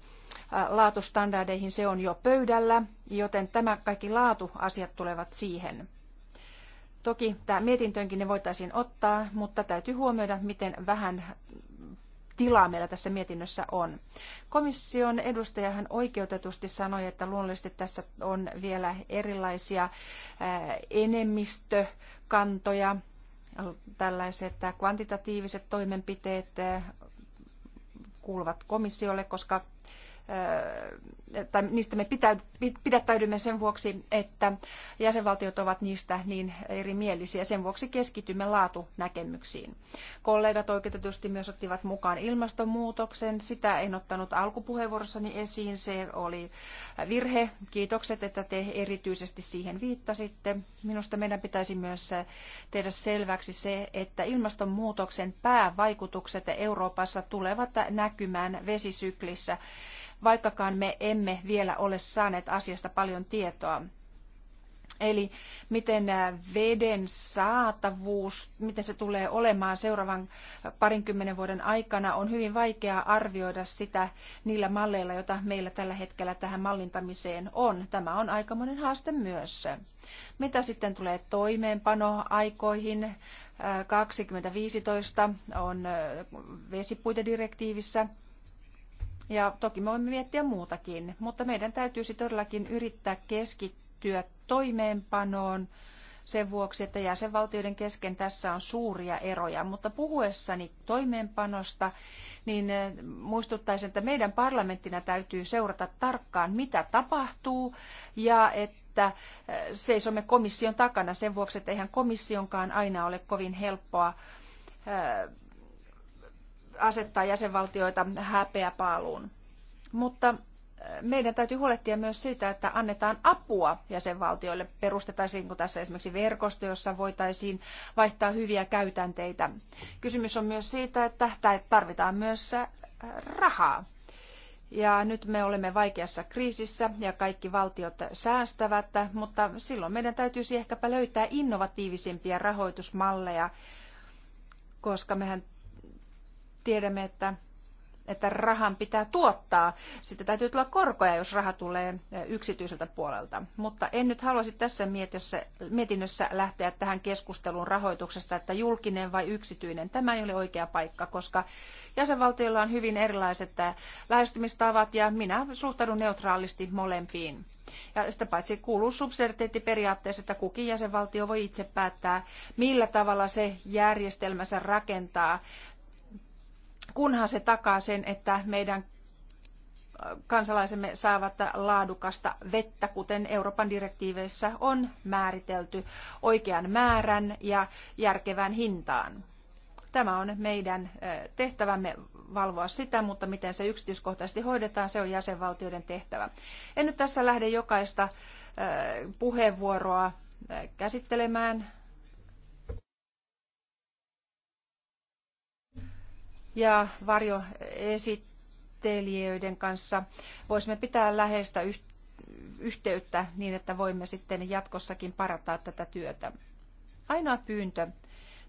laatustandardeihin se on jo pöydällä, joten tämä kaikki laatuasiat tulevat siihen. Toki tämä mietintöönkin ne voitaisiin ottaa, mutta täytyy huomioida, miten vähän tilaa meillä tässä mietinnössä on. Komission edustajahan oikeutetusti sanoi, että luonnollisesti tässä on vielä erilaisia enemmistökantoja, tällaiset kvantitatiiviset toimenpiteet kuuluvat komissiolle, koska tai niistä me pitä, pidättäydymme sen vuoksi, että jäsenvaltiot ovat niistä niin erimielisiä. Sen vuoksi keskitymme laatunäkemyksiin. Kollegat oikeutetusti myös ottivat mukaan ilmastonmuutoksen. Sitä en ottanut alkupuheenvuorossani esiin. Se oli virhe. Kiitokset, että te erityisesti siihen viittasitte. Minusta meidän pitäisi myös tehdä selväksi se, että ilmastonmuutoksen päävaikutukset Euroopassa tulevat näkymään vesisyklissä vaikkakaan me emme vielä ole saaneet asiasta paljon tietoa. Eli miten veden saatavuus, miten se tulee olemaan seuraavan parinkymmenen vuoden aikana, on hyvin vaikea arvioida sitä niillä malleilla, joita meillä tällä hetkellä tähän mallintamiseen on. Tämä on aikamoinen haaste myös. Mitä sitten tulee toimeenpanoaikoihin? 2015 on vesipuitedirektiivissä ja toki me voimme miettiä muutakin, mutta meidän täytyisi todellakin yrittää keskittyä toimeenpanoon sen vuoksi, että jäsenvaltioiden kesken tässä on suuria eroja. Mutta puhuessani toimeenpanosta, niin eh, muistuttaisin, että meidän parlamenttina täytyy seurata tarkkaan, mitä tapahtuu ja että eh, seisomme komission takana sen vuoksi, että eihän komissionkaan aina ole kovin helppoa eh, asettaa jäsenvaltioita HPA-paaluun, Mutta äh, meidän täytyy huolehtia myös siitä, että annetaan apua jäsenvaltioille. Perustetaisiinko tässä esimerkiksi verkosto, jossa voitaisiin vaihtaa hyviä käytänteitä. Kysymys on myös siitä, että tarvitaan myös äh, rahaa. Ja nyt me olemme vaikeassa kriisissä ja kaikki valtiot säästävät, mutta silloin meidän täytyisi ehkäpä löytää innovatiivisimpia rahoitusmalleja, koska mehän tiedämme, että, että rahan pitää tuottaa. Sitten täytyy tulla korkoja, jos raha tulee yksityiseltä puolelta. Mutta en nyt haluaisi tässä mietinnössä lähteä tähän keskusteluun rahoituksesta, että julkinen vai yksityinen. Tämä ei ole oikea paikka, koska jäsenvaltioilla on hyvin erilaiset lähestymistavat ja minä suhtaudun neutraalisti molempiin. Ja sitä paitsi kuuluu subsidiariteettiperiaatteessa, että kukin jäsenvaltio voi itse päättää, millä tavalla se järjestelmänsä rakentaa kunhan se takaa sen, että meidän kansalaisemme saavat laadukasta vettä, kuten Euroopan direktiiveissä on määritelty oikean määrän ja järkevään hintaan. Tämä on meidän tehtävämme valvoa sitä, mutta miten se yksityiskohtaisesti hoidetaan, se on jäsenvaltioiden tehtävä. En nyt tässä lähde jokaista puheenvuoroa käsittelemään ja varjoesittelijöiden kanssa voisimme pitää läheistä yhteyttä niin, että voimme sitten jatkossakin parantaa tätä työtä. Ainoa pyyntö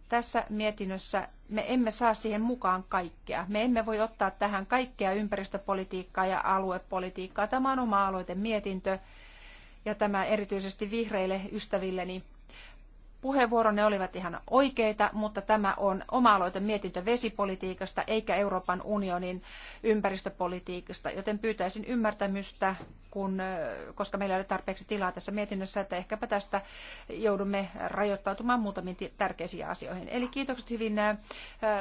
tässä mietinnössä me emme saa siihen mukaan kaikkea. Me emme voi ottaa tähän kaikkea ympäristöpolitiikkaa ja aluepolitiikkaa. Tämä on oma aloite mietintö ja tämä erityisesti vihreille ystävilleni Puheenvuoronne olivat ihan oikeita, mutta tämä on oma-aloite mietintö vesipolitiikasta eikä Euroopan unionin ympäristöpolitiikasta, joten pyytäisin ymmärtämystä, kun, koska meillä ei ole tarpeeksi tilaa tässä mietinnössä, että ehkäpä tästä joudumme rajoittautumaan muutamiin tärkeisiin asioihin. Eli kiitokset hyvin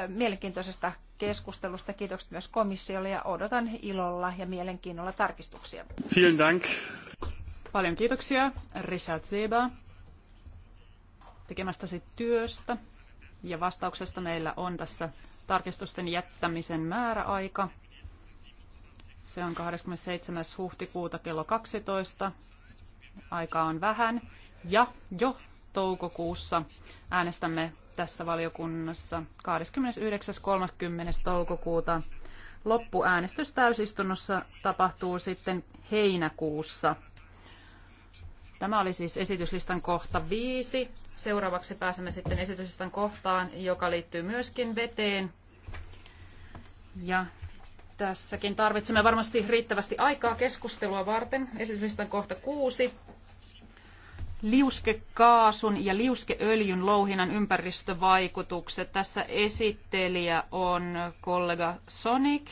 mielenkiintoisesta keskustelusta. Kiitokset myös komissiolle ja odotan ilolla ja mielenkiinnolla tarkistuksia. Vielen Dank. Paljon kiitoksia. Richard Seba tekemästäsi työstä ja vastauksesta meillä on tässä tarkistusten jättämisen määräaika. Se on 27. huhtikuuta kello 12. Aikaa on vähän. Ja jo toukokuussa äänestämme tässä valiokunnassa 29.30. toukokuuta. Loppuäänestys täysistunnossa tapahtuu sitten heinäkuussa. Tämä oli siis esityslistan kohta viisi. Seuraavaksi pääsemme sitten esityslistan kohtaan, joka liittyy myöskin veteen. Ja tässäkin tarvitsemme varmasti riittävästi aikaa keskustelua varten. Esityslistan kohta kuusi. Liuskekaasun ja liuskeöljyn louhinnan ympäristövaikutukset. Tässä esittelijä on kollega Sonic.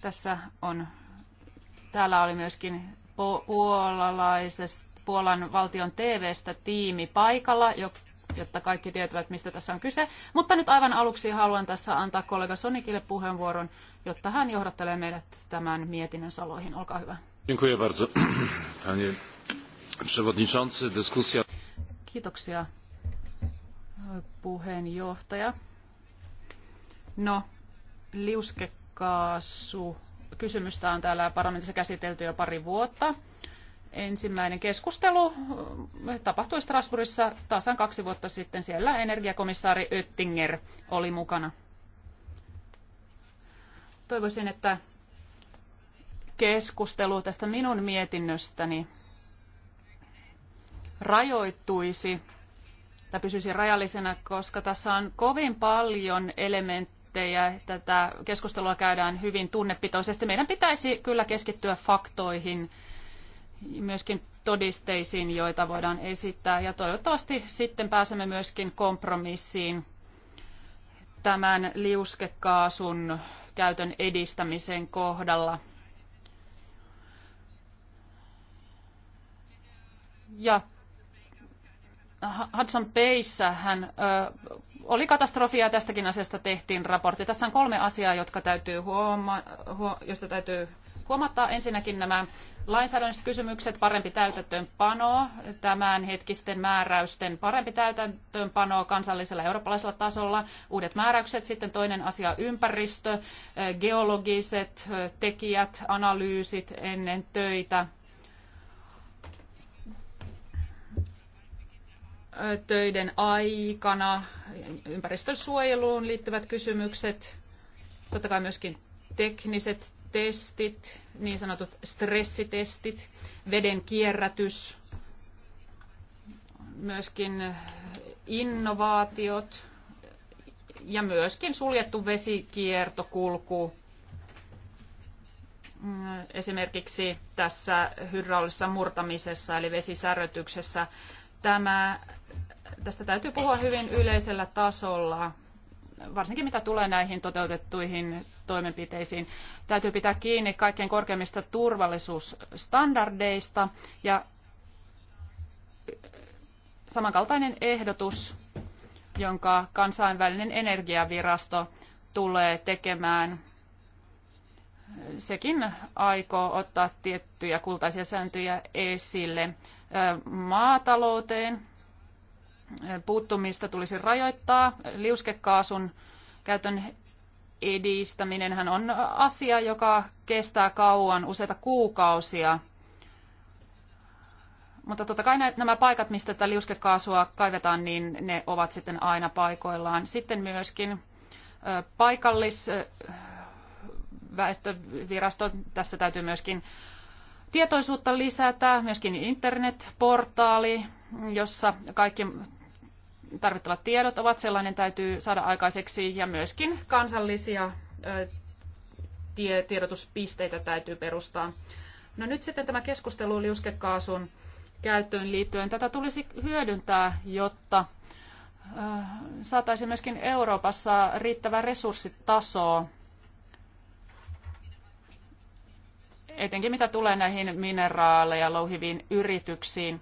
Tässä on, täällä oli myöskin Puolan valtion TV-stä tiimi paikalla, jotta kaikki tietävät, mistä tässä on kyse. Mutta nyt aivan aluksi haluan tässä antaa kollega Sonikille puheenvuoron, jotta hän johdattelee meidät tämän mietinnön saloihin. Olkaa hyvä. Kiitoksia, puheenjohtaja. No, liuskekaasu kysymystä on täällä parlamentissa käsitelty jo pari vuotta. Ensimmäinen keskustelu eh, tapahtui Strasbourgissa tasan kaksi vuotta sitten. Siellä energiakomissaari Oettinger oli mukana. Toivoisin, että keskustelu tästä minun mietinnöstäni rajoittuisi tai pysyisi rajallisena, koska tässä on kovin paljon elementtejä kommentteja. Tätä keskustelua käydään hyvin tunnepitoisesti. Meidän pitäisi kyllä keskittyä faktoihin, myöskin todisteisiin, joita voidaan esittää. Ja toivottavasti sitten pääsemme myöskin kompromissiin tämän liuskekaasun käytön edistämisen kohdalla. Ja Hudson Bayssä hän oli katastrofi ja tästäkin asiasta tehtiin raportti. Tässä on kolme asiaa, jotka täytyy huoma- huo- josta täytyy huomattaa. Ensinnäkin nämä lainsäädännölliset kysymykset, parempi täytäntöönpano, tämän hetkisten määräysten parempi täytäntöönpano kansallisella ja eurooppalaisella tasolla, uudet määräykset, sitten toinen asia ympäristö, geologiset tekijät, analyysit ennen töitä, töiden aikana, ympäristönsuojeluun liittyvät kysymykset, totta kai myöskin tekniset testit, niin sanotut stressitestit, veden kierrätys, myöskin innovaatiot ja myöskin suljettu vesikiertokulku. Mm, esimerkiksi tässä hydraulisessa murtamisessa eli vesisärötyksessä tämä, tästä täytyy puhua hyvin yleisellä tasolla, varsinkin mitä tulee näihin toteutettuihin toimenpiteisiin. Täytyy pitää kiinni kaikkein korkeimmista turvallisuusstandardeista ja samankaltainen ehdotus, jonka kansainvälinen energiavirasto tulee tekemään sekin aikoo ottaa tiettyjä kultaisia sääntöjä esille maatalouteen. Puuttumista tulisi rajoittaa. Liuskekaasun käytön edistäminen on asia, joka kestää kauan, useita kuukausia. Mutta totta kai nämä paikat, mistä tätä liuskekaasua kaivetaan, niin ne ovat sitten aina paikoillaan. Sitten myöskin paikallisväestövirasto tässä täytyy myöskin tietoisuutta lisätä, myöskin internetportaali, jossa kaikki tarvittavat tiedot ovat, sellainen täytyy saada aikaiseksi ja myöskin kansallisia tie- tiedotuspisteitä täytyy perustaa. No nyt sitten tämä keskustelu liuskekaasun käyttöön liittyen. Tätä tulisi hyödyntää, jotta saataisiin myöskin Euroopassa riittävä resurssitaso etenkin mitä tulee näihin mineraaleja louhiviin yrityksiin.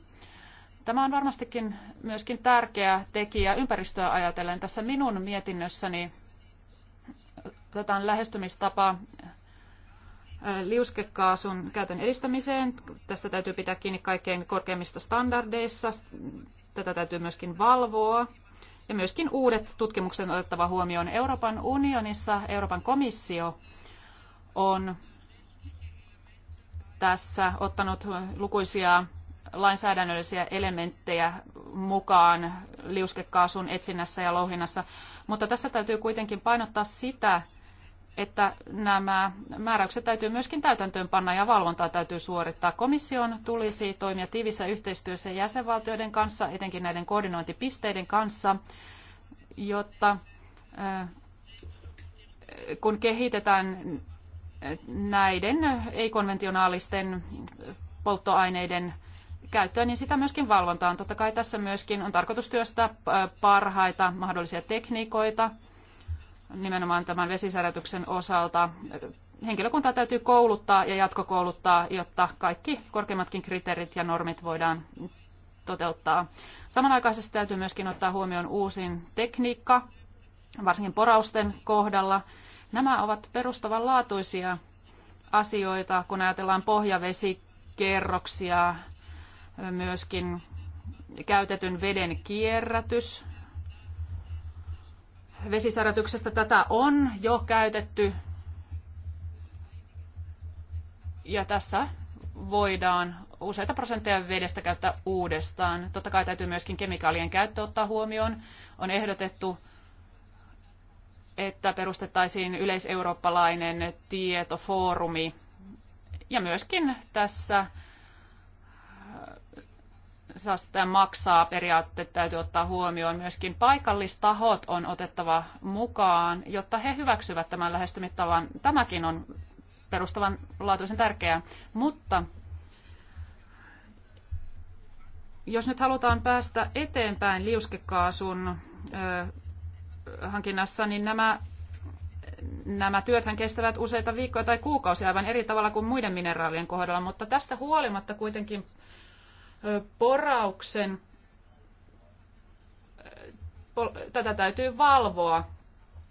Tämä on varmastikin myöskin tärkeä tekijä ympäristöä ajatellen. Tässä minun mietinnössäni otetaan lähestymistapa liuskekaasun käytön edistämiseen. Tästä täytyy pitää kiinni kaikkein korkeimmista standardeissa. Tätä täytyy myöskin valvoa. Ja myöskin uudet tutkimukset on otettava huomioon. Euroopan unionissa Euroopan komissio on tässä ottanut lukuisia lainsäädännöllisiä elementtejä mukaan liuskekaasun etsinnässä ja louhinnassa. Mutta tässä täytyy kuitenkin painottaa sitä, että nämä määräykset täytyy myöskin täytäntöönpanna ja valvontaa täytyy suorittaa. Komission tulisi toimia tiivissä yhteistyössä jäsenvaltioiden kanssa, etenkin näiden koordinointipisteiden kanssa, jotta äh, kun kehitetään näiden ei-konventionaalisten polttoaineiden käyttöä, niin sitä myöskin valvontaan. Totta kai tässä myöskin on tarkoitus työstää parhaita mahdollisia tekniikoita nimenomaan tämän vesisärätyksen osalta. Henkilökuntaa täytyy kouluttaa ja jatkokouluttaa, jotta kaikki korkeimmatkin kriteerit ja normit voidaan toteuttaa. Samanaikaisesti täytyy myöskin ottaa huomioon uusin tekniikka, varsinkin porausten kohdalla. Nämä ovat perustavanlaatuisia asioita, kun ajatellaan pohjavesikerroksia, myöskin käytetyn veden kierrätys. Vesisarjoituksesta tätä on jo käytetty ja tässä voidaan useita prosentteja vedestä käyttää uudestaan. Totta kai täytyy myöskin kemikaalien käyttö ottaa huomioon. On ehdotettu että perustettaisiin yleiseurooppalainen tietofoorumi. Ja myöskin tässä äh, saastuttaja maksaa periaatteet täytyy ottaa huomioon. Myöskin paikallistahot on otettava mukaan, jotta he hyväksyvät tämän lähestymittavan. Tämäkin on perustavanlaatuisen tärkeää. Mutta jos nyt halutaan päästä eteenpäin liuskekaasun äh, hankinnassa, niin nämä, nämä työthän kestävät useita viikkoja tai kuukausia aivan eri tavalla kuin muiden mineraalien kohdalla, mutta tästä huolimatta kuitenkin porauksen tätä täytyy valvoa.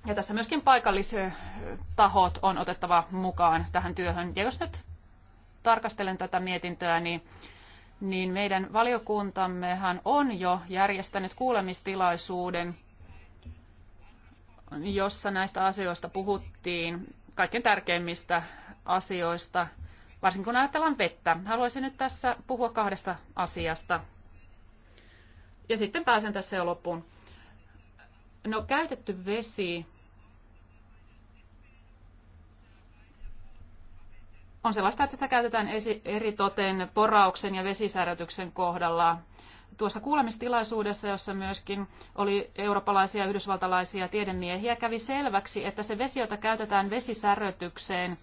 Ja tässä myöskin paikalliset tahot on otettava mukaan tähän työhön. Ja jos nyt tarkastelen tätä mietintöä, niin, niin meidän valiokuntammehan on jo järjestänyt kuulemistilaisuuden jossa näistä asioista puhuttiin, kaikkein tärkeimmistä asioista, varsinkin kun ajatellaan vettä. Haluaisin nyt tässä puhua kahdesta asiasta. Ja sitten pääsen tässä jo loppuun. No käytetty vesi on sellaista, että sitä käytetään eri toten porauksen ja vesisärötyksen kohdalla tuossa kuulemistilaisuudessa, jossa myöskin oli eurooppalaisia ja yhdysvaltalaisia tiedemiehiä, kävi selväksi, että se vesi, jota käytetään vesisärötykseen,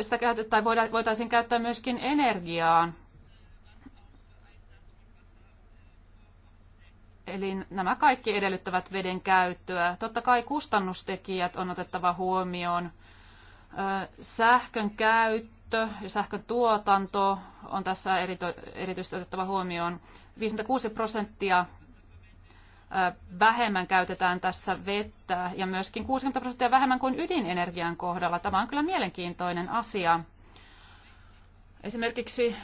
sitä käytet, tai voitaisiin käyttää myöskin energiaan. Eli nämä kaikki edellyttävät veden käyttöä. Totta kai kustannustekijät on otettava huomioon. Sähkön käyttö käyttö ja sähkön tuotanto on tässä erityisesti otettava huomioon. 56 prosenttia vähemmän käytetään tässä vettä ja myöskin 60 prosenttia vähemmän kuin ydinenergian kohdalla. Tämä on kyllä mielenkiintoinen asia. Esimerkiksi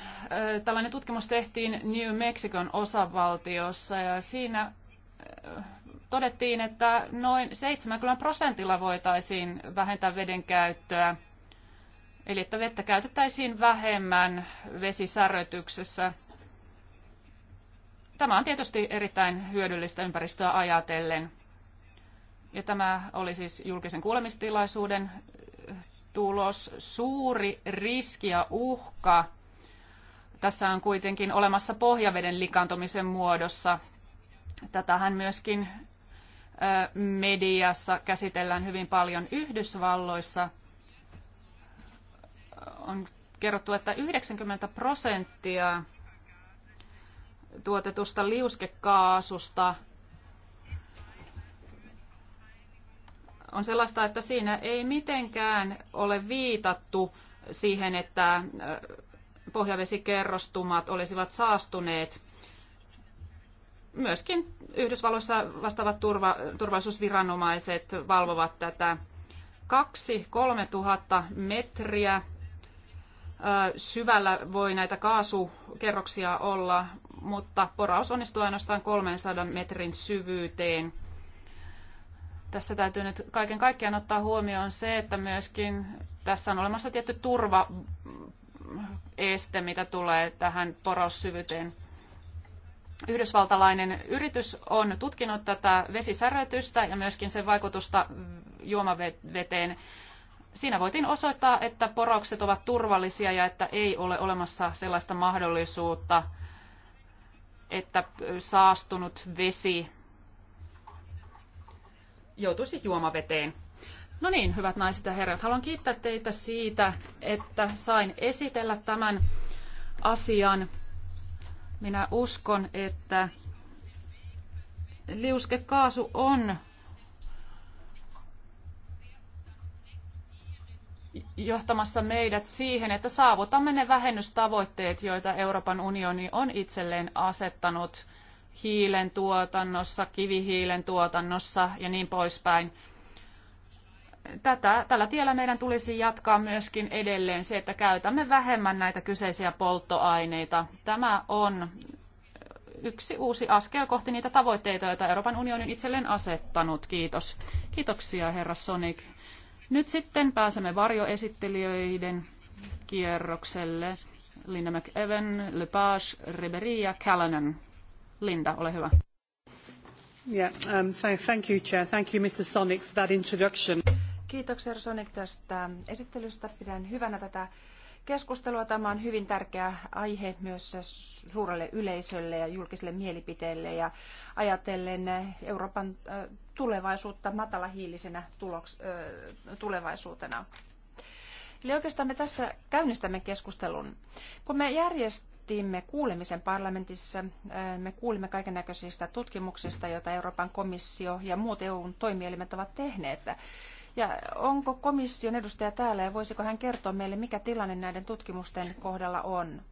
tällainen tutkimus tehtiin New Mexicon osavaltiossa ja siinä todettiin, että noin 70 prosentilla voitaisiin vähentää veden käyttöä Eli että vettä käytettäisiin vähemmän vesisärötyksessä. Tämä on tietysti erittäin hyödyllistä ympäristöä ajatellen. Ja tämä oli siis julkisen kuulemistilaisuuden eh, tulos. Suuri riski ja uhka tässä on kuitenkin olemassa pohjaveden likantumisen muodossa. Tätähän myöskin eh, mediassa käsitellään hyvin paljon Yhdysvalloissa – on kerrottu, että 90 prosenttia tuotetusta liuskekaasusta on sellaista, että siinä ei mitenkään ole viitattu siihen, että äh, pohjavesikerrostumat olisivat saastuneet. Myöskin Yhdysvalloissa vastaavat turva, turvallisuusviranomaiset valvovat tätä 2-3 tuhatta metriä syvällä voi näitä kaasukerroksia olla, mutta poraus onnistuu ainoastaan 300 metrin syvyyteen. Tässä täytyy nyt kaiken kaikkiaan ottaa huomioon se, että myöskin tässä on olemassa tietty turvaeste, mm, mitä tulee tähän poraussyvyyteen. Yhdysvaltalainen yritys on tutkinut tätä vesisäröitystä ja myöskin sen vaikutusta juomaveteen siinä voitiin osoittaa, että poraukset ovat turvallisia ja että ei ole olemassa sellaista mahdollisuutta, että saastunut vesi joutuisi juomaveteen. No niin, hyvät naiset ja herrat, haluan kiittää teitä siitä, että sain esitellä tämän asian. Minä uskon, että liuskekaasu on johtamassa meidät siihen, että saavutamme ne vähennystavoitteet, joita Euroopan unioni on itselleen asettanut hiilen tuotannossa, kivihiilen tuotannossa ja niin poispäin. Tätä, tällä tiellä meidän tulisi jatkaa myöskin edelleen se, että käytämme vähemmän näitä kyseisiä polttoaineita. Tämä on yksi uusi askel kohti niitä tavoitteita, joita Euroopan unioni on itselleen asettanut. Kiitos. Kiitoksia, herra Sonic. Nyt sitten pääsemme varjoesittelijöiden kierrokselle. Linda McEwen, Lepage, Ribery ja Callanan. Linda, ole hyvä. Yeah, um, thank you, Chair. Thank you, Mr. Sonic, for that introduction. Kiitoksia, Sonic, tästä esittelystä. Pidän hyvänä tätä keskustelua. Tämä on hyvin tärkeä aihe myös suurelle yleisölle ja julkiselle mielipiteelle ja ajatellen Euroopan äh, tulevaisuutta matalahiilisenä tuloks, ö, tulevaisuutena. Eli oikeastaan me tässä käynnistämme keskustelun. Kun me järjestimme kuulemisen parlamentissa, me kuulimme kaiken näköisistä tutkimuksista, joita Euroopan komissio ja muut EUn toimielimet ovat tehneet. Ja onko komission edustaja täällä ja voisiko hän kertoa meille, mikä tilanne näiden tutkimusten kohdalla on?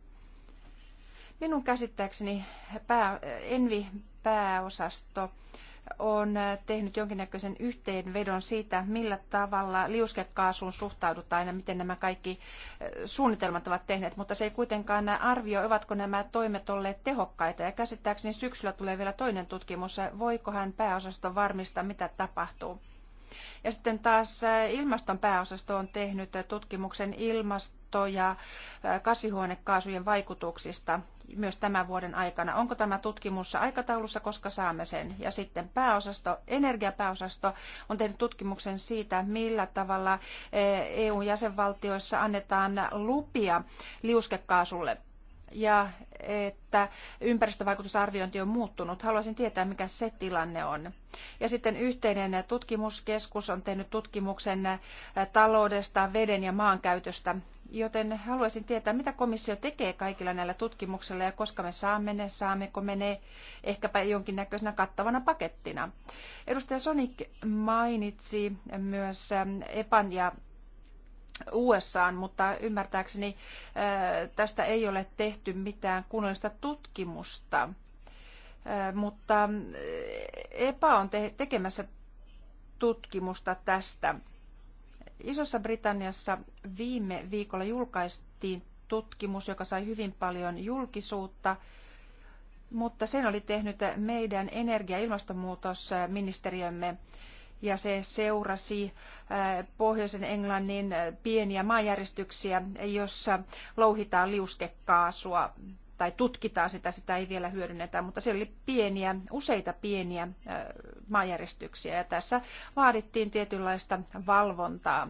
Minun käsittääkseni pää, Envi-pääosasto on tehnyt jonkinnäköisen yhteenvedon siitä, millä tavalla liuskekaasuun suhtaudutaan ja miten nämä kaikki eh, suunnitelmat ovat tehneet, mutta se ei kuitenkaan arvioi, ovatko nämä toimet olleet tehokkaita. Ja käsittääkseni syksyllä tulee vielä toinen tutkimus, voiko hän pääosasto varmistaa, mitä tapahtuu. Ja sitten taas eh, ilmaston pääosasto on tehnyt tutkimuksen ilmasto- ja eh, kasvihuonekaasujen vaikutuksista myös tämän vuoden aikana. Onko tämä tutkimus aikataulussa, koska saamme sen? Ja sitten pääosasto, energiapääosasto on tehnyt tutkimuksen siitä, millä tavalla EU-jäsenvaltioissa eh, e annetaan lupia liuskekaasulle ja että ympäristövaikutusarviointi on muuttunut. Haluaisin tietää, mikä se tilanne on. Ja sitten yhteinen tutkimuskeskus on tehnyt tutkimuksen äh, taloudesta, veden ja maankäytöstä. Joten haluaisin tietää, mitä komissio tekee kaikilla näillä tutkimuksilla ja koska me saamme ne, saammeko me ne ehkäpä jonkinnäköisenä kattavana pakettina. Edustaja Sonik mainitsi myös ähm, EPAN ja USAan, mutta ymmärtääkseni äh, tästä ei ole tehty mitään kunnollista tutkimusta. Äh, mutta äh, EPA on tekemässä tutkimusta tästä. Isossa Britanniassa viime viikolla julkaistiin tutkimus, joka sai hyvin paljon julkisuutta, mutta sen oli tehnyt meidän energia- ja ilmastonmuutosministeriömme ja se seurasi äh, pohjoisen Englannin äh, pieniä maanjäristyksiä, jossa louhitaan liuskekaasua tai tutkitaan sitä, sitä ei vielä hyödynnetä, mutta siellä oli pieniä, useita pieniä äh, maanjäristyksiä ja tässä vaadittiin tietynlaista valvontaa.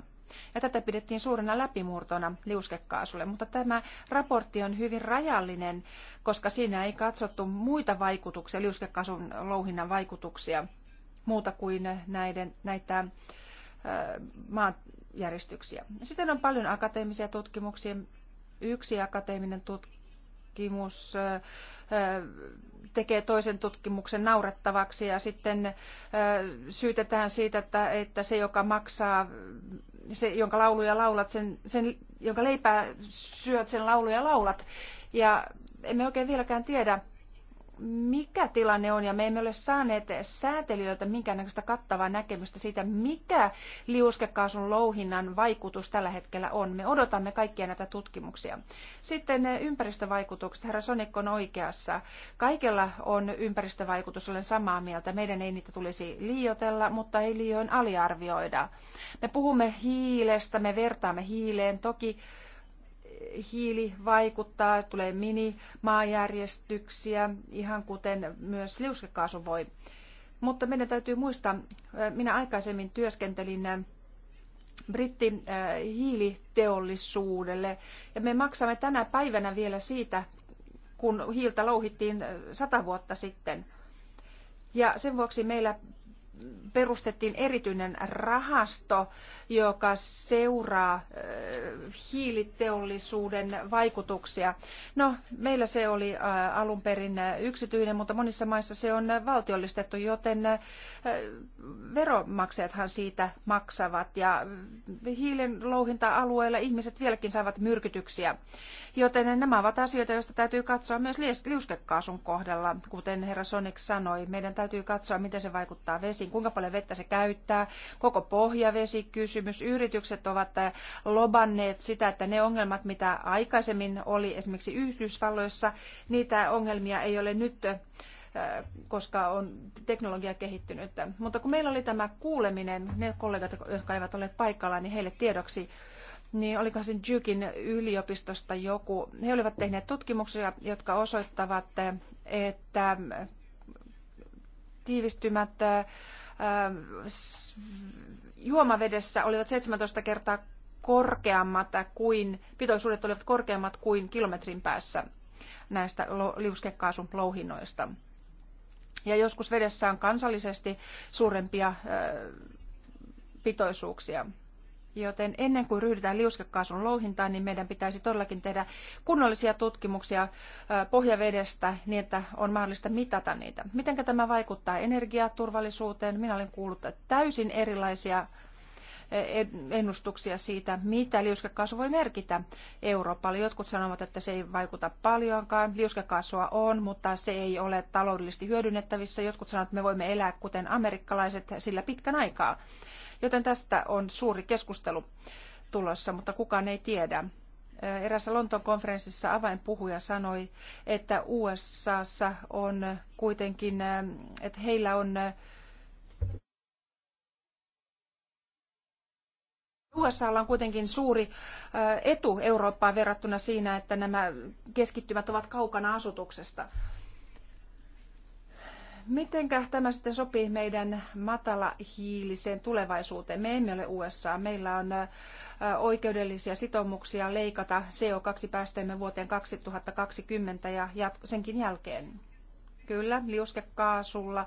Ja tätä pidettiin suurena läpimurtona liuskekaasulle, mutta tämä raportti on hyvin rajallinen, koska siinä ei katsottu muita vaikutuksia, liuskekaasun louhinnan vaikutuksia muuta kuin näiden, näitä maanjäristyksiä. Sitten on paljon akateemisia tutkimuksia. Yksi akateeminen tutkimus tekee toisen tutkimuksen naurettavaksi ja sitten syytetään siitä, että, että se, joka maksaa, se, jonka lauluja laulat, sen, sen, jonka leipää syöt, sen lauluja laulat. Ja emme oikein vieläkään tiedä, mikä tilanne on, ja me emme ole saaneet säätelijöiltä minkäännäköistä kattavaa näkemystä siitä, mikä liuskekaasun louhinnan vaikutus tällä hetkellä on. Me odotamme kaikkia näitä tutkimuksia. Sitten ympäristövaikutukset. Herra Sonikko on oikeassa. Kaikella on ympäristövaikutus, olen samaa mieltä. Meidän ei niitä tulisi liiotella, mutta ei liioin aliarvioida. Me puhumme hiilestä, me vertaamme hiileen. Toki hiili vaikuttaa, tulee mini-maajärjestyksiä, ihan kuten myös liuskekaasu voi. Mutta meidän täytyy muistaa, minä aikaisemmin työskentelin britti hiiliteollisuudelle ja me maksamme tänä päivänä vielä siitä, kun hiiltä louhittiin sata vuotta sitten. Ja sen vuoksi meillä perustettiin erityinen rahasto, joka seuraa hiiliteollisuuden vaikutuksia. No, meillä se oli alun perin yksityinen, mutta monissa maissa se on valtiollistettu, joten veronmaksajathan siitä maksavat ja hiilen louhinta-alueilla ihmiset vieläkin saavat myrkytyksiä. Joten nämä ovat asioita, joista täytyy katsoa myös liuskekaasun kohdalla, kuten herra Sonik sanoi. Meidän täytyy katsoa, miten se vaikuttaa vesi vesiin, kuinka paljon vettä se käyttää, koko pohjavesikysymys. Yritykset ovat lobanneet sitä, että ne ongelmat, mitä aikaisemmin oli esimerkiksi Yhdysvalloissa, niitä ongelmia ei ole nyt koska on teknologia kehittynyt. Mutta kun meillä oli tämä kuuleminen, ne kollegat, jotka eivät ole paikalla, niin heille tiedoksi, niin oliko sen Jykin yliopistosta joku, he olivat tehneet tutkimuksia, jotka osoittavat, että tiivistymät äh, juomavedessä olivat 17 kertaa korkeammat kuin, pitoisuudet olivat korkeammat kuin kilometrin päässä näistä louhinnoista. Ja joskus vedessä on kansallisesti suurempia äh, pitoisuuksia. Joten ennen kuin ryhdytään liuskekaasun louhintaan, niin meidän pitäisi todellakin tehdä kunnollisia tutkimuksia pohjavedestä niin, että on mahdollista mitata niitä. Miten tämä vaikuttaa energiaturvallisuuteen? Minä olen kuullut täysin erilaisia e, ennustuksia siitä, mitä liuskekaasu voi merkitä Euroopalle. Jotkut sanovat, että se ei vaikuta paljonkaan. Liuskekaasua on, mutta se ei ole taloudellisesti hyödynnettävissä. Jotkut sanovat, että me voimme elää kuten amerikkalaiset sillä pitkän aikaa. Joten tästä on suuri keskustelu tulossa, mutta kukaan ei tiedä. Erässä Lontoon konferenssissa avainpuhuja sanoi, että USAssa on kuitenkin, että heillä on USAlla on kuitenkin suuri etu Eurooppaan verrattuna siinä, että nämä keskittymät ovat kaukana asutuksesta. Miten tämä sitten sopii meidän matalahiiliseen tulevaisuuteen? Me emme ole USA. Meillä on oikeudellisia sitoumuksia leikata CO2-päästöjemme vuoteen 2020 ja senkin jälkeen. Kyllä, liuskekaasulla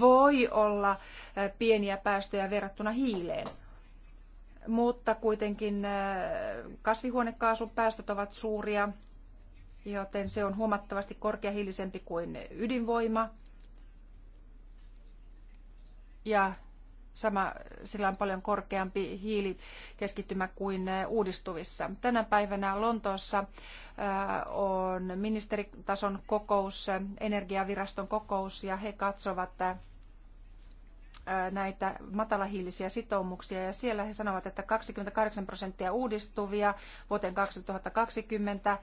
voi olla pieniä päästöjä verrattuna hiileen, mutta kuitenkin päästöt ovat suuria, joten se on huomattavasti korkeahiilisempi kuin ydinvoima – ja sama, sillä on paljon korkeampi hiilikeskittymä kuin äh, uudistuvissa. Tänä päivänä Lontoossa äh, on ministeritason kokous, äh, energiaviraston kokous, ja he katsovat näitä matalahiilisiä sitoumuksia ja siellä he sanovat, että 28 prosenttia uudistuvia vuoteen 2020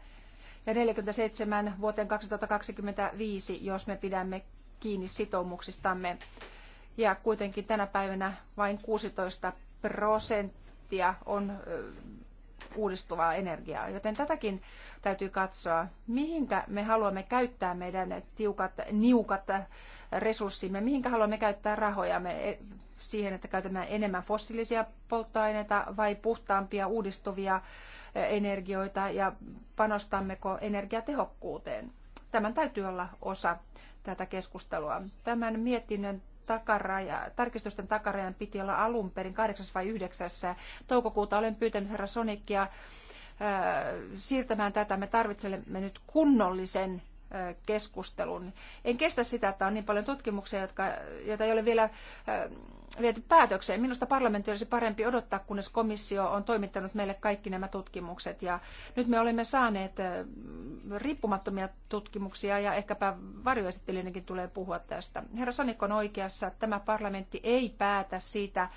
ja 47 vuoteen 2025, jos me pidämme kiinni sitoumuksistamme ja kuitenkin tänä päivänä vain 16 prosenttia on uudistuvaa energiaa. Joten tätäkin täytyy katsoa, mihinkä me haluamme käyttää meidän tiukat, niukat resurssimme, mihinkä haluamme käyttää rahojamme e, siihen, että käytämme enemmän fossiilisia polttoaineita vai puhtaampia uudistuvia energioita ja panostammeko energiatehokkuuteen. Tämän täytyy olla osa tätä keskustelua. Tämän mietinnön takaraja, tarkistusten takarajan piti olla alun perin 8. vai 9. toukokuuta. Olen pyytänyt herra Sonikia äh, siirtämään tätä. Me tarvitsemme nyt kunnollisen äh, keskustelun. En kestä sitä, että on niin paljon tutkimuksia, jotka, joita ei ole vielä äh, viety päätökseen. Minusta parlamentti olisi parempi odottaa, kunnes komissio on toimittanut meille kaikki nämä tutkimukset. Ja nyt me olemme saaneet riippumattomia tutkimuksia ja ehkäpä varjoesittelijänkin tulee puhua tästä. Herra Sonik on oikeassa, tämä parlamentti ei päätä siitä,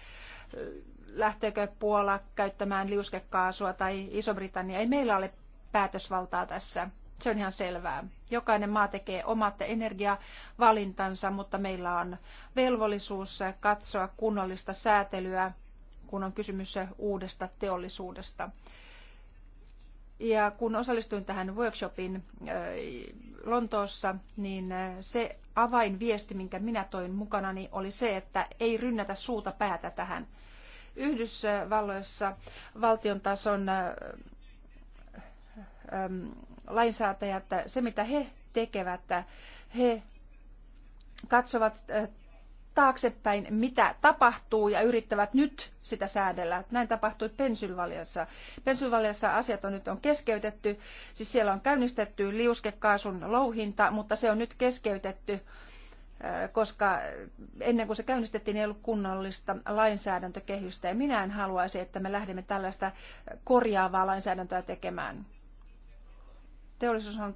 lähteekö Puola käyttämään liuskekaasua tai Iso-Britannia. Ei meillä ole päätösvaltaa tässä. Se on ihan selvää. Jokainen maa tekee omat energiavalintansa, mutta meillä on velvollisuus katsoa kunnollista säätelyä, kun on kysymys uudesta teollisuudesta. Ja kun osallistuin tähän workshopin Lontoossa, niin se avainviesti, minkä minä toin mukanani, oli se, että ei rynnätä suuta päätä tähän. Yhdysvalloissa valtion tason lainsäätäjät, se mitä he tekevät, he katsovat taaksepäin, mitä tapahtuu ja yrittävät nyt sitä säädellä. Näin tapahtui Pensylvaliassa. Pensylvaliassa asiat on nyt on keskeytetty, siis siellä on käynnistetty liuskekaasun louhinta, mutta se on nyt keskeytetty, koska ennen kuin se käynnistettiin, ei ollut kunnollista lainsäädäntökehystä. Ja minä en haluaisi, että me lähdemme tällaista korjaavaa lainsäädäntöä tekemään teollisuus on,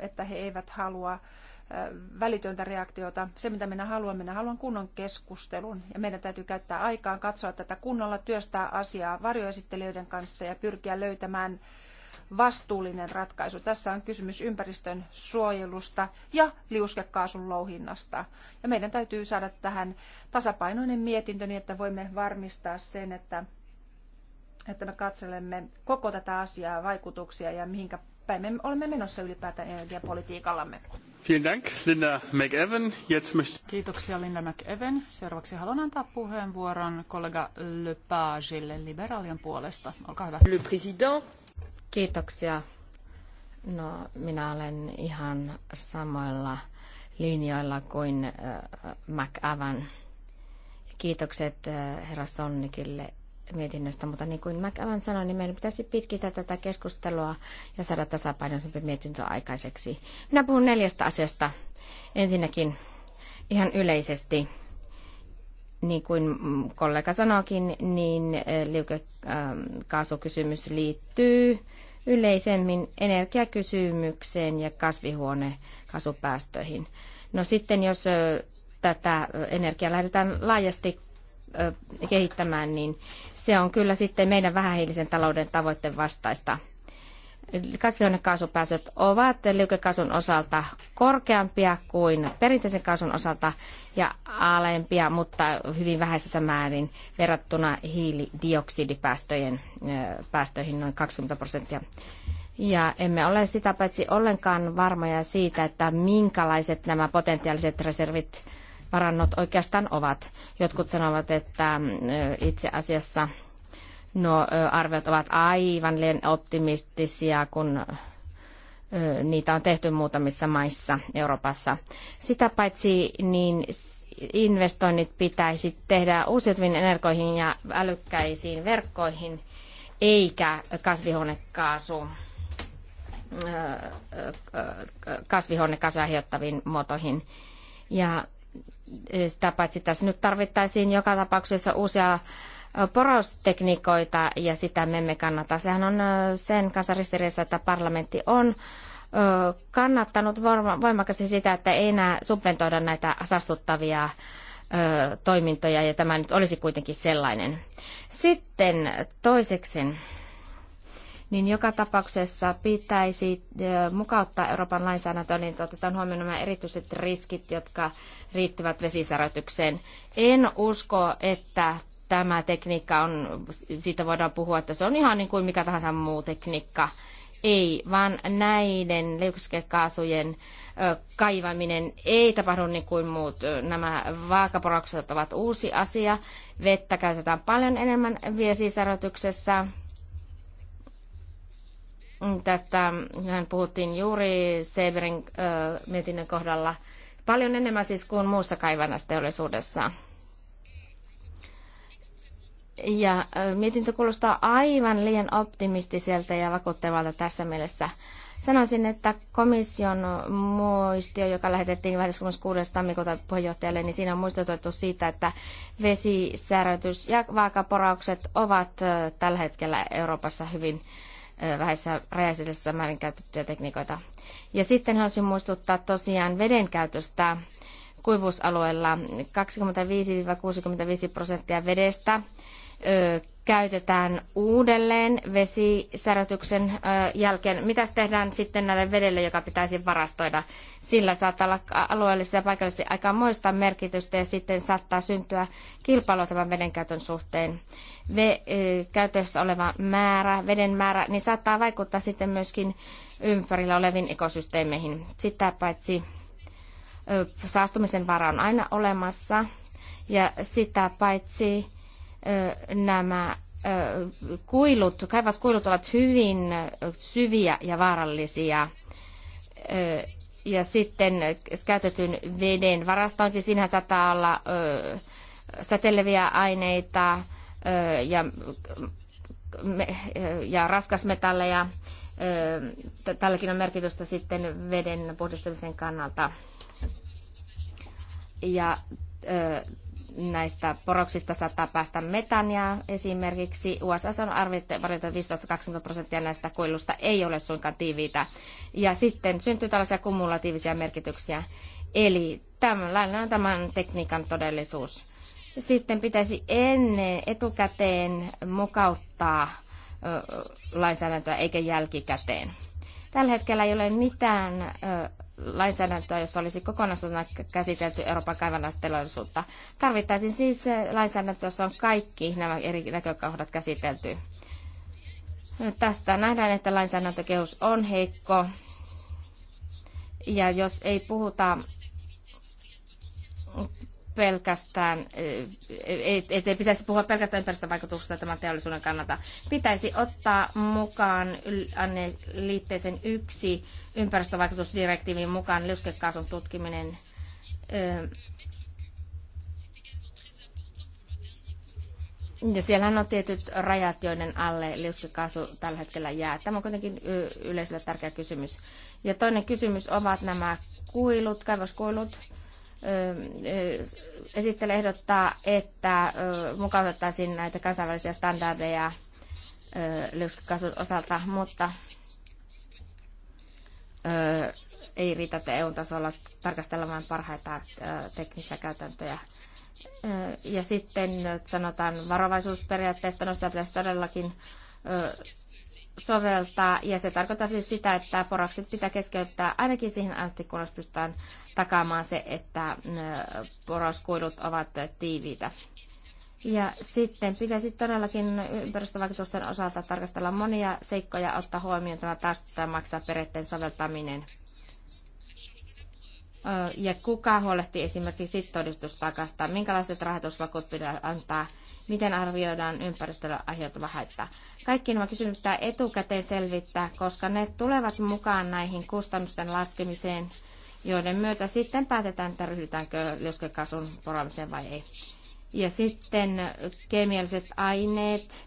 että he eivät halua välitöntä reaktiota. Se, mitä minä haluan, minä haluan kunnon keskustelun. Ja meidän täytyy käyttää aikaa katsoa tätä kunnolla, työstää asiaa varjoesittelijöiden kanssa ja pyrkiä löytämään vastuullinen ratkaisu. Tässä on kysymys ympäristön suojelusta ja liuskekaasun louhinnasta. Ja meidän täytyy saada tähän tasapainoinen mietintö niin, että voimme varmistaa sen, että, että me katselemme koko tätä asiaa, vaikutuksia ja mihinkä päin me olemme menossa ylipäätään energiapolitiikallamme. Kiitoksia Linda McEwen. Seuraavaksi haluan antaa puheenvuoron kollega Lepagelle liberaalien puolesta. Olkaa hyvä. Le président. Kiitoksia. No, minä olen ihan samoilla linjoilla kuin äh, McAvan. Kiitokset äh, herra Sonnikille mietinnöstä, mutta niin kuin McAvan sanoi, niin meidän pitäisi pitkittää tätä keskustelua ja saada tasapainoisempi mietintö aikaiseksi. Minä puhun neljästä asiasta. Ensinnäkin ihan yleisesti, niin kuin kollega sanoikin, niin eh, liukekaasukysymys ähm, liittyy yleisemmin energiakysymykseen ja kasvihuonekasupäästöihin. No sitten jos eh, tätä eh, energiaa lähdetään laajasti kehittämään, niin se on kyllä sitten meidän vähähiilisen talouden tavoitteen vastaista. Kasvihuonekaasupäästöt ovat liukekaasun osalta korkeampia kuin perinteisen kaasun osalta ja alempia, mutta hyvin vähäisessä määrin verrattuna hiilidioksidipäästöjen päästöihin noin 20 prosenttia. Ja emme ole sitä paitsi ollenkaan varmoja siitä, että minkälaiset nämä potentiaaliset reservit varannot oikeastaan ovat. Jotkut sanovat, että itse asiassa nuo arviot ovat aivan liian optimistisia, kun niitä on tehty muutamissa maissa Euroopassa. Sitä paitsi niin investoinnit pitäisi tehdä uusiutuviin energoihin ja älykkäisiin verkkoihin, eikä kasvihuonekaasu kasvihuonekaasuja aiheuttaviin muotoihin. Ja sitä paitsi tässä nyt tarvittaisiin joka tapauksessa uusia poraustekniikoita ja sitä me emme kannata. Sehän on sen kanssa ristiriidassa, että parlamentti on kannattanut voimakkaasti sitä, että ei enää subventoida näitä saastuttavia toimintoja ja tämä nyt olisi kuitenkin sellainen. Sitten toiseksi niin joka tapauksessa pitäisi mukauttaa Euroopan lainsäädäntöön, niin otetaan huomioon nämä erityiset riskit, jotka riittyvät vesisäröitykseen. En usko, että tämä tekniikka on, siitä voidaan puhua, että se on ihan niin kuin mikä tahansa muu tekniikka. Ei, vaan näiden liuskekaasujen kaivaminen ei tapahdu niin kuin muut. Nämä vaakaporaukset ovat uusi asia. Vettä käytetään paljon enemmän vesisärötyksessä Tästä hän puhuttiin juuri Severin äh, mietinnön kohdalla paljon enemmän siis kuin muussa kaivannasteollisuudessa. Ja mietintö kuulostaa aivan liian optimistiselta ja vakuuttavalta tässä mielessä. Sanoisin, että komission muistio, joka lähetettiin 26. tammikuuta puheenjohtajalle, niin siinä on muistutettu siitä, että vesisäröitys ja vaakaporaukset ovat tällä hetkellä Euroopassa hyvin vähäisessä rajaisessa määrin käytettyjä tekniikoita. Ja sitten haluaisin muistuttaa tosiaan veden käytöstä kuivuusalueella 25-65 prosenttia vedestä käytetään uudelleen vesisärötyksen jälkeen. Mitäs tehdään sitten näille vedelle, joka pitäisi varastoida? Sillä saattaa olla alueellisesti ja paikallisesti aika moista merkitystä ja sitten saattaa syntyä kilpailua tämän vedenkäytön suhteen. Ve, käytössä oleva määrä, veden määrä, niin saattaa vaikuttaa sitten myöskin ympärillä oleviin ekosysteemeihin. Sitä paitsi saastumisen vara on aina olemassa ja sitä paitsi nämä kuilut, kaivaskuilut ovat hyvin syviä ja vaarallisia. Ja sitten käytetyn veden varastointi, siinä saattaa olla säteileviä aineita ja, ja raskasmetalleja. Tälläkin on merkitystä sitten veden puhdistamisen kannalta. Ja näistä poroksista saattaa päästä metania esimerkiksi. USA on arvioitu, että 15-20 prosenttia näistä kuilusta ei ole suinkaan tiiviitä. Ja sitten syntyy tällaisia kumulatiivisia merkityksiä. Eli tämän, on tämän tekniikan todellisuus. Sitten pitäisi ennen etukäteen mukauttaa lainsäädäntöä eikä jälkikäteen. Tällä hetkellä ei ole mitään lainsäädäntöä, jossa olisi kokonaisuutena käsitelty Euroopan kaivannaisteollisuutta. Tarvittaisiin siis eh, lainsäädäntö, jossa on kaikki nämä eri näkökohdat käsitelty. Tästä nähdään, että lainsäädäntökehus on heikko. Ja jos ei puhuta pelkästään, eh, ei, pitäisi puhua pelkästään ympäristövaikutuksista tämän teollisuuden kannalta. Pitäisi ottaa mukaan liitteisen yksi ympäristövaikutusdirektiivin mukaan lyskekaasun tutkiminen. Eh, ja siellä on tietyt rajat, joiden alle liuskekaasu tällä hetkellä jää. Tämä on kuitenkin yleisölle tärkeä kysymys. Ja toinen kysymys ovat nämä kuilut, kaivoskuilut esittely ehdottaa, että mukautettaisiin näitä kansainvälisiä standardeja liuskakasun osalta, mutta ei riitä, että EU-tasolla tarkastellaan parhaita teknisiä käytäntöjä. Ja sitten sanotaan varovaisuusperiaatteesta, no sitä pitäisi todellakin soveltaa, ja se tarkoittaa siis sitä, että porakset pitää keskeyttää ainakin siihen asti, kunnes pystytään takaamaan se, että äh, poroskuidut ovat tiiviitä. Ja sitten pitäisi todellakin ympäristövaikutusten osalta tarkastella monia seikkoja, ottaa huomioon tämä päästötä maksaa periaatteen soveltaminen ja kuka huolehtii esimerkiksi todistustakasta, minkälaiset rahoitusvakuut pitää antaa, miten arvioidaan ympäristölle aiheutuva haitta. Kaikki nämä kysymykset pitää etukäteen selvittää, koska ne tulevat mukaan näihin kustannusten laskemiseen, joiden myötä sitten päätetään, että ryhdytäänkö liuskekasun poraamiseen vai ei. Ja sitten kemialliset aineet,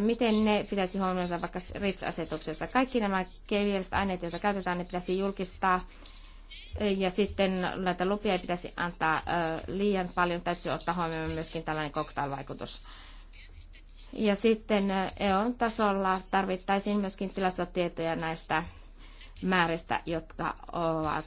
miten ne pitäisi huomioida vaikka RITS-asetuksessa. Kaikki nämä kemialliset aineet, joita käytetään, ne pitäisi julkistaa ja sitten näitä lupia ei pitäisi antaa liian paljon, täytyy ottaa huomioon myöskin tällainen cocktailvaikutus. Ja sitten EUn tasolla tarvittaisiin myöskin tilastotietoja näistä määristä, jotka ovat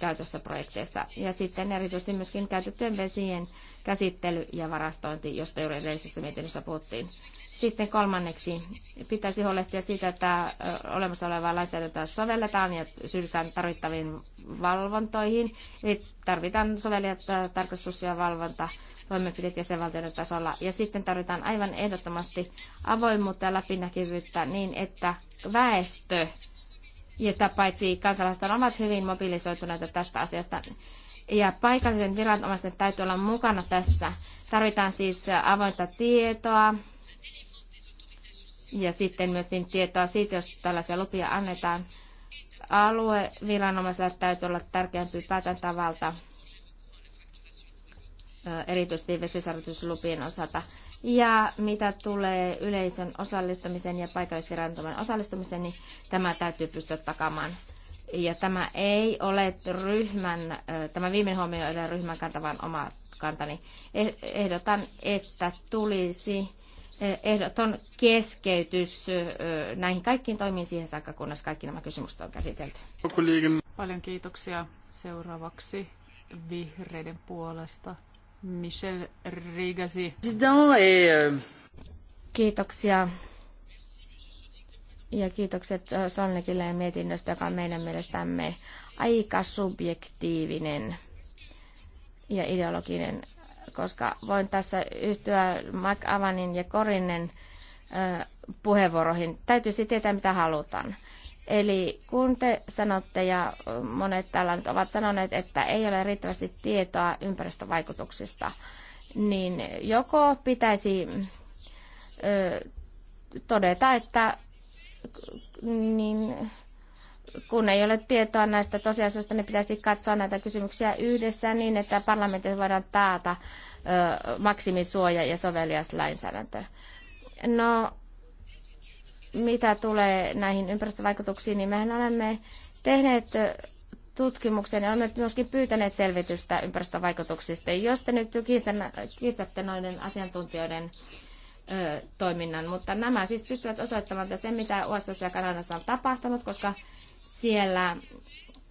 käytössä projekteissa. Ja sitten erityisesti myöskin käytettyjen vesien käsittely ja varastointi, josta juuri edellisessä mietinnössä puhuttiin. Sitten kolmanneksi pitäisi huolehtia siitä, että olemassa olevaa lainsäädäntöä sovelletaan ja syydytään tarvittaviin valvontoihin. Eli tarvitaan sovellijat, tarkastus ja valvonta toimenpiteet jäsenvaltioiden tasolla. Ja sitten tarvitaan aivan ehdottomasti avoimuutta ja läpinäkyvyyttä niin, että väestö ja sitä paitsi kansalaiset ovat hyvin mobilisoituneita tästä asiasta. Ja paikallisen viranomaisten täytyy olla mukana tässä. Tarvitaan siis avointa tietoa ja sitten myös niin tietoa siitä, jos tällaisia lupia annetaan. Alueviranomaisella täytyy olla tärkeämpi päätäntävalta erityisesti vesisarjoituslupien osalta. Ja mitä tulee yleisön osallistumiseen ja paikallisviranomaisen osallistumiseen, niin tämä täytyy pystyä takamaan. Ja tämä ei ole ryhmän, tämä viimeinen huomio ei ole ryhmän kanta, vaan oma kantani. E, ehdotan, että tulisi e, ehdoton keskeytys näihin kaikkiin toimiin siihen saakka, kunnes kaikki nämä kysymykset on käsitelty. Paljon kiitoksia. Seuraavaksi vihreiden puolesta Michel Rigasi. Euh, Kiitoksia. Ja kiitokset äh, Sonnekille ja mietinnöstä, joka on meidän mielestämme aika subjektiivinen ja ideologinen, koska voin tässä yhtyä Avanin ja Korinen äh, puheenvuoroihin. Täytyisi tietää, mitä halutaan. Eli kun te sanotte, ja monet täällä nyt ovat sanoneet, että ei ole riittävästi tietoa ympäristövaikutuksista, niin joko pitäisi ö, todeta, että niin, kun ei ole tietoa näistä tosiasioista, niin pitäisi katsoa näitä kysymyksiä yhdessä niin, että parlamentissa voidaan taata ö, maksimisuoja ja sovelias lainsäädäntö. No, mitä tulee näihin ympäristövaikutuksiin, niin mehän olemme tehneet tutkimuksen ja olemme myöskin pyytäneet selvitystä ympäristövaikutuksista. Jos te nyt kiistätte noiden asiantuntijoiden ö, toiminnan, mutta nämä siis pystyvät osoittamaan että sen, mitä USA ja Kanadassa on tapahtunut, koska siellä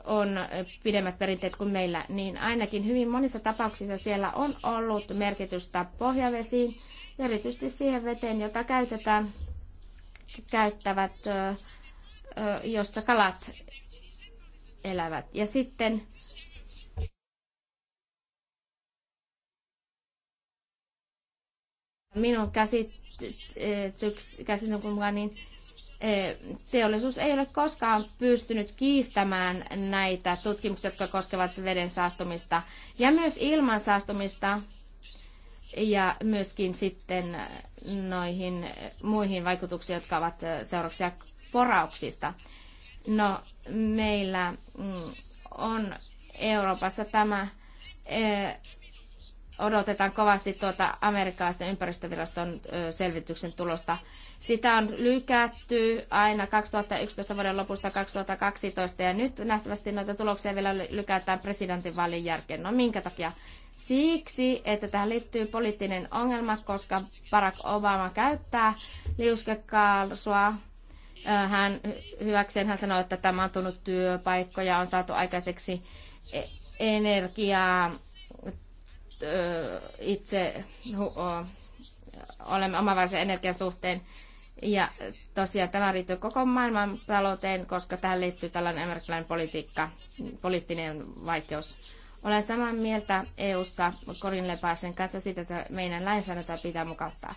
on pidemmät perinteet kuin meillä, niin ainakin hyvin monissa tapauksissa siellä on ollut merkitystä pohjavesiin ja erityisesti siihen veteen, jota käytetään käyttävät, jossa kalat elävät. Ja sitten minun käsityksen mukaan niin teollisuus ei ole koskaan pystynyt kiistämään näitä tutkimuksia, jotka koskevat veden saastumista ja myös ilman saastumista ja myöskin sitten noihin muihin vaikutuksiin, jotka ovat seurauksia porauksista. No, meillä mm, on Euroopassa tämä, odotetaan kovasti tuota amerikkalaisten ympäristöviraston selvityksen tulosta. Sitä on lykätty aina 2011 vuoden lopusta 2012 ja nyt nähtävästi noita tuloksia vielä lykätään presidentinvaalin jälkeen. No minkä takia Siksi, että tähän liittyy poliittinen ongelma, koska Barack Obama käyttää liuskekaasua äh, hän hyväkseen hän sanoi, että tämä on tullut työpaikkoja, on saatu aikaiseksi e- energiaa, äh, itse olemme omavaraisen energian suhteen. Ja tosiaan tämä liittyy koko maailman talouteen, koska tähän liittyy tällainen amerikkalainen politiikka, poliittinen vaikeus. Olen samaa mieltä EU-ssa Korin Lepaisen kanssa siitä, että meidän lainsäädäntöä pitää mukauttaa.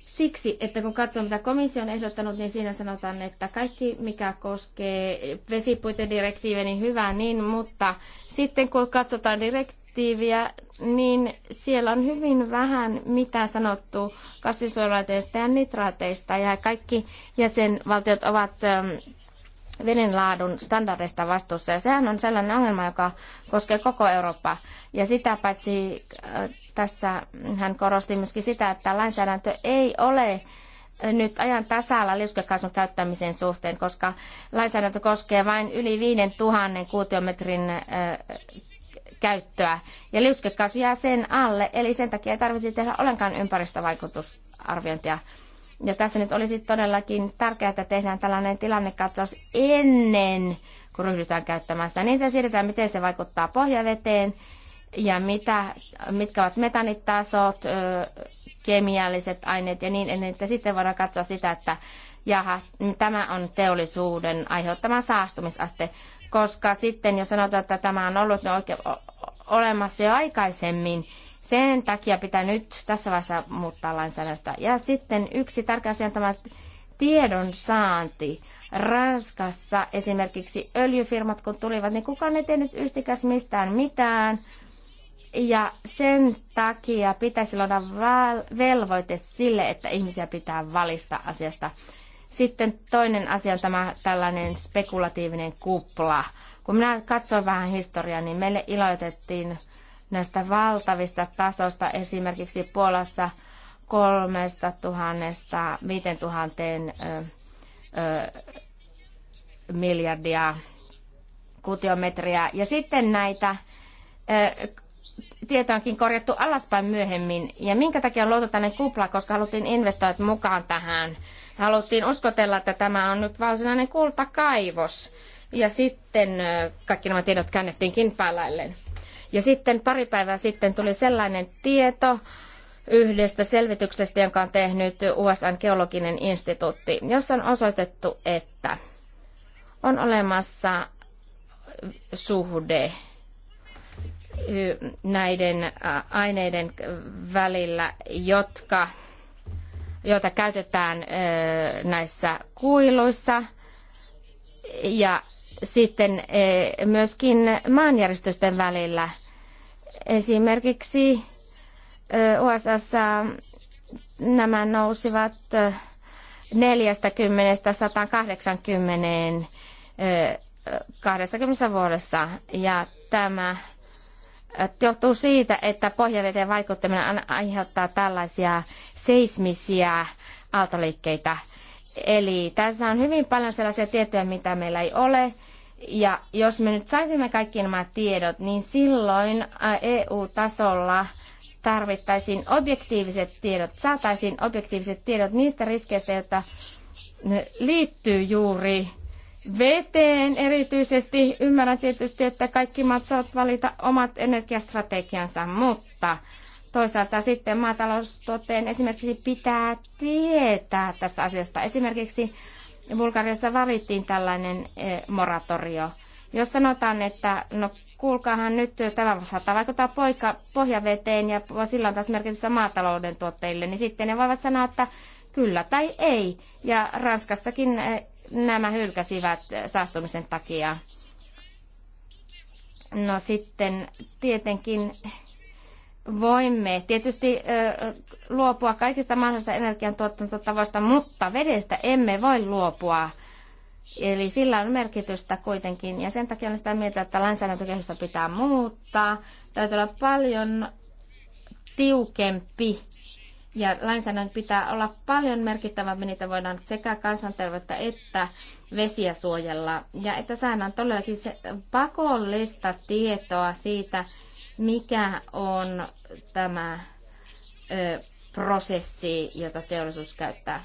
Siksi, että kun katsoo mitä komissio on ehdottanut, niin siinä sanotaan, että kaikki mikä koskee vesipuitedirektiiviä, niin hyvä niin, mutta sitten kun katsotaan direktiiviä, niin siellä on hyvin vähän mitä sanottu kasvisuojeluaineista ja nitraateista ja kaikki jäsenvaltiot ovat ähm, laadun standardeista vastuussa. Ja sehän on sellainen ongelma, joka koskee koko Eurooppaa. Ja sitä paitsi äh, tässä hän korosti myöskin sitä, että lainsäädäntö ei ole äh, nyt ajan tasalla liuskekaasun käyttämisen suhteen, koska lainsäädäntö koskee vain yli 5000 kuutiometrin äh, käyttöä. Ja liuskekaasu jää sen alle, eli sen takia ei tarvitse tehdä ollenkaan ympäristövaikutusarviointia. Ja tässä nyt olisi todellakin tärkeää, että tehdään tällainen tilannekatsaus ennen kuin ryhdytään käyttämään sitä. Niin se siirretään, miten se vaikuttaa pohjaveteen ja mitä, mitkä ovat metanitasot, kemialliset aineet ja niin ennen Että sitten voidaan katsoa sitä, että jaha, tämä on teollisuuden aiheuttama saastumisaste, koska sitten jos sanotaan, että tämä on ollut oikein, olemassa jo aikaisemmin, sen takia pitää nyt tässä vaiheessa muuttaa lainsäädäntöä. Ja sitten yksi tärkeä asia on tämä tiedon saanti. Ranskassa esimerkiksi öljyfirmat kun tulivat, niin kukaan ei tehnyt yhtikäs mistään mitään. Ja sen takia pitäisi luoda velvoite sille, että ihmisiä pitää valista asiasta. Sitten toinen asia on tämä tällainen spekulatiivinen kupla. Kun minä katsoin vähän historiaa, niin meille iloitettiin näistä valtavista tasosta esimerkiksi Puolassa kolmesta tuhannesta miten tuhanteen miljardia kutiometriä. Ja sitten näitä ö, onkin korjattu alaspäin myöhemmin. Ja minkä takia on luotu tänne kupla, koska haluttiin investoida mukaan tähän. Haluttiin uskotella, että tämä on nyt varsinainen kultakaivos. Ja sitten ö, kaikki nämä tiedot käännettiinkin päälailleen. Ja sitten pari päivää sitten tuli sellainen tieto, yhdestä selvityksestä, jonka on tehnyt USAn geologinen instituutti, jossa on osoitettu, että on olemassa suhde näiden aineiden välillä, jotka, joita käytetään näissä kuiluissa. Ja sitten eh, myöskin maanjärjestösten välillä. Esimerkiksi eh, USAssa nämä nousivat 40-180 eh, 20 vuodessa. Ja tämä johtuu siitä, että pohjaveteen vaikuttaminen aiheuttaa tällaisia seismisiä aaltoliikkeitä – Eli tässä on hyvin paljon sellaisia tietoja, mitä meillä ei ole. Ja jos me nyt saisimme kaikki nämä tiedot, niin silloin äh, EU-tasolla tarvittaisiin objektiiviset tiedot, saataisiin objektiiviset tiedot niistä riskeistä, joita liittyy juuri veteen erityisesti. Ymmärrän tietysti, että kaikki maat saavat valita omat energiastrategiansa, mutta Toisaalta sitten maataloustuotteen esimerkiksi pitää tietää tästä asiasta. Esimerkiksi Bulgariassa valittiin tällainen e, moratorio. Jos sanotaan, että no kuulkaahan nyt, tämä saattaa vaikuttaa poika, pohjaveteen ja sillä on taas merkitystä maatalouden tuotteille, niin sitten ne voivat sanoa, että kyllä tai ei. Ja Ranskassakin e, nämä hylkäsivät saastumisen takia. No sitten tietenkin voimme tietysti luopua kaikista mahdollisista energiantuotantotavoista, mutta vedestä emme voi luopua. Eli sillä on merkitystä kuitenkin, ja sen takia olen sitä mieltä, että lainsäädäntökehystä pitää muuttaa. Täytyy olla paljon tiukempi, ja lainsäädännön pitää olla paljon merkittävämpi, niitä voidaan sekä kansanterveyttä että vesiä suojella. Ja että saadaan todellakin se pakollista tietoa siitä, mikä on tämä ö, prosessi, jota teollisuus käyttää.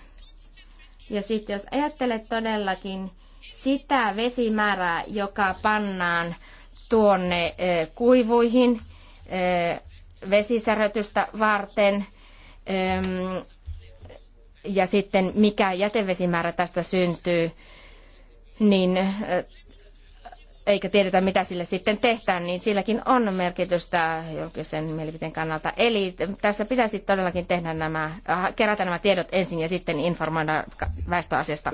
Ja sitten jos ajattelet todellakin sitä vesimäärää, joka pannaan tuonne ö, kuivuihin ö, vesisärötystä varten, ö, ja sitten mikä jätevesimäärä tästä syntyy, niin eikä tiedetä, mitä sille sitten tehdään, niin silläkin on merkitystä julkisen mielipiteen kannalta. Eli tässä pitäisi todellakin tehdä nämä, äh, kerätä nämä tiedot ensin ja sitten informoida väestöasiasta.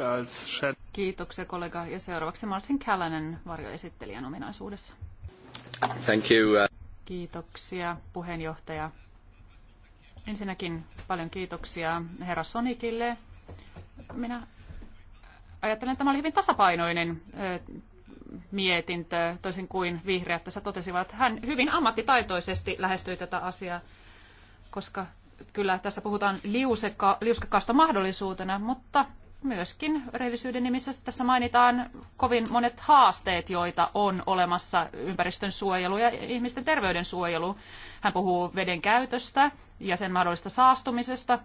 Kiitoksia kollega. Ja seuraavaksi Martin Callanen varjoesittelijän ominaisuudessa. Thank you. Uh, kiitoksia puheenjohtaja. Ensinnäkin paljon kiitoksia herra Sonikille. Minä ajattelen, että tämä oli hyvin tasapainoinen mietintöä, toisin kuin vihreät tässä totesivat. Hän hyvin ammattitaitoisesti lähestyi tätä asiaa, koska kyllä tässä puhutaan liuseka, liuskakasta mahdollisuutena, mutta myöskin rehellisyyden nimissä tässä mainitaan kovin monet haasteet, joita on olemassa ympäristön suojelu ja ihmisten terveyden suojelu. Hän puhuu veden käytöstä ja sen mahdollisesta saastumisesta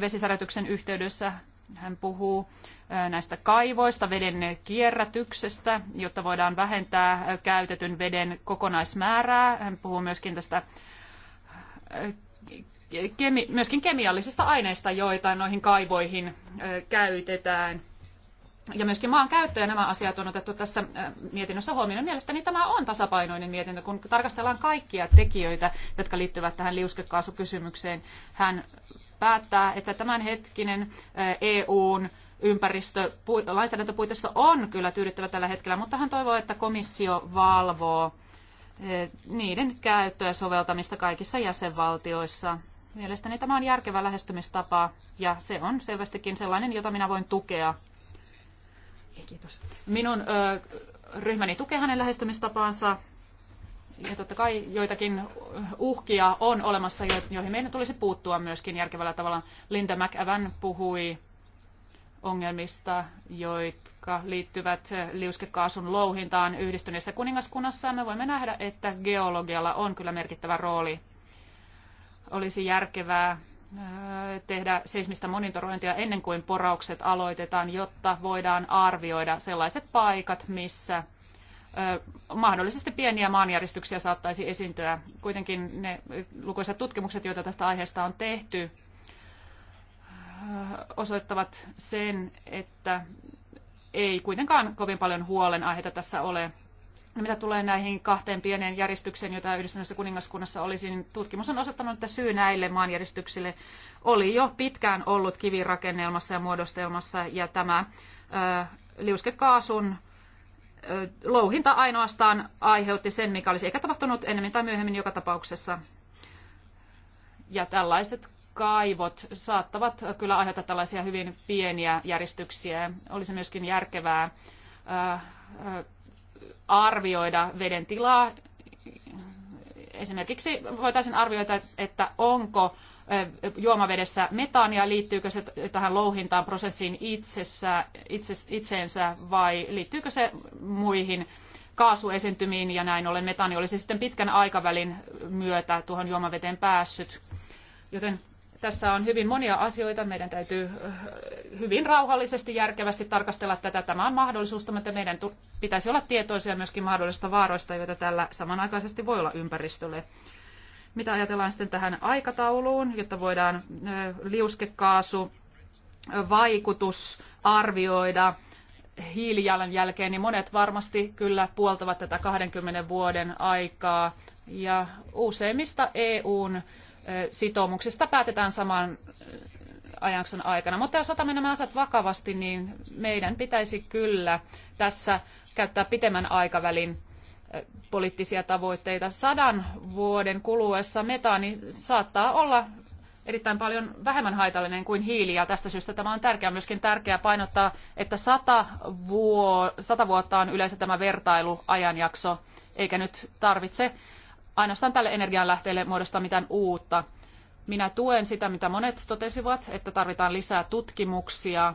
vesisärätyksen yhteydessä. Hän puhuu näistä kaivoista, veden kierrätyksestä, jotta voidaan vähentää käytetyn veden kokonaismäärää. Hän puhuu myöskin tästä kemi, myöskin kemiallisista aineista, joita noihin kaivoihin käytetään. Ja myöskin maan käyttö ja nämä asiat on otettu tässä mietinnössä huomioon. Mielestäni tämä on tasapainoinen mietintö, kun tarkastellaan kaikkia tekijöitä, jotka liittyvät tähän liuskekaasukysymykseen. Hän päättää, että tämänhetkinen eh, EUn ympäristö, lainsäädäntöpuiteisto on kyllä tyydyttävä tällä hetkellä, mutta hän toivoo, että komissio valvoo eh, niiden käyttöä ja soveltamista kaikissa jäsenvaltioissa. Mielestäni tämä on järkevä lähestymistapa ja se on selvästikin sellainen, jota minä voin tukea. Kiitos. Minun ö, eh, ryhmäni tukee hänen lähestymistapaansa ja totta kai joitakin uhkia on olemassa, joihin meidän tulisi puuttua myöskin järkevällä tavalla. Linda McAvan puhui ongelmista, jotka liittyvät liuskekaasun louhintaan yhdistyneessä kuningaskunnassa. Me voimme nähdä, että geologialla on kyllä merkittävä rooli. Olisi järkevää tehdä seismistä monitorointia ennen kuin poraukset aloitetaan, jotta voidaan arvioida sellaiset paikat, missä mahdollisesti pieniä maanjäristyksiä saattaisi esiintyä. Kuitenkin ne lukuisat tutkimukset, joita tästä aiheesta on tehty, osoittavat sen, että ei kuitenkaan kovin paljon huolenaiheita tässä ole. Mitä tulee näihin kahteen pieneen järjestykseen, joita yhdistyneessä kuningaskunnassa olisi, niin tutkimus on osoittanut, että syy näille maanjäristyksille oli jo pitkään ollut kivirakennelmassa ja muodostelmassa, ja tämä ö, liuskekaasun louhinta ainoastaan aiheutti sen, mikä olisi eikä tapahtunut enemmän tai myöhemmin joka tapauksessa. Ja tällaiset kaivot saattavat kyllä aiheuttaa tällaisia hyvin pieniä järjestyksiä. Olisi myöskin järkevää arvioida veden tilaa. Esimerkiksi voitaisiin arvioida, että onko juomavedessä metaania, liittyykö se tähän louhintaan prosessiin itsessä, itse, itseensä vai liittyykö se muihin kaasuesentymiin ja näin ollen metaani olisi sitten pitkän aikavälin myötä tuohon juomaveteen päässyt. Joten tässä on hyvin monia asioita. Meidän täytyy hyvin rauhallisesti, järkevästi tarkastella tätä. Tämä on mahdollisuus, mutta meidän pitäisi olla tietoisia myöskin mahdollisista vaaroista, joita tällä samanaikaisesti voi olla ympäristölle. Mitä ajatellaan sitten tähän aikatauluun, jotta voidaan liuskekaasu vaikutus arvioida hiilijalanjälkeen, niin monet varmasti kyllä puoltavat tätä 20 vuoden aikaa. Ja useimmista EUn sitoumuksista päätetään saman ajankson aikana. Mutta jos otamme nämä asiat vakavasti, niin meidän pitäisi kyllä tässä käyttää pitemmän aikavälin poliittisia tavoitteita. Sadan vuoden kuluessa metaani saattaa olla erittäin paljon vähemmän haitallinen kuin hiili, ja tästä syystä tämä on tärkeää. Myöskin tärkeää painottaa, että sata, vuo, sata vuotta on yleensä tämä vertailuajanjakso, eikä nyt tarvitse ainoastaan tälle energianlähteelle muodostaa mitään uutta. Minä tuen sitä, mitä monet totesivat, että tarvitaan lisää tutkimuksia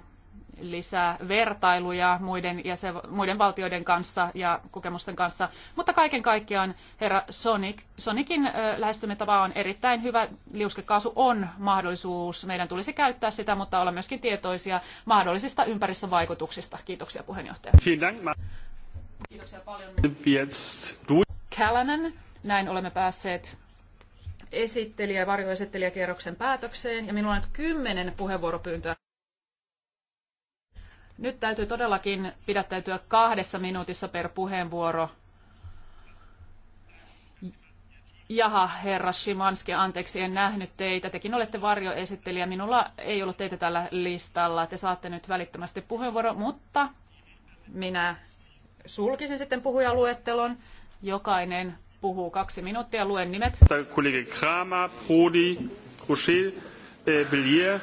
lisää vertailuja muiden, jäsen, muiden valtioiden kanssa ja kokemusten kanssa. Mutta kaiken kaikkiaan herra Sonic, Sonicin lähestymistapa on erittäin hyvä. Liuskekaasu on mahdollisuus. Meidän tulisi käyttää sitä, mutta olla myöskin tietoisia mahdollisista ympäristövaikutuksista. Kiitoksia puheenjohtaja. Kiitoksia paljon. Kälänen, Näin olemme päässeet esittelijä- ja varjoesittelijäkierroksen päätökseen. Ja minulla on nyt kymmenen puheenvuoropyyntöä. Nyt täytyy todellakin pidättäytyä kahdessa minuutissa per puheenvuoro. Jaha, herra Shimanski, anteeksi, en nähnyt teitä. Tekin olette varjoesittelijä. Minulla ei ollut teitä tällä listalla. Te saatte nyt välittömästi puheenvuoro, mutta minä sulkisin sitten puhujaluettelon. Jokainen puhuu kaksi minuuttia. Luen nimet. Kollege Kramer, Prodi, Crochet, äh, Bellier,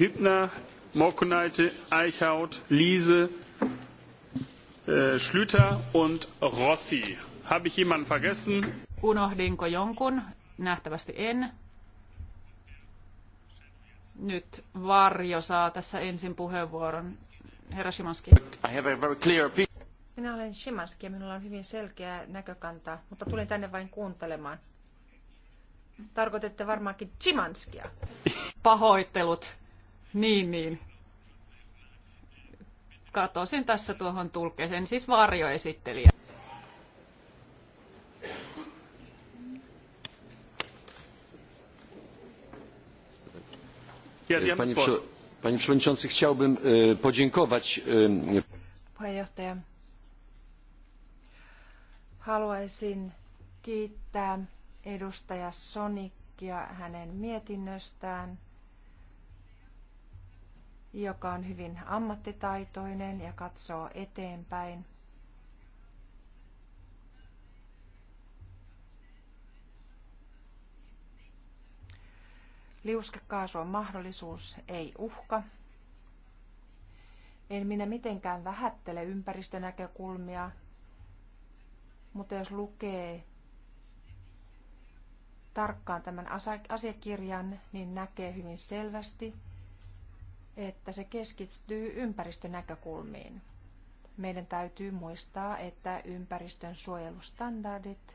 Hübner, Morkunaite, Eichhaut, Liese, äh, Schlüter und Rossi. Habe ich jemanden vergessen? Unohdinko jonkun? Nähtävästi en. Nyt Varjo saa tässä ensin puheenvuoron. Herra Shimanski. I have a very clear Minä olen Shimanski ja minulla on hyvin selkeä näkökanta, mutta tulin tänne vain kuuntelemaan. Tarkoitatte varmaankin Chimanskia. Pahoittelut. Niin, niin. Katosin tässä tuohon tulkkeeseen, siis varjoesittelijä. Panie, panie przewodniczący, chciałbym e, podziękować. E, Puheenjohtaja, haluaisin kiittää edustaja Sonikia hänen mietinnöstään joka on hyvin ammattitaitoinen ja katsoo eteenpäin. Liuskekaasu on mahdollisuus, ei uhka. En minä mitenkään vähättele ympäristönäkökulmia, mutta jos lukee tarkkaan tämän asiakirjan, niin näkee hyvin selvästi, että se keskittyy ympäristönäkökulmiin. Meidän täytyy muistaa, että ympäristön suojelustandardit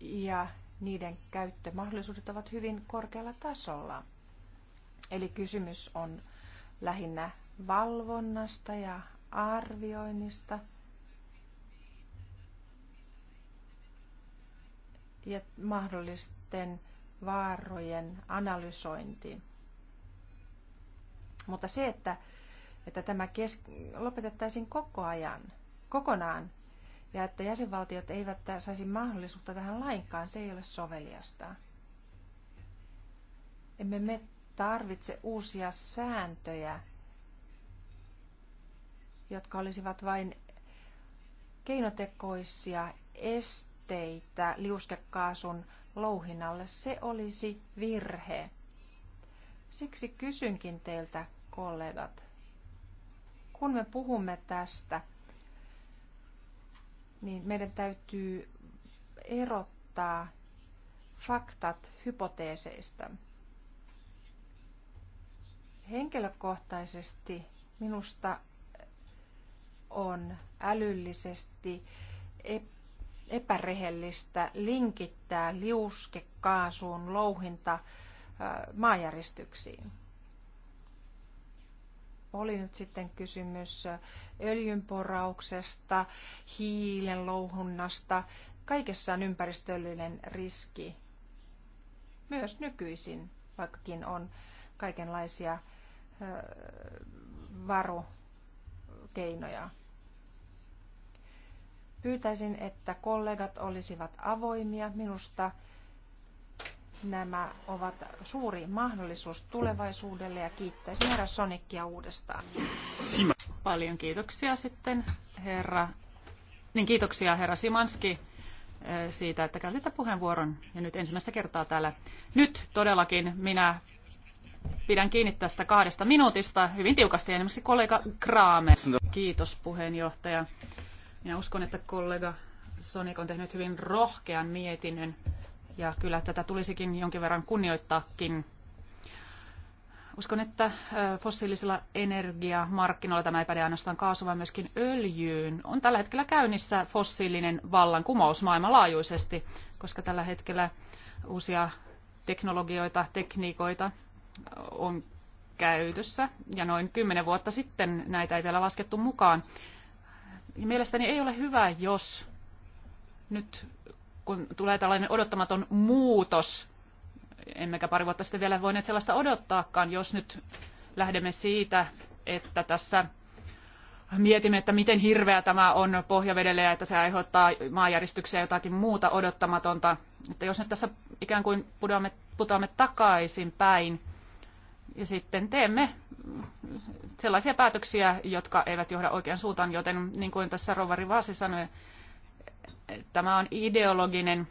ja niiden käyttömahdollisuudet ovat hyvin korkealla tasolla. Eli kysymys on lähinnä valvonnasta ja arvioinnista – ja mahdollisten vaarojen analysointi. Mutta se, että, että tämä kes- lopetettaisiin koko ajan, kokonaan, ja että jäsenvaltiot eivät saisi mahdollisuutta tähän lainkaan, se ei ole soveliasta. Emme me tarvitse uusia sääntöjä, jotka olisivat vain keinotekoisia est- jätteitä liuskekaasun louhinnalle. Se olisi virhe. Siksi kysynkin teiltä, kollegat, kun me puhumme tästä, niin meidän täytyy erottaa faktat hypoteeseista. Henkilökohtaisesti minusta on älyllisesti ep epärehellistä linkittää liuskekaasuun louhinta äh, maajäristyksiin. Oli nyt sitten kysymys äh, öljynporauksesta, hiilen louhunnasta. Kaikessa on ympäristöllinen riski. Myös nykyisin, vaikkakin on kaikenlaisia äh, varukeinoja. Pyytäisin, että kollegat olisivat avoimia. Minusta nämä ovat suuri mahdollisuus tulevaisuudelle ja kiittäisin herra Sonikia uudestaan. Paljon kiitoksia sitten herra, niin kiitoksia herra Simanski eh, siitä, että käytitte puheenvuoron ja nyt ensimmäistä kertaa täällä. Nyt todellakin minä pidän kiinni tästä kahdesta minuutista hyvin tiukasti, ja kollega Kraame. Kiitos puheenjohtaja. Minä uskon, että kollega Sonic on tehnyt hyvin rohkean mietinnön ja kyllä tätä tulisikin jonkin verran kunnioittaakin. Uskon, että fossiilisilla energiamarkkinoilla tämä ei päde ainoastaan kaasu, vaan myöskin öljyyn. On tällä hetkellä käynnissä fossiilinen vallankumous maailmanlaajuisesti, koska tällä hetkellä uusia teknologioita, tekniikoita on käytössä. Ja noin kymmenen vuotta sitten näitä ei vielä laskettu mukaan. Mielestäni ei ole hyvä, jos nyt kun tulee tällainen odottamaton muutos, emmekä pari vuotta sitten vielä voineet sellaista odottaakaan, jos nyt lähdemme siitä, että tässä mietimme, että miten hirveä tämä on pohjavedelle ja että se aiheuttaa maanjäristyksiä jotakin muuta odottamatonta. Että jos nyt tässä ikään kuin pudomme, putoamme takaisin päin, ja sitten teemme sellaisia päätöksiä, jotka eivät johda oikean suuntaan, joten niin kuin tässä Rovari Vaasi sanoi, tämä on ideologinen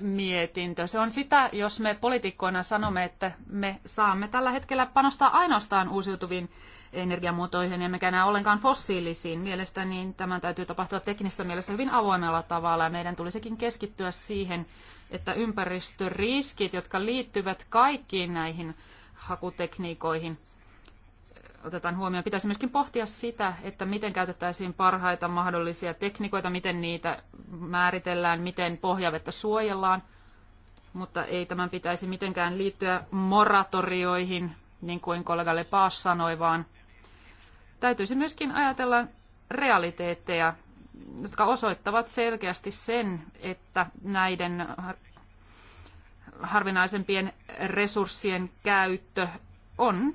mietintö. Se on sitä, jos me poliitikkoina sanomme, että me saamme tällä hetkellä panostaa ainoastaan uusiutuviin energiamuotoihin, emmekä enää ollenkaan fossiilisiin. niin tämän täytyy tapahtua teknisessä mielessä hyvin avoimella tavalla. Meidän tulisikin keskittyä siihen, että ympäristöriskit, jotka liittyvät kaikkiin näihin hakutekniikoihin otetaan huomioon. Pitäisi myöskin pohtia sitä, että miten käytettäisiin parhaita mahdollisia tekniikoita, miten niitä määritellään, miten pohjavettä suojellaan, mutta ei tämän pitäisi mitenkään liittyä moratorioihin, niin kuin kollega Lepage sanoi, vaan täytyisi myöskin ajatella realiteetteja, jotka osoittavat selkeästi sen, että näiden harvinaisempien resurssien käyttö on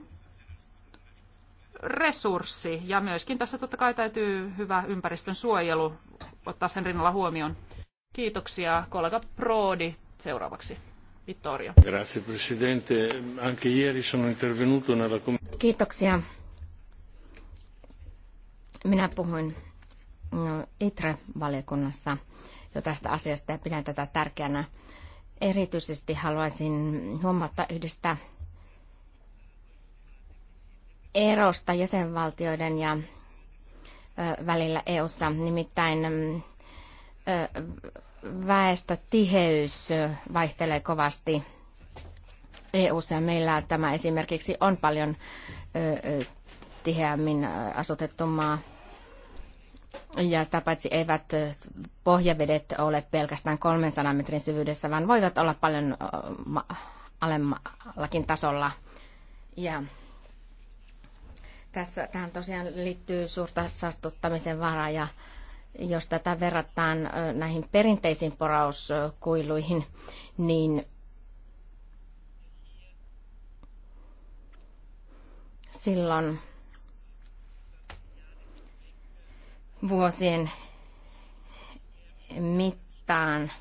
resurssi ja myöskin tässä totta kai täytyy hyvä ympäristön suojelu ottaa sen rinnalla huomioon. Kiitoksia kollega Prodi seuraavaksi. Vittorio. Grazie Presidente. Anche ieri sono intervenuto nella... Kiitoksia. Minä puhuin no, ITRE-valiokunnassa jo tästä asiasta ja pidän tätä tärkeänä Erityisesti haluaisin huomata yhdestä erosta jäsenvaltioiden ja välillä EU:ssa, nimittäin väestötiheys vaihtelee kovasti EU:ssa ja meillä tämä esimerkiksi on paljon tiheämmin asutettu maa. Ja sitä paitsi eivät pohjavedet ole pelkästään 300 metrin syvyydessä, vaan voivat olla paljon alemmallakin tasolla. Ja tässä, tähän tosiaan liittyy suurta saastuttamisen varaa ja jos tätä verrataan näihin perinteisiin porauskuiluihin, niin silloin vuosien mittaan,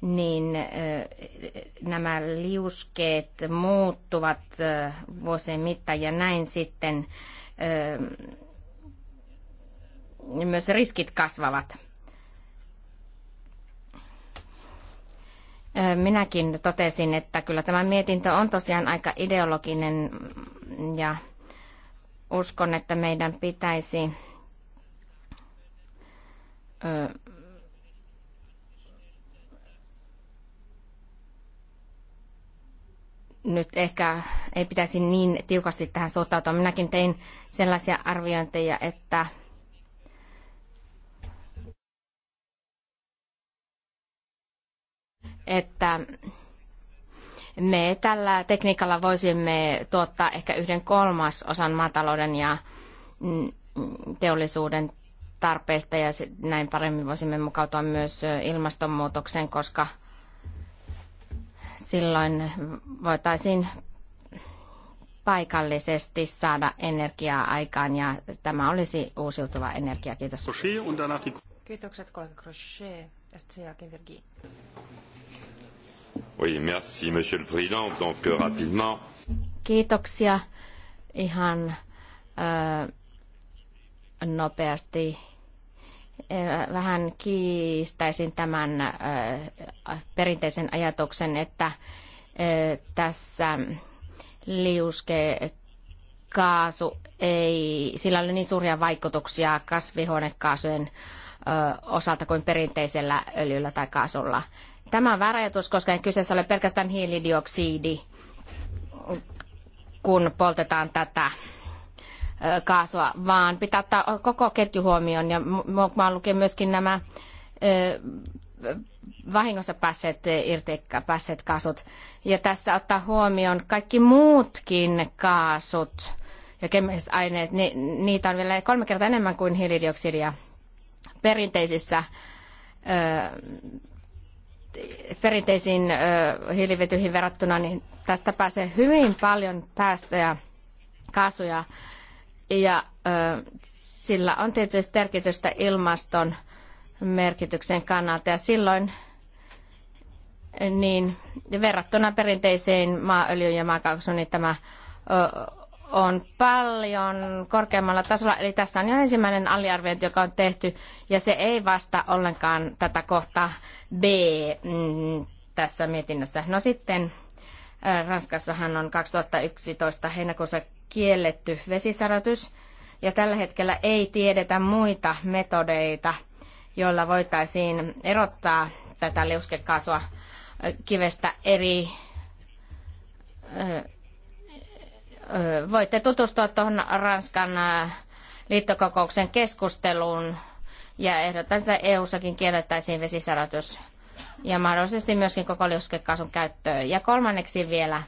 niin nämä liuskeet muuttuvat vuosien mittaan ja näin sitten myös riskit kasvavat. Minäkin totesin, että kyllä tämä mietintö on tosiaan aika ideologinen ja uskon, että meidän pitäisi nyt ehkä ei pitäisi niin tiukasti tähän suhtautua. Minäkin tein sellaisia arviointeja, että että me tällä tekniikalla voisimme tuottaa ehkä yhden kolmas osan maatalouden ja mm, teollisuuden tarpeista ja näin paremmin voisimme mukautua myös ilmastonmuutokseen, koska silloin voitaisiin paikallisesti saada energiaa aikaan ja tämä olisi uusiutuva energia. Kiitos. Kiitokset kollega Crochet ja sitten sen jälkeen Virgi. Oui, merci, monsieur le président. Donc, euh, rapidement. Kiitoksia ihan ö, nopeasti vähän kiistäisin tämän perinteisen ajatuksen, että tässä liuske kaasu ei, sillä ole niin suuria vaikutuksia kasvihuonekaasujen osalta kuin perinteisellä öljyllä tai kaasulla. Tämä on väärä ajatus, koska ei kyseessä ole pelkästään hiilidioksidi, kun poltetaan tätä kaasua, vaan pitää ottaa koko ketju huomioon ja mukaan lukien myöskin nämä vahingossa päässeet irti päässeet kaasut. Ja tässä ottaa huomioon kaikki muutkin kaasut ja kemialliset aineet, niin niitä on vielä kolme kertaa enemmän kuin hiilidioksidia perinteisissä perinteisiin hiilivetyihin verrattuna, niin tästä pääsee hyvin paljon päästöjä, kaasuja ja sillä on tietysti merkitystä ilmaston merkityksen kannalta ja silloin niin verrattuna perinteiseen maaöljyyn ja maakaasuun, niin tämä on paljon korkeammalla tasolla. Eli tässä on jo ensimmäinen aliarviointi, joka on tehty, ja se ei vastaa ollenkaan tätä kohtaa B mm, tässä mietinnössä. No sitten Ranskassahan on 2011 heinäkuussa kielletty vesisärötys ja tällä hetkellä ei tiedetä muita metodeita, joilla voitaisiin erottaa tätä liuskekaasua kivestä eri voitte tutustua tuohon Ranskan liittokokouksen keskusteluun ja ehdottaa sitä EU-sakin e kiellettäisiin vesisärätys ja mahdollisesti myöskin koko liuskekaasun käyttöön. Ja kolmanneksi vielä,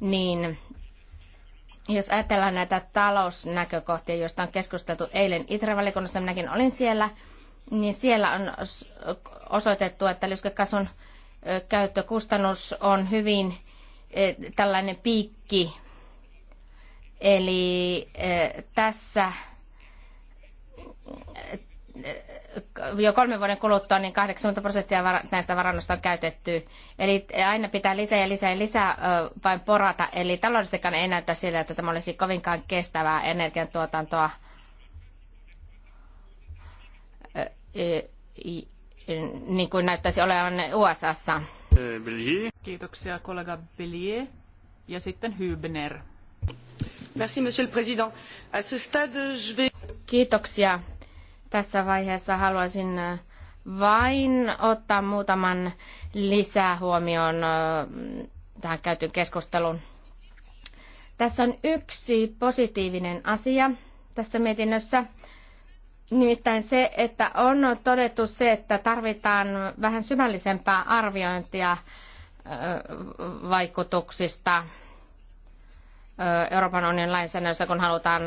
niin jos ajatellaan näitä talousnäkökohtia, joista on keskusteltu eilen Itravalikunnassa, minäkin olin siellä, niin siellä on osoitettu, että lyskekasun käyttökustannus on hyvin tällainen piikki. Eli tässä jo kolmen vuoden kuluttua niin 80 prosenttia näistä varannosta on käytetty. Eli aina pitää lisää ja lisää ja lisää vain porata. Eli taloudellisestikaan ei näytä siltä, että tämä olisi kovinkaan kestävää energiantuotantoa. Niin kuin näyttäisi olevan USAssa. Kiitoksia kollega Bellier ja sitten Hübner. Merci, monsieur le président. À ce stade, je vais... Kiitoksia tässä vaiheessa haluaisin äh, vain ottaa muutaman lisähuomion äh, tähän käytyyn keskusteluun. Tässä on yksi positiivinen asia tässä mietinnössä. Nimittäin se, että on todettu se, että tarvitaan vähän syvällisempää arviointia äh, vaikutuksista Euroopan unionin lainsäädännössä, kun halutaan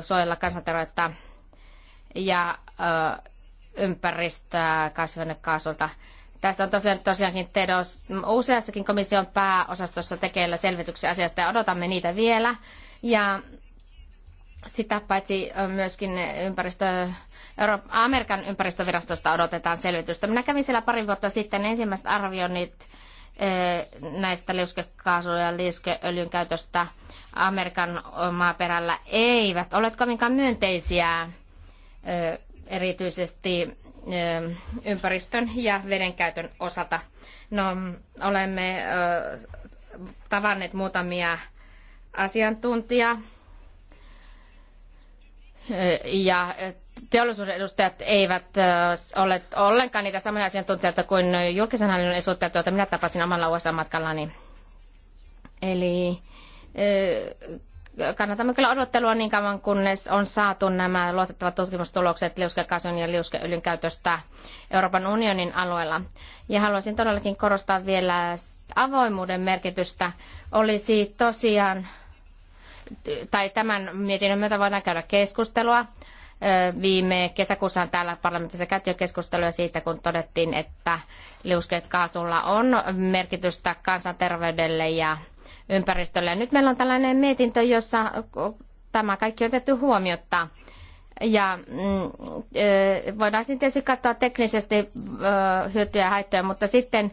suojella kansanterveyttä ja ympäristöä kasvihuonekaasulta. Tässä on tosiaan, tosiaankin TEDOS useassakin komission pääosastossa tekeillä selvityksiä asiasta ja odotamme niitä vielä. Ja sitä paitsi myöskin ympäristö, Euroop, Amerikan ympäristövirastosta odotetaan selvitystä. Minä kävin siellä pari vuotta sitten ensimmäiset arvioinnit näistä liuskekaasuja ja liuskeöljyn käytöstä Amerikan maaperällä eivät ole kovinkaan myönteisiä erityisesti ympäristön ja vedenkäytön osalta. No, olemme tavanneet muutamia asiantuntijaa ja teollisuuden edustajat eivät ole ollenkaan niitä samoja asiantuntijoita kuin julkisen hallinnon edustajat, joita minä tapasin omalla USA-matkallani. Eli kannatamme kyllä odottelua niin kauan, kunnes on saatu nämä luotettavat tutkimustulokset liuskekasun ja liuskeöljyn käytöstä Euroopan unionin alueella. Ja haluaisin todellakin korostaa vielä avoimuuden merkitystä. Olisi tosiaan, tai tämän mietinnön myötä voidaan käydä keskustelua Viime kesäkuussa täällä parlamentissa käytiin keskustelua siitä, kun todettiin, että liuskeet kaasulla on merkitystä kansanterveydelle ja ympäristölle. Ja nyt meillä on tällainen mietintö, jossa tämä kaikki on otettu huomiota. Ja mm, voidaan tietysti katsoa teknisesti hyötyjä ja haittoja, mutta sitten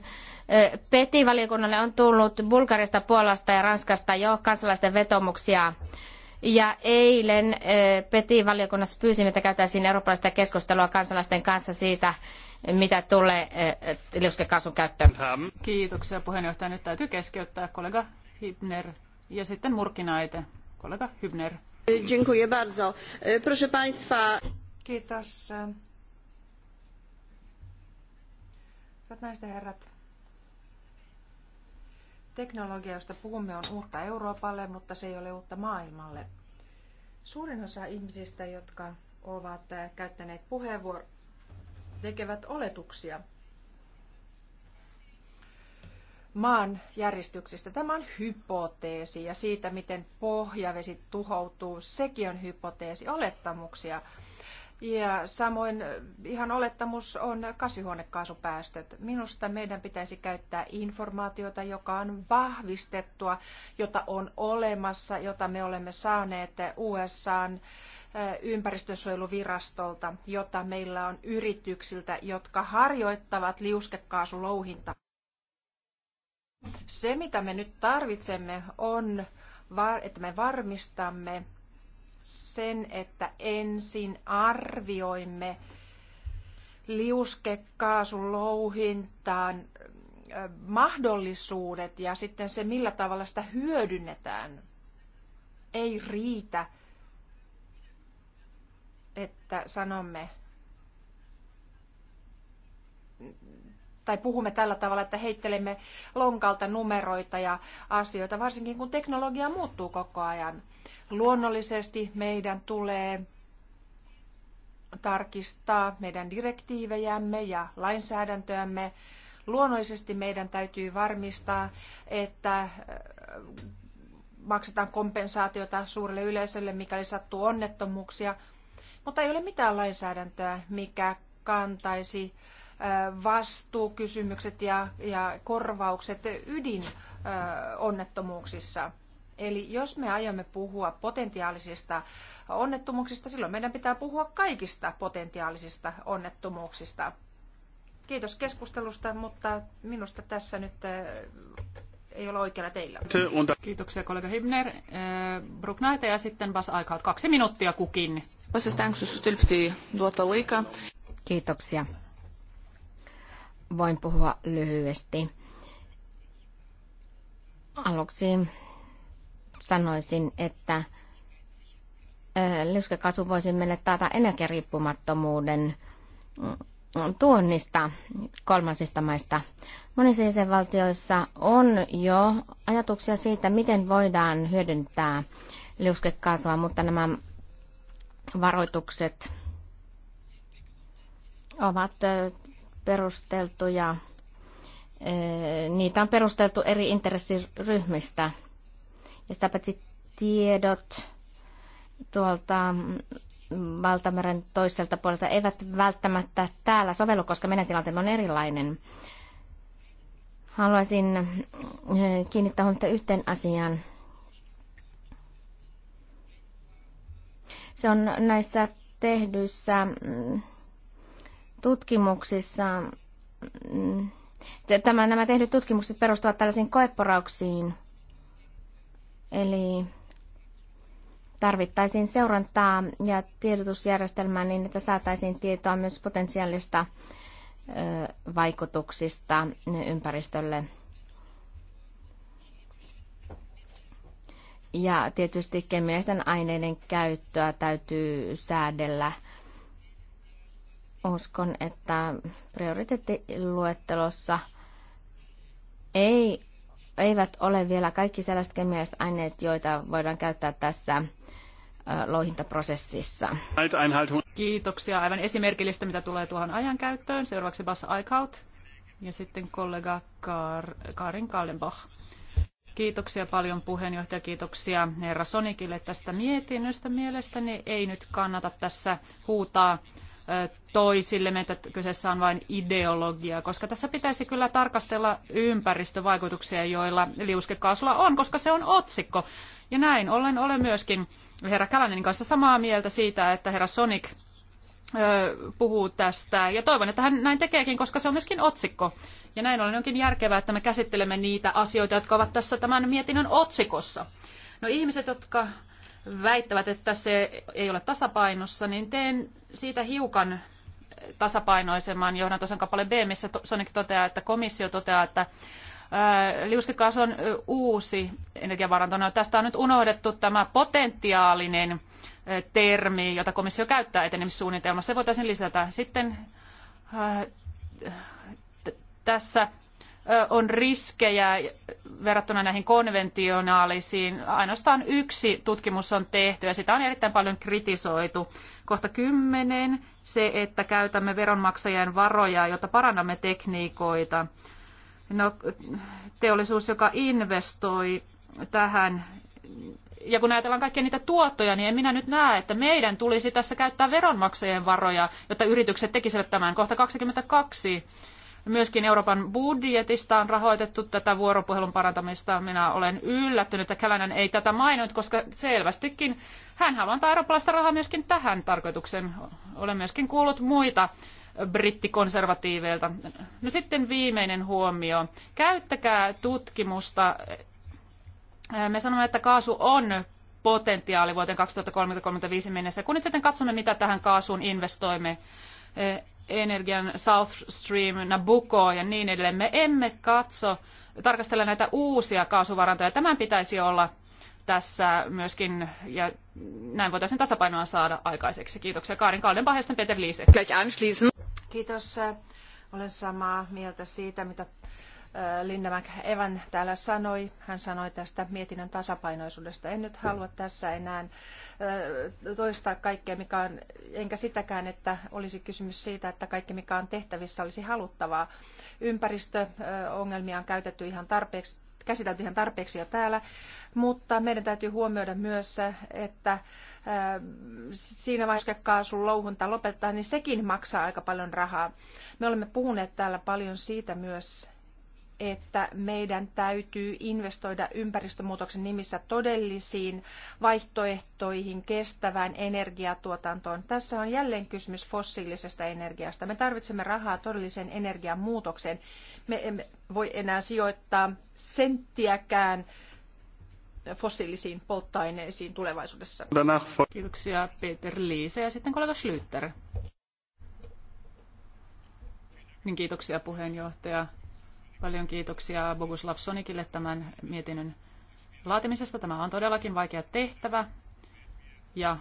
PETI-valiokunnalle on tullut Bulgarista, Puolasta ja Ranskasta jo kansalaisten vetomuksia ja eilen eh, PETI-valiokunnassa pyysimme, että käytäisiin eurooppalaista keskustelua kansalaisten kanssa siitä, mitä tulee eh, liuskekaasun käyttöön. Kiitoksia puheenjohtaja. Nyt täytyy keskeyttää kollega Hibner ja sitten murkinaite. Kollega Hibner. Dziękuję bardzo. E, proszę Państwa. Kiitos. Hyvät naiset herrat, Teknologia, josta puhumme, on uutta Euroopalle, mutta se ei ole uutta maailmalle. Suurin osa ihmisistä, jotka ovat eh, käyttäneet puheenvuoron, tekevät oletuksia maan järjestyksestä. Tämä on hypoteesi ja siitä, miten pohjavesi tuhoutuu, sekin on hypoteesi, olettamuksia. Ja samoin ihan olettamus on kasvihuonekaasupäästöt. Minusta meidän pitäisi käyttää informaatiota, joka on vahvistettua, jota on olemassa, jota me olemme saaneet USAn eh, ympäristönsuojeluvirastolta, jota meillä on yrityksiltä, jotka harjoittavat liuskekaasulouhinta. Se, mitä me nyt tarvitsemme, on, että me varmistamme sen, että ensin arvioimme liuskekaasun louhintaan mahdollisuudet ja sitten se, millä tavalla sitä hyödynnetään, ei riitä, että sanomme, tai puhumme tällä tavalla, että heittelemme lonkalta numeroita ja asioita, varsinkin kun teknologia muuttuu koko ajan. Luonnollisesti meidän tulee tarkistaa meidän direktiivejämme ja lainsäädäntöämme. Luonnollisesti meidän täytyy varmistaa, että äh, maksetaan kompensaatiota suurelle yleisölle, mikäli sattuu onnettomuuksia, mutta ei ole mitään lainsäädäntöä, mikä kantaisi äh, vastuukysymykset ja, ja korvaukset ydinonnettomuuksissa. Eli jos me aiomme puhua potentiaalisista onnettomuuksista, silloin meidän pitää puhua kaikista potentiaalisista onnettomuuksista. Kiitos keskustelusta, mutta minusta tässä nyt ei ole oikealla teillä. Kiitoksia kollega Hibner. Bruknaite ja sitten vasta aikaa Kaksi minuuttia kukin. Niin tuota Kiitoksia voin puhua lyhyesti. Aluksi sanoisin, että liuskekasvu voisi meille taata energiariippumattomuuden mm, tuonnista kolmansista maista. Monissa jäsenvaltioissa on jo ajatuksia siitä, miten voidaan hyödyntää liuskekaasua, mutta nämä varoitukset ovat perusteltuja. Eh, niitä on perusteltu eri intressiryhmistä. Ja sitä paitsi tiedot tuolta valtameren toiselta puolelta eivät välttämättä täällä sovellu, koska meidän tilanteemme on erilainen. Haluaisin eh, kiinnittää huomiota yhteen asiaan. Se on näissä tehdyissä mm, tutkimuksissa, mm, tämä, nämä tehdyt tutkimukset perustuvat tällaisiin koeporauksiin, eli tarvittaisiin seurantaa ja tiedotusjärjestelmää niin, että saataisiin tietoa myös potentiaalista vaikutuksista ympäristölle. Ja tietysti kemiallisten aineiden käyttöä täytyy säädellä – uskon, että prioriteettiluettelossa ei, eivät ole vielä kaikki sellaiset kemialliset aineet, joita voidaan käyttää tässä louhintaprosessissa. Kiitoksia. Aivan esimerkillistä, mitä tulee tuohon käyttöön. Seuraavaksi Bas Aikaut ja sitten kollega Kar- Karin Kallenbach. Kiitoksia paljon puheenjohtaja, kiitoksia herra Sonikille tästä mietinnöstä. Mielestäni ei nyt kannata tässä huutaa toisille, että kyseessä on vain ideologia, koska tässä pitäisi kyllä tarkastella ympäristövaikutuksia, joilla liuskekaasulla on, koska se on otsikko. Ja näin ollen olen myöskin herra Kälänen kanssa samaa mieltä siitä, että herra Sonic puhuu tästä. Ja toivon, että hän näin tekeekin, koska se on myöskin otsikko. Ja näin ollen onkin järkevää, että me käsittelemme niitä asioita, jotka ovat tässä tämän mietinnön otsikossa. No ihmiset, jotka väittävät, että se ei ole tasapainossa, niin teen siitä hiukan tasapainoisemman johdantosan kappaleen B, missä Sonic toteaa, että komissio toteaa, että liuskekaasu on uusi energiavaranto. No, tästä on nyt unohdettu tämä potentiaalinen termi, jota komissio käyttää etenemissuunnitelmassa. Se voitaisiin lisätä. Sitten tässä on riskejä verrattuna näihin konventionaalisiin. Ainoastaan yksi tutkimus on tehty ja sitä on erittäin paljon kritisoitu. Kohta kymmenen se, että käytämme veronmaksajien varoja, jotta parannamme tekniikoita. No, teollisuus, joka investoi tähän, ja kun ajatellaan kaikkia niitä tuottoja, niin en minä nyt näe, että meidän tulisi tässä käyttää veronmaksajien varoja, jotta yritykset tekisivät tämän. Kohta 22 Myöskin Euroopan budjetista on rahoitettu tätä vuoropuhelun parantamista. Minä olen yllättynyt, että Kälänen ei tätä mainoit, koska selvästikin hän antaa eurooppalaista rahaa myöskin tähän tarkoitukseen. Olen myöskin kuullut muita brittikonservatiiveilta. No sitten viimeinen huomio. Käyttäkää tutkimusta. Me sanomme, että kaasu on potentiaali vuoteen 2035 mennessä. Kun nyt sitten katsomme, mitä tähän kaasuun investoimme, energian South Stream, Nabucco ja niin edelleen. Me emme katso, tarkastella näitä uusia kaasuvarantoja. Tämän pitäisi olla tässä myöskin, ja näin voitaisiin tasapainoa saada aikaiseksi. Kiitoksia Kaarin Kaldenpahesta, Peter Liise. Kiitos. Olen samaa mieltä siitä, mitä Äh, Linda McEvan täällä sanoi. Hän sanoi tästä mietinnön tasapainoisuudesta. En nyt halua tässä enää äh, toistaa kaikkea, mikä on, enkä sitäkään, että olisi kysymys siitä, että kaikki mikä on tehtävissä olisi haluttavaa. Ympäristöongelmia äh, on käytetty ihan tarpeeksi, käsitelty ihan tarpeeksi jo täällä, mutta meidän täytyy huomioida myös se, että siinä vaiheessa, kun kaasun louhunta lopettaa, niin sekin maksaa aika paljon rahaa. Me olemme puhuneet täällä paljon siitä myös, että meidän täytyy investoida ympäristömuutoksen nimissä todellisiin vaihtoehtoihin, kestävään energiatuotantoon. Tässä on jälleen kysymys fossiilisesta energiasta. Me tarvitsemme rahaa todelliseen energian muutokseen. Me emme voi enää sijoittaa senttiäkään fossiilisiin polttoaineisiin tulevaisuudessa. Kiitoksia Peter Liise ja sitten kollega Schlüter. Niin kiitoksia puheenjohtaja. Paljon kiitoksia Boguslav Sonikille tämän mietinnön laatimisesta. Tämä on todellakin vaikea tehtävä. Ja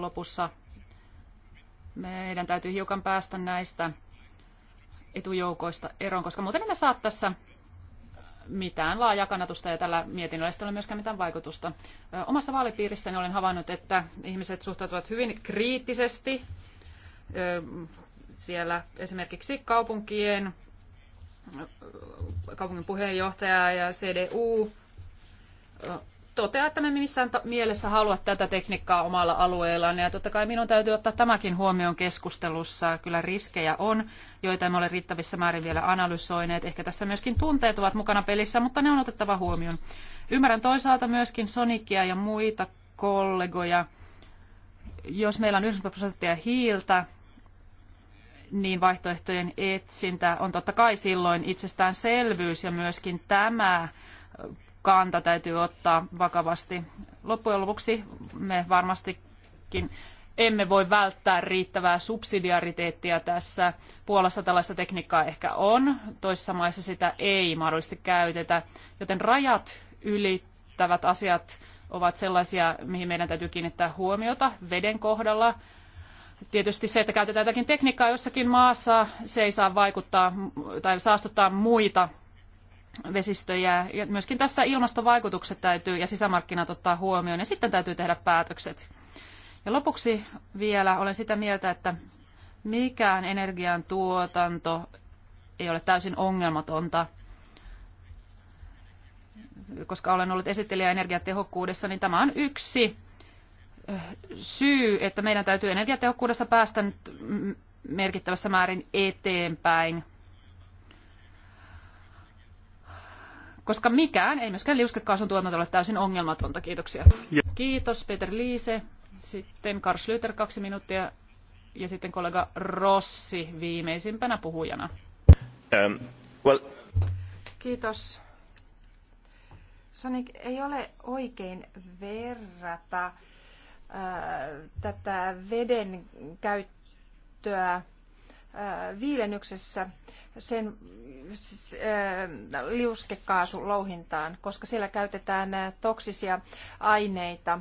lopussa meidän täytyy hiukan päästä näistä etujoukoista eroon, koska muuten emme saa tässä mitään laajaa kannatusta ja tällä mietinnöllä ei ole myöskään mitään vaikutusta. Omassa vaalipiirissäni olen havainnut, että ihmiset suhtautuvat hyvin kriittisesti siellä esimerkiksi kaupunkien kaupungin puheenjohtaja ja CDU toteaa, että me missään mielessä halua tätä tekniikkaa omalla alueellaan. Ja totta kai minun täytyy ottaa tämäkin huomioon keskustelussa. Kyllä riskejä on, joita emme ole riittävissä määrin vielä analysoineet. Ehkä tässä myöskin tunteet ovat mukana pelissä, mutta ne on otettava huomioon. Ymmärrän toisaalta myöskin Sonicia ja muita kollegoja. Jos meillä on 90 prosenttia hiiltä, niin vaihtoehtojen etsintä on totta kai silloin itsestäänselvyys ja myöskin tämä kanta täytyy ottaa vakavasti. Loppujen lopuksi me varmastikin emme voi välttää riittävää subsidiariteettia tässä. Puolassa tällaista tekniikkaa ehkä on, toissa maissa sitä ei mahdollisesti käytetä, joten rajat ylittävät asiat ovat sellaisia, mihin meidän täytyy kiinnittää huomiota veden kohdalla – Tietysti se, että käytetään jotakin tekniikkaa jossakin maassa, se ei saa vaikuttaa tai saastuttaa muita vesistöjä. Ja myöskin tässä ilmastovaikutukset täytyy ja sisämarkkinat ottaa huomioon ja sitten täytyy tehdä päätökset. Ja lopuksi vielä olen sitä mieltä, että mikään energian tuotanto ei ole täysin ongelmatonta. Koska olen ollut esittelijä energiatehokkuudessa, niin tämä on yksi syy, että meidän täytyy energiatehokkuudessa päästä nyt merkittävässä määrin eteenpäin. Koska mikään, ei myöskään liuskekaasun tuotanto ole täysin ongelmatonta. Kiitoksia. Kiitos Peter Liise. Sitten Karl Schlüter kaksi minuuttia ja sitten kollega Rossi viimeisimpänä puhujana. Um, well. Kiitos. Sonic, ei ole oikein verrata tätä veden käyttöä viilennyksessä sen liuskekaasulouhintaan, koska siellä käytetään toksisia aineita.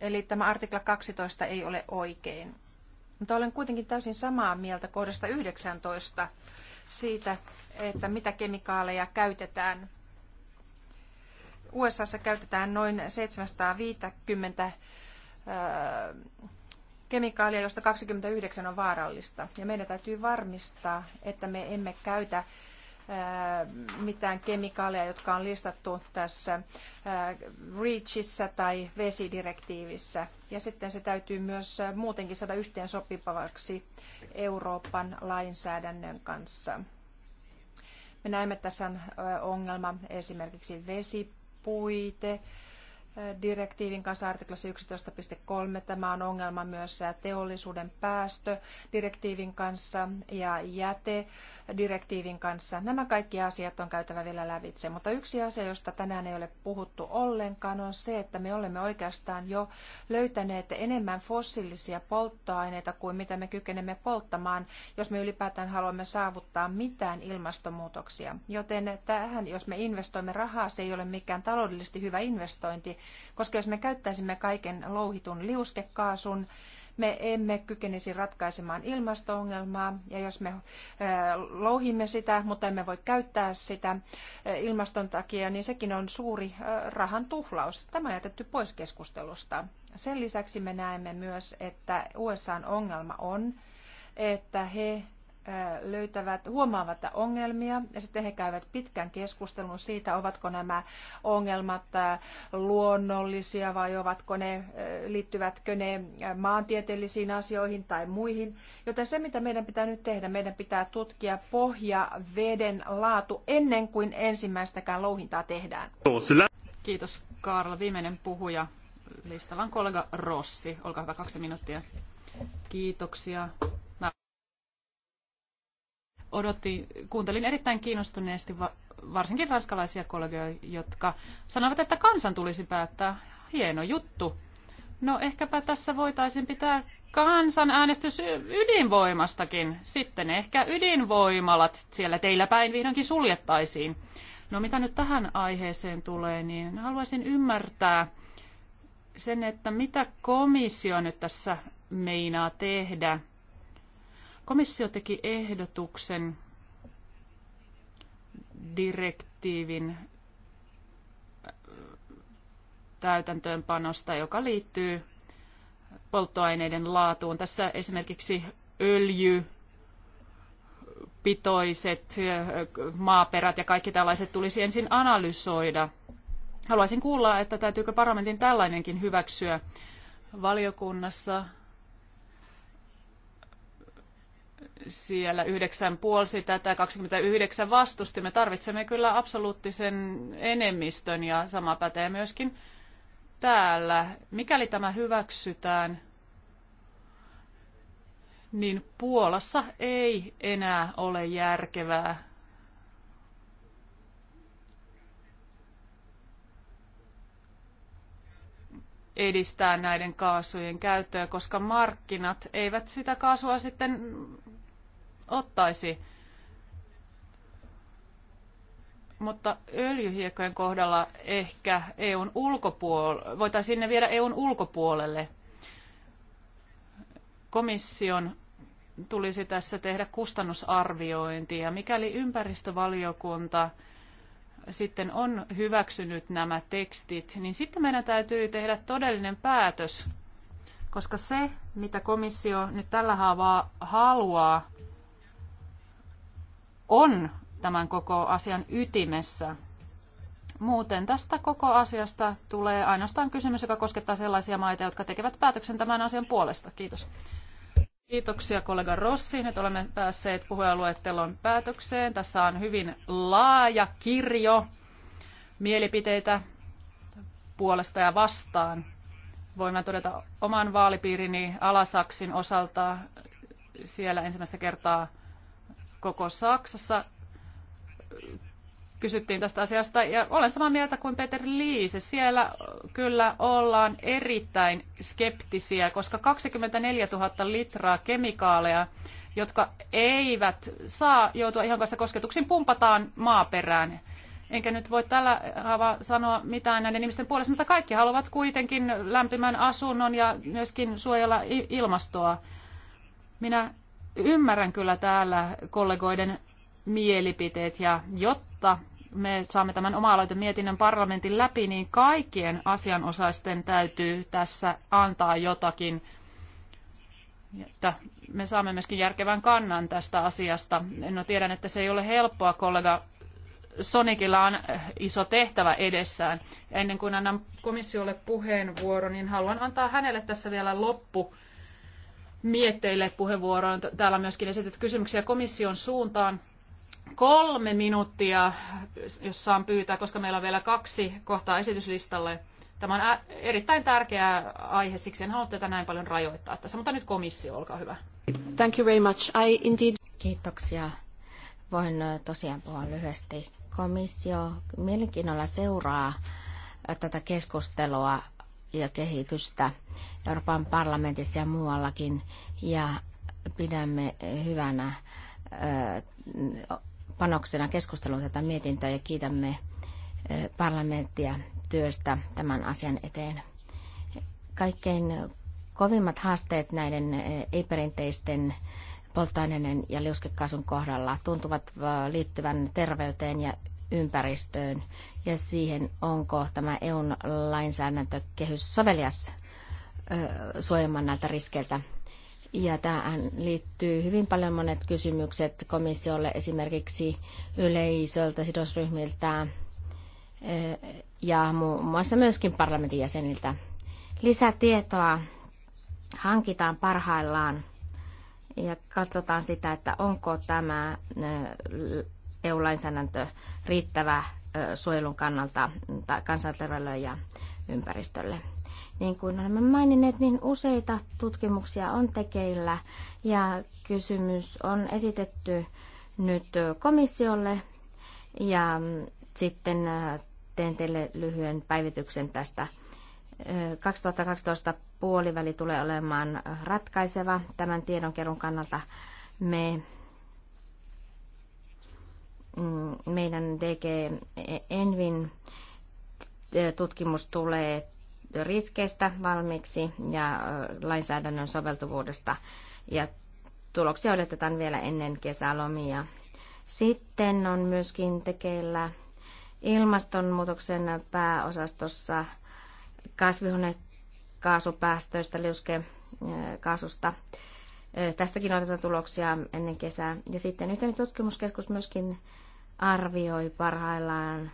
Eli tämä artikla 12 ei ole oikein. Mutta olen kuitenkin täysin samaa mieltä kohdasta 19 siitä, että mitä kemikaaleja käytetään. USAssa käytetään noin 750 kemikaalia, josta 29 on vaarallista. Ja meidän täytyy varmistaa, että me emme käytä mitään kemikaaleja, jotka on listattu tässä REACHissa tai vesidirektiivissä. Ja sitten se täytyy myös muutenkin saada yhteen sopivaksi Euroopan lainsäädännön kanssa. Me näemme tässä ongelma esimerkiksi vesipuite, direktiivin kanssa artiklassa 11.3. Tämä on ongelma myös teollisuuden päästödirektiivin kanssa ja jätedirektiivin kanssa. Nämä kaikki asiat on käytävä vielä lävitse, mutta yksi asia, josta tänään ei ole puhuttu ollenkaan, on se, että me olemme oikeastaan jo löytäneet enemmän fossiilisia polttoaineita kuin mitä me kykenemme polttamaan, jos me ylipäätään haluamme saavuttaa mitään ilmastonmuutoksia. Joten tähän, jos me investoimme rahaa, se ei ole mikään taloudellisesti hyvä investointi, koska jos me käyttäisimme kaiken louhitun liuskekaasun, me emme kykenisi ratkaisemaan ilmastoongelmaa. ja jos me louhimme sitä, mutta emme voi käyttää sitä ilmaston takia, niin sekin on suuri rahan tuhlaus. Tämä on jätetty pois keskustelusta. Sen lisäksi me näemme myös, että USAn ongelma on, että he löytävät huomaavat ongelmia ja sitten he käyvät pitkän keskustelun siitä, ovatko nämä ongelmat luonnollisia vai ovatko ne, liittyvätkö ne maantieteellisiin asioihin tai muihin. Joten se, mitä meidän pitää nyt tehdä, meidän pitää tutkia pohjaveden laatu ennen kuin ensimmäistäkään louhintaa tehdään. Kiitos Karla. Viimeinen puhuja listalla on kollega Rossi. Olkaa hyvä, kaksi minuuttia. Kiitoksia odotti, kuuntelin erittäin kiinnostuneesti varsinkin ranskalaisia kollegoja, jotka sanovat, että kansan tulisi päättää. Hieno juttu. No ehkäpä tässä voitaisiin pitää äänestys ydinvoimastakin. Sitten ehkä ydinvoimalat siellä teillä päin vihdoinkin suljettaisiin. No mitä nyt tähän aiheeseen tulee, niin haluaisin ymmärtää sen, että mitä komissio nyt tässä meinaa tehdä – Komissio teki ehdotuksen direktiivin äh, täytäntöönpanosta, joka liittyy polttoaineiden laatuun. Tässä esimerkiksi öljy, pitoiset äh, maaperät ja kaikki tällaiset tulisi ensin analysoida. Haluaisin kuulla, että täytyykö parlamentin tällainenkin hyväksyä valiokunnassa siellä 9 puolsi tätä, 29 vastusti. Me tarvitsemme kyllä absoluuttisen enemmistön ja sama pätee myöskin täällä. Mikäli tämä hyväksytään, niin Puolassa ei enää ole järkevää edistää näiden kaasujen käyttöä, koska markkinat eivät sitä kaasua sitten ottaisi. Mutta öljyhiekkojen kohdalla ehkä EUn ulkopuolelle, voitaisiin ne viedä EUn ulkopuolelle. Komission tulisi tässä tehdä kustannusarviointi ja mikäli ympäristövaliokunta sitten on hyväksynyt nämä tekstit, niin sitten meidän täytyy tehdä todellinen päätös, koska se, mitä komissio nyt tällä haavaa haluaa, on tämän koko asian ytimessä. Muuten tästä koko asiasta tulee ainoastaan kysymys, joka koskettaa sellaisia maita, jotka tekevät päätöksen tämän asian puolesta. Kiitos. Kiitoksia kollega Rossi. Nyt olemme päässeet puheenluettelon päätökseen. Tässä on hyvin laaja kirjo mielipiteitä puolesta ja vastaan. Voimme todeta oman vaalipiirini Alasaksin osalta. Siellä ensimmäistä kertaa koko Saksassa kysyttiin tästä asiasta ja olen samaa mieltä kuin Peter Liise. Siellä kyllä ollaan erittäin skeptisiä, koska 24 000 litraa kemikaaleja, jotka eivät saa joutua ihan kanssa kosketuksiin, pumpataan maaperään. Enkä nyt voi tällä haava sanoa mitään näiden ihmisten puolesta, mutta kaikki haluavat kuitenkin lämpimän asunnon ja myöskin suojella ilmastoa. Minä ymmärrän kyllä täällä kollegoiden mielipiteet ja jotta me saamme tämän oma mietinnön parlamentin läpi, niin kaikkien asianosaisten täytyy tässä antaa jotakin, että me saamme myöskin järkevän kannan tästä asiasta. No tiedän, että se ei ole helppoa, kollega Sonikilla on iso tehtävä edessään. Ennen kuin annan komissiolle puheenvuoron, niin haluan antaa hänelle tässä vielä loppu mietteille puheenvuoroon. Täällä on myöskin esitetty kysymyksiä komission suuntaan. Kolme minuuttia, jos saan pyytää, koska meillä on vielä kaksi kohtaa esityslistalle. Tämä on erittäin tärkeä aihe, siksi en halua tätä näin paljon rajoittaa tässä, mutta nyt komissio, olkaa hyvä. Thank you very much. I indeed... Kiitoksia. Voin tosiaan puhua lyhyesti. Komissio mielenkiinnolla seuraa tätä keskustelua ja kehitystä Euroopan parlamentissa ja muuallakin ja pidämme hyvänä panoksena keskustelua tätä mietintöä ja kiitämme parlamenttia työstä tämän asian eteen. Kaikkein kovimmat haasteet näiden ei-perinteisten polttoaineiden ja liuskekaasun kohdalla tuntuvat liittyvän terveyteen ja ympäristöön ja siihen, onko tämä EUn lainsäädäntökehys sovelias suojelmaan näiltä riskeiltä. Ja tähän liittyy hyvin paljon monet kysymykset komissiolle esimerkiksi yleisöltä, sidosryhmiltä ja muun muassa myöskin parlamentin jäseniltä. Lisätietoa hankitaan parhaillaan ja katsotaan sitä, että onko tämä EU-lainsäädäntö riittävä suojelun kannalta mm, kansanterveydelle ja ympäristölle. Niin kuin olemme maininneet, niin useita tutkimuksia on tekeillä ja kysymys on esitetty nyt komissiolle ja mm, sitten teen teille lyhyen päivityksen tästä 2012 puoliväli tulee olemaan ratkaiseva tämän tiedonkerun kannalta. Me Mm, meidän DG Envin eh, tutkimus tulee riskeistä valmiiksi ja eh, lainsäädännön soveltuvuudesta. Ja tuloksia odotetaan vielä ennen kesälomia. Sitten on myöskin tekeillä ilmastonmuutoksen pääosastossa kasvihuonekaasupäästöistä, liuskekaasusta. Eh, tästäkin odotetaan tuloksia ennen kesää. Ja sitten yhteinen tutkimuskeskus myöskin arvioi parhaillaan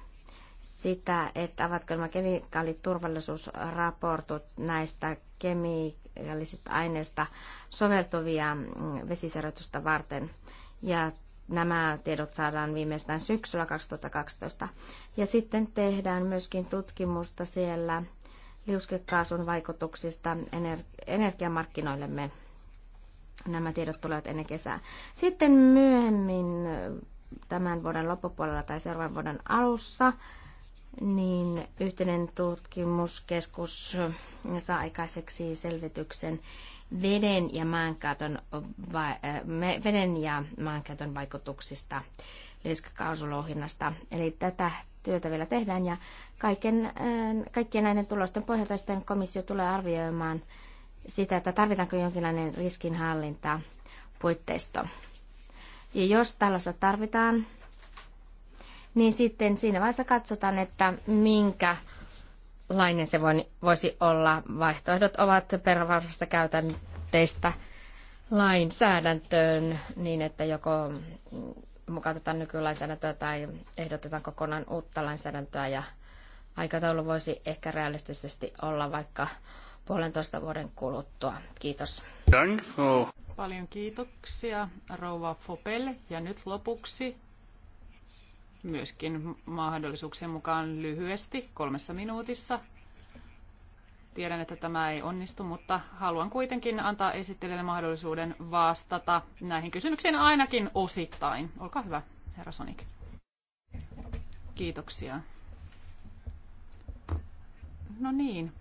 sitä, että avatko nämä kemikaaliturvallisuusraportit näistä kemiallisista aineista soveltuvia mm, vesiserotusta varten. Ja nämä tiedot saadaan viimeistään syksyllä 2012. Ja sitten tehdään myöskin tutkimusta siellä liuskekaasun vaikutuksista ener- energiamarkkinoillemme. Nämä tiedot tulevat ennen kesää. Sitten myöhemmin tämän vuoden loppupuolella tai seuraavan vuoden alussa, niin yhteinen tutkimuskeskus saa aikaiseksi selvityksen veden ja maankäytön, äh, veden ja maankäytön vaikutuksista liskakaasulouhinnasta. Eli tätä työtä vielä tehdään ja kaiken, äh, kaikkien näiden tulosten pohjalta sitten komissio tulee arvioimaan sitä, että tarvitaanko jonkinlainen riskinhallinta puitteisto. Ja jos tällaista tarvitaan, niin sitten siinä vaiheessa katsotaan, että lainen se voisi olla. Vaihtoehdot ovat pervarvasta käytänteistä lainsäädäntöön niin, että joko mukautetaan nykylainsäädäntöä tai ehdotetaan kokonaan uutta lainsäädäntöä ja aikataulu voisi ehkä realistisesti olla vaikka puolentoista vuoden kuluttua. Kiitos. Paljon kiitoksia rouva Fopelle Ja nyt lopuksi myöskin mahdollisuuksien mukaan lyhyesti, kolmessa minuutissa. Tiedän, että tämä ei onnistu, mutta haluan kuitenkin antaa esittelijälle mahdollisuuden vastata näihin kysymyksiin ainakin osittain. Olkaa hyvä, herra Sonik. Kiitoksia. No niin,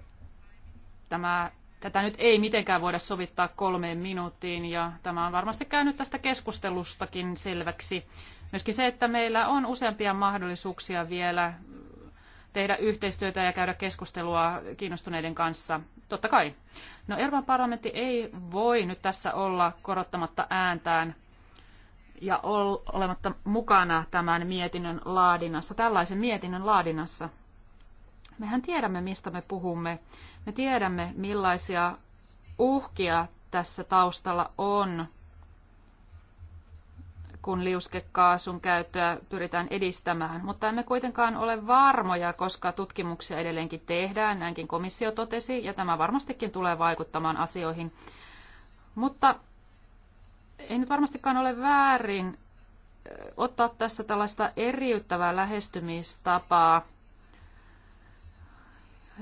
tämä Tätä nyt ei mitenkään voida sovittaa kolmeen minuuttiin ja tämä on varmasti käynyt tästä keskustelustakin selväksi. Myöskin se, että meillä on useampia mahdollisuuksia vielä tehdä yhteistyötä ja käydä keskustelua kiinnostuneiden kanssa. Totta kai. No Euroopan parlamentti ei voi nyt tässä olla korottamatta ääntään ja olematta mukana tämän mietinnön laadinnassa, tällaisen mietinnön laadinnassa – Mehän tiedämme, mistä me puhumme. Me tiedämme, millaisia uhkia tässä taustalla on, kun liuskekaasun käyttöä pyritään edistämään, mutta emme kuitenkaan ole varmoja, koska tutkimuksia edelleenkin tehdään, näinkin komissio totesi, ja tämä varmastikin tulee vaikuttamaan asioihin. Mutta ei nyt varmastikaan ole väärin ottaa tässä tällaista eriyttävää lähestymistapaa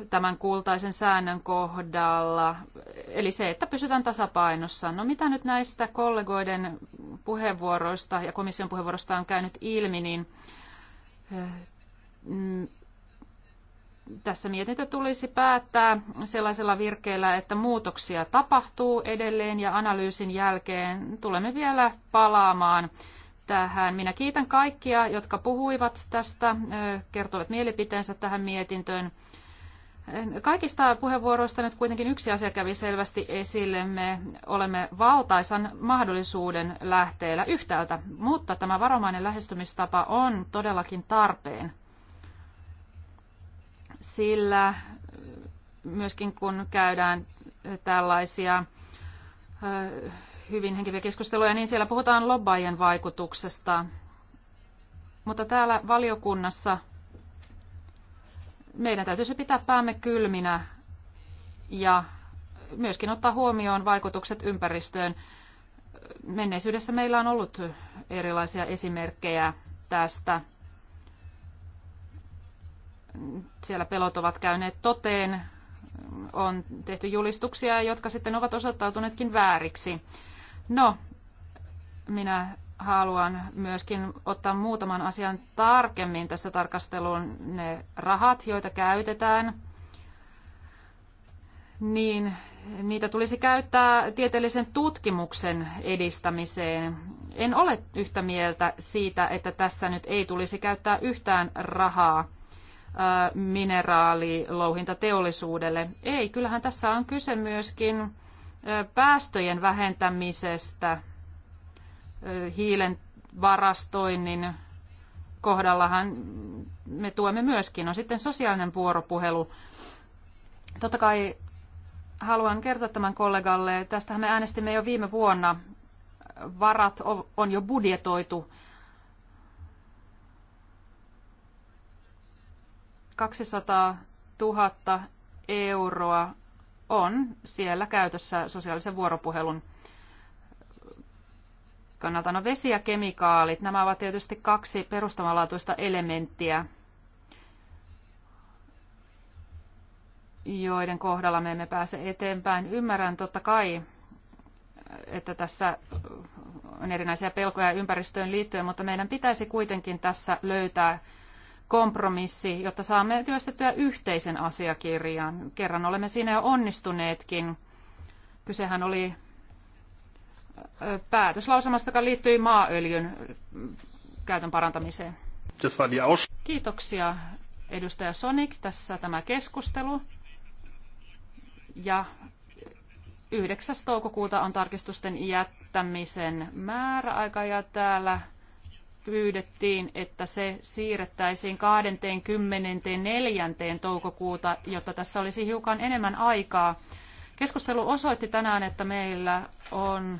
tämän kultaisen säännön kohdalla, eli se, että pysytään tasapainossa. No mitä nyt näistä kollegoiden puheenvuoroista ja komission puheenvuorosta on käynyt ilmi, niin eh, mm, tässä mietintö tulisi päättää sellaisella virkeellä, että muutoksia tapahtuu edelleen ja analyysin jälkeen tulemme vielä palaamaan tähän. Minä kiitän kaikkia, jotka puhuivat tästä, eh, kertovat mielipiteensä tähän mietintöön. Kaikista puheenvuoroista nyt kuitenkin yksi asia kävi selvästi esille. Me olemme valtaisan mahdollisuuden lähteellä yhtäältä, mutta tämä varomainen lähestymistapa on todellakin tarpeen. Sillä myöskin kun käydään tällaisia hyvin henkiviä keskusteluja, niin siellä puhutaan lobbaajien vaikutuksesta. Mutta täällä valiokunnassa meidän täytyy se pitää päämme kylminä ja myöskin ottaa huomioon vaikutukset ympäristöön. Menneisyydessä meillä on ollut erilaisia esimerkkejä tästä. Siellä pelot ovat käyneet toteen, on tehty julistuksia, jotka sitten ovat osoittautuneetkin vääriksi. No, minä haluan myöskin ottaa muutaman asian tarkemmin tässä tarkasteluun. Ne rahat, joita käytetään, niin niitä tulisi käyttää tieteellisen tutkimuksen edistämiseen. En ole yhtä mieltä siitä, että tässä nyt ei tulisi käyttää yhtään rahaa mineraalilouhintateollisuudelle. Ei, kyllähän tässä on kyse myöskin päästöjen vähentämisestä – hiilen varastoinnin kohdallahan me tuemme myöskin. On sitten sosiaalinen vuoropuhelu. Totta kai haluan kertoa tämän kollegalle. Tästähän me äänestimme jo viime vuonna. Varat on jo budjetoitu 200 000 euroa on siellä käytössä sosiaalisen vuoropuhelun kannalta. No vesi ja kemikaalit, nämä ovat tietysti kaksi perustavanlaatuista elementtiä, joiden kohdalla me emme pääse eteenpäin. Ymmärrän totta kai, että tässä on erinäisiä pelkoja ympäristöön liittyen, mutta meidän pitäisi kuitenkin tässä löytää kompromissi, jotta saamme työstettyä yhteisen asiakirjan. Kerran olemme siinä jo onnistuneetkin. Kysehän oli päätöslausamasta, joka liittyi maaöljyn käytön parantamiseen. Kiitoksia edustaja Sonik. Tässä tämä keskustelu. Ja 9. toukokuuta on tarkistusten jättämisen määräaika ja täällä pyydettiin, että se siirrettäisiin 24. toukokuuta, jotta tässä olisi hiukan enemmän aikaa. Keskustelu osoitti tänään, että meillä on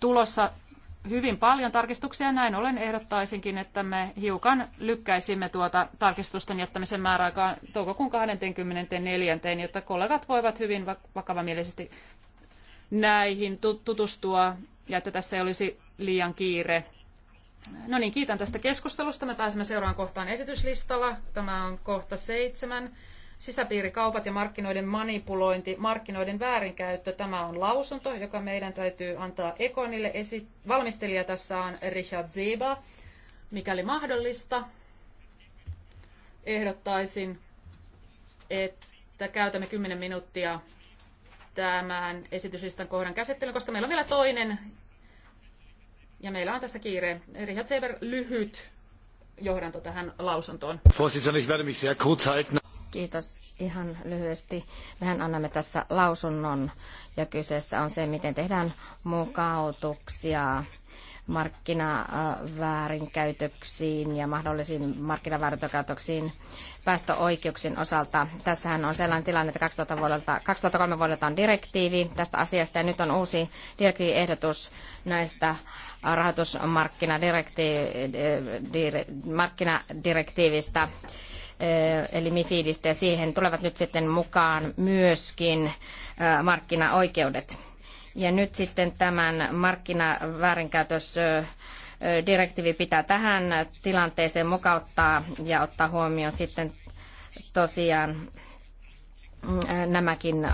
tulossa hyvin paljon tarkistuksia. Näin ollen ehdottaisinkin, että me hiukan lykkäisimme tuota tarkistusten jättämisen määräaikaa toukokuun 24. jotta kollegat voivat hyvin vakavamielisesti näihin tutustua ja että tässä ei olisi liian kiire. No niin, kiitän tästä keskustelusta. Me pääsemme seuraan kohtaan esityslistalla. Tämä on kohta seitsemän. Sisäpiirikaupat ja markkinoiden manipulointi, markkinoiden väärinkäyttö, tämä on lausunto, joka meidän täytyy antaa Ekonille. Esi- valmistelija tässä on Richard Ziba. Mikäli mahdollista, ehdottaisin, että käytämme 10 minuuttia tämän esityslistan kohdan käsittelyyn, koska meillä on vielä toinen ja meillä on tässä kiire. Richard Seber, lyhyt johdanto tähän lausuntoon. Vorsitzender, ich werde mich sehr kurz halten. Kiitos. Ihan lyhyesti. Mehän annamme tässä lausunnon ja kyseessä on se, miten tehdään mukautuksia markkinaväärinkäytöksiin ja mahdollisiin markkinaväärinkäytöksiin päästöoikeuksien osalta. Tässähän on sellainen tilanne, että 2000 vuodelta, 2003 vuodelta on direktiivi tästä asiasta ja nyt on uusi direktiiviehdotus näistä rahoitusmarkkinadirektiivistä. Eh, eli MIFIDistä, ja siihen tulevat nyt sitten mukaan myöskin eh, markkinaoikeudet. Ja nyt sitten tämän markkinaväärinkäytös eh, direktiivi pitää tähän tilanteeseen mukauttaa ja ottaa huomioon sitten tosiaan Mm, nämäkin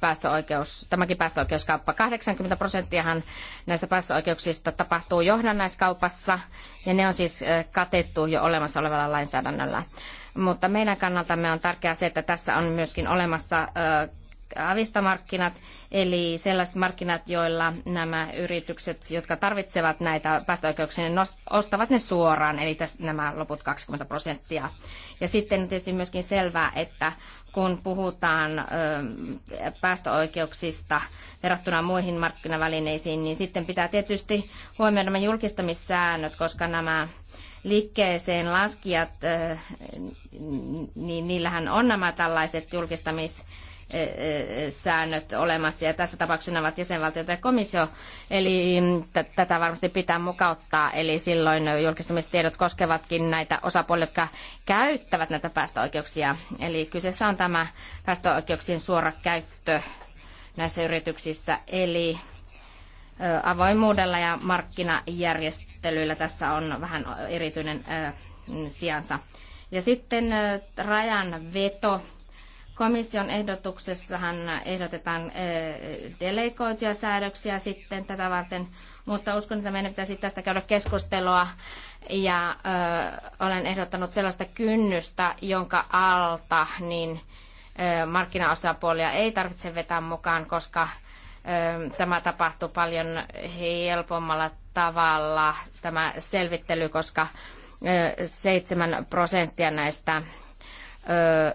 päästöoikeus, tämäkin päästöoikeuskauppa. 80 prosenttiahan näistä päästöoikeuksista tapahtuu johdannaiskaupassa ja ne on siis katettu jo olemassa olevalla lainsäädännöllä. Mutta meidän kannaltamme on tärkeää se, että tässä on myöskin olemassa avistamarkkinat, eli sellaiset markkinat, joilla nämä yritykset, jotka tarvitsevat näitä päästöoikeuksia, niin ostavat ne suoraan, eli tässä nämä loput 20 prosenttia. Ja sitten on tietysti myöskin selvää, että kun puhutaan päästöoikeuksista verrattuna muihin markkinavälineisiin, niin sitten pitää tietysti huomioida nämä julkistamissäännöt, koska nämä liikkeeseen laskijat, niin niillähän on nämä tällaiset julkistamis säännöt olemassa ja tässä tapauksessa ovat jäsenvaltiot ja komissio, eli mm, tätä varmasti pitää mukauttaa, eli silloin julkistamistiedot koskevatkin näitä osapuolia, jotka käyttävät näitä päästöoikeuksia, eli kyseessä on tämä päästöoikeuksien suora käyttö näissä yrityksissä, eli avoimuudella ja markkinajärjestelyillä tässä on vähän erityinen sijansa. Ja sitten rajan veto Komission ehdotuksessahan ehdotetaan eh, delegoituja säädöksiä sitten tätä varten, mutta uskon, että meidän pitäisi tästä käydä keskustelua ja ö, eh, olen ehdottanut sellaista kynnystä, jonka alta niin ö, eh, markkinaosapuolia ei tarvitse vetää mukaan, koska ö, tämä tapahtuu paljon helpommalla tavalla tämä selvittely, koska ö, 7 prosenttia näistä ö,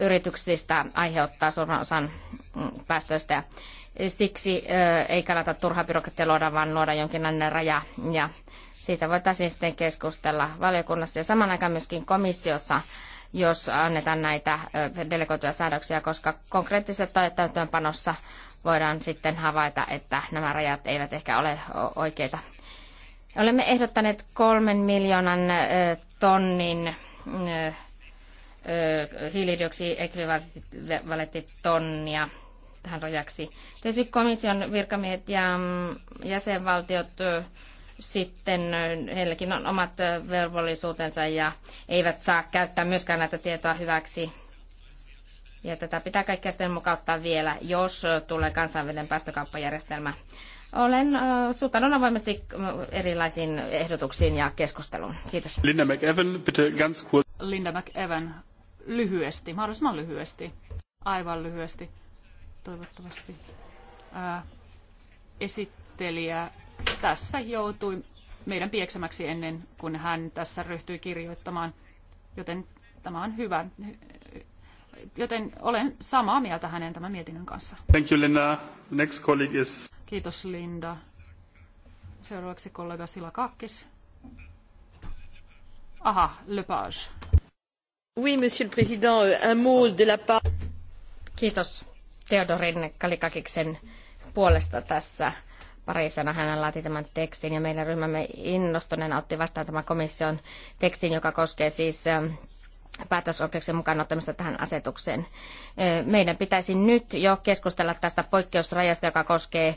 yrityksistä aiheuttaa suurin osan mm, päästöistä. Siksi ei kannata turha byrokratia luoda, vaan luoda jonkinlainen raja. Ja siitä voitaisiin sitten keskustella valiokunnassa ja saman aikaan myöskin komissiossa, jos annetaan näitä delegoituja säädöksiä, koska konkreettisessa täytäntöönpanossa voidaan sitten havaita, että nämä rajat eivät ehkä ole oikeita. Olemme ehdottaneet kolmen miljoonan tonnin hiilidioksidiekvivalenttitonnia tähän rajaksi. Tietysti komission virkamiehet ja mm, jäsenvaltiot sitten heilläkin on omat velvollisuutensa ja eivät saa käyttää myöskään näitä tietoa hyväksi. Ja tätä pitää kaikkea sitten mukauttaa vielä, jos tulee kansainvälinen päästökauppajärjestelmä. Olen suhtaudun avoimesti erilaisiin ehdotuksiin ja keskusteluun. Kiitos. Linda McEvan, bitte ganz kurz. Linda McEvan, lyhyesti, mahdollisimman lyhyesti, aivan lyhyesti toivottavasti. Ää, esittelijä tässä joutui meidän pieksämäksi ennen kuin hän tässä ryhtyi kirjoittamaan, joten tämä on hyvä. Joten olen samaa mieltä hänen tämän mietinnön kanssa. Thank you, Linda. Next colleague is... Kiitos, Linda. Seuraavaksi kollega Sila Kakkis. Aha, Lepage. Oui, monsieur le président, euh, un mot de la part. Kiitos Theodorin Kalikakiksen puolesta tässä parisena hän laati tämän tekstin ja meidän ryhmämme innostuneena otti vastaan tämän komission tekstin, joka koskee siis ähm, päätösoikeuksien mukaan ottamista tähän asetukseen. Meidän pitäisi nyt jo keskustella tästä poikkeusrajasta, joka koskee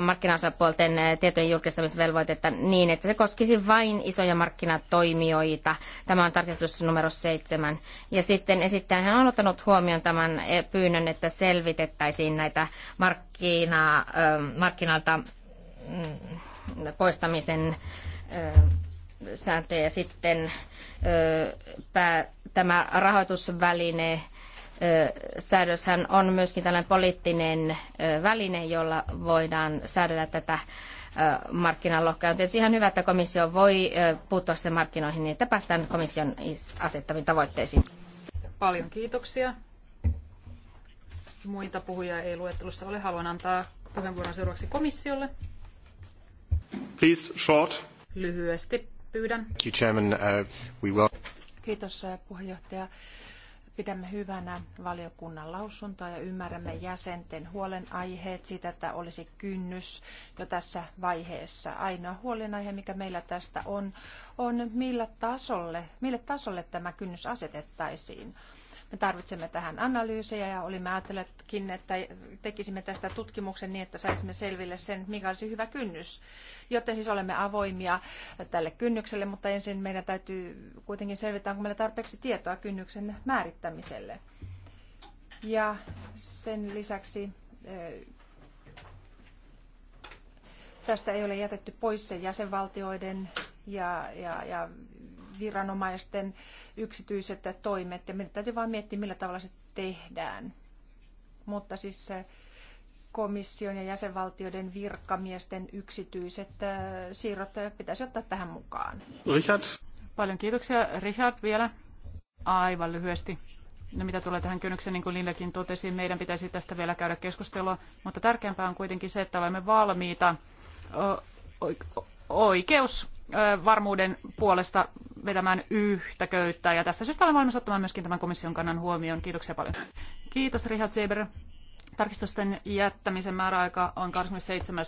markkinaosapuolten tietojen julkistamisvelvoitetta niin, että se koskisi vain isoja markkinatoimijoita. Tämä on tarkistus numero seitsemän. Ja sitten esittäjähän on ottanut huomioon tämän pyynnön, että selvitettäisiin näitä markkina, markkinalta mm, poistamisen sääntöjä. Sitten tämä rahoitusväline säädöshän on myöskin tällainen poliittinen väline, jolla voidaan säädellä tätä markkinalohkoa. On tietysti ihan hyvä, että komissio voi puuttua sitten markkinoihin niin, että päästään komission asettaviin tavoitteisiin. Paljon kiitoksia. Muita puhujia ei luettelussa ole. Haluan antaa puheenvuoron seuraavaksi komissiolle. Please, short. Lyhyesti pyydän. Uh, Kiitos uh, puheenjohtaja. Pidämme hyvänä valiokunnan lausuntoa ja ymmärrämme jäsenten huolenaiheet siitä, että olisi kynnys jo tässä vaiheessa. Ainoa huolenaihe, mikä meillä tästä on, on millä tasolle, mille tasolle tämä kynnys asetettaisiin me tarvitsemme tähän analyysejä ja olimme ajatelleetkin, että tekisimme tästä tutkimuksen niin, että saisimme selville sen, mikä olisi hyvä kynnys. Joten siis olemme avoimia tälle kynnykselle, mutta ensin meidän täytyy kuitenkin selvittää, onko meillä tarpeeksi tietoa kynnyksen määrittämiselle. Ja sen lisäksi eh, tästä ei ole jätetty pois se jäsenvaltioiden ja, ja, ja viranomaisten yksityiset toimet ja meidän täytyy vain miettiä, millä tavalla se tehdään. Mutta siis komission ja jäsenvaltioiden virkamiesten yksityiset äh, siirrot pitäisi ottaa tähän mukaan. Richard. Paljon kiitoksia. Richard vielä. Aivan lyhyesti. No mitä tulee tähän kynnykseen, niin kuin Lindakin totesi, meidän pitäisi tästä vielä käydä keskustelua, mutta tärkeämpää on kuitenkin se, että olemme valmiita oikeus varmuuden puolesta vetämään yhtä köyttä. Ja tästä syystä olen valmis ottamaan myöskin tämän komission kannan huomioon. Kiitoksia paljon. Kiitos Richard Zeber. Tarkistusten jättämisen määräaika on 27.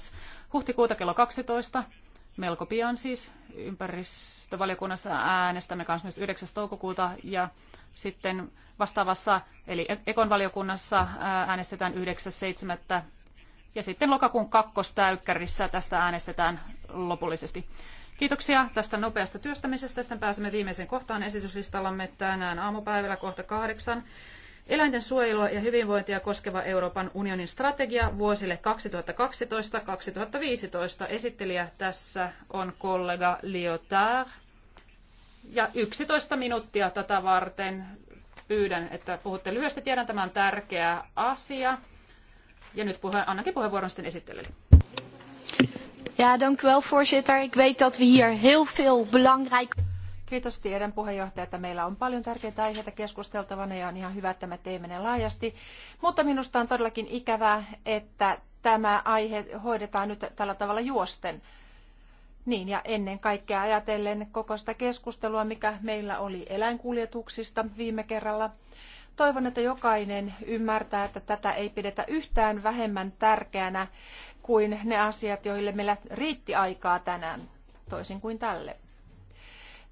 huhtikuuta kello 12. Melko pian siis ympäristövaliokunnassa äänestämme 29. toukokuuta ja sitten vastaavassa eli e- Ekon valiokunnassa äänestetään 9.7. Ja sitten lokakuun kakkostäykkärissä tästä äänestetään lopullisesti. Kiitoksia tästä nopeasta työstämisestä. Sitten pääsemme viimeiseen kohtaan esityslistallamme tänään aamupäivällä kohta kahdeksan. Eläinten suojelua ja hyvinvointia koskeva Euroopan unionin strategia vuosille 2012-2015. Esittelijä tässä on kollega Lyotard. Ja 11 minuuttia tätä varten pyydän, että puhutte lyhyesti. Tiedän tämän tärkeä asia. Ja nyt puhe, annankin puheenvuoron sitten esittelijälle. Ja, dank u wel, voorzitter. Ik weet dat we hier heel veel belangrijk... Kiitos tiedän puheenjohtaja, että meillä on paljon tärkeitä aiheita keskusteltavana ja on ihan hyvä, että me teemme ne laajasti. Mutta minusta on todellakin ikävää, että tämä aihe hoidetaan nyt tällä tavalla juosten. Niin, ja ennen kaikkea ajatellen koko sitä keskustelua, mikä meillä oli eläinkuljetuksista viime kerralla. Toivon, että jokainen ymmärtää, että tätä ei pidetä yhtään vähemmän tärkeänä kuin ne asiat, joille meillä riitti aikaa tänään, toisin kuin tälle.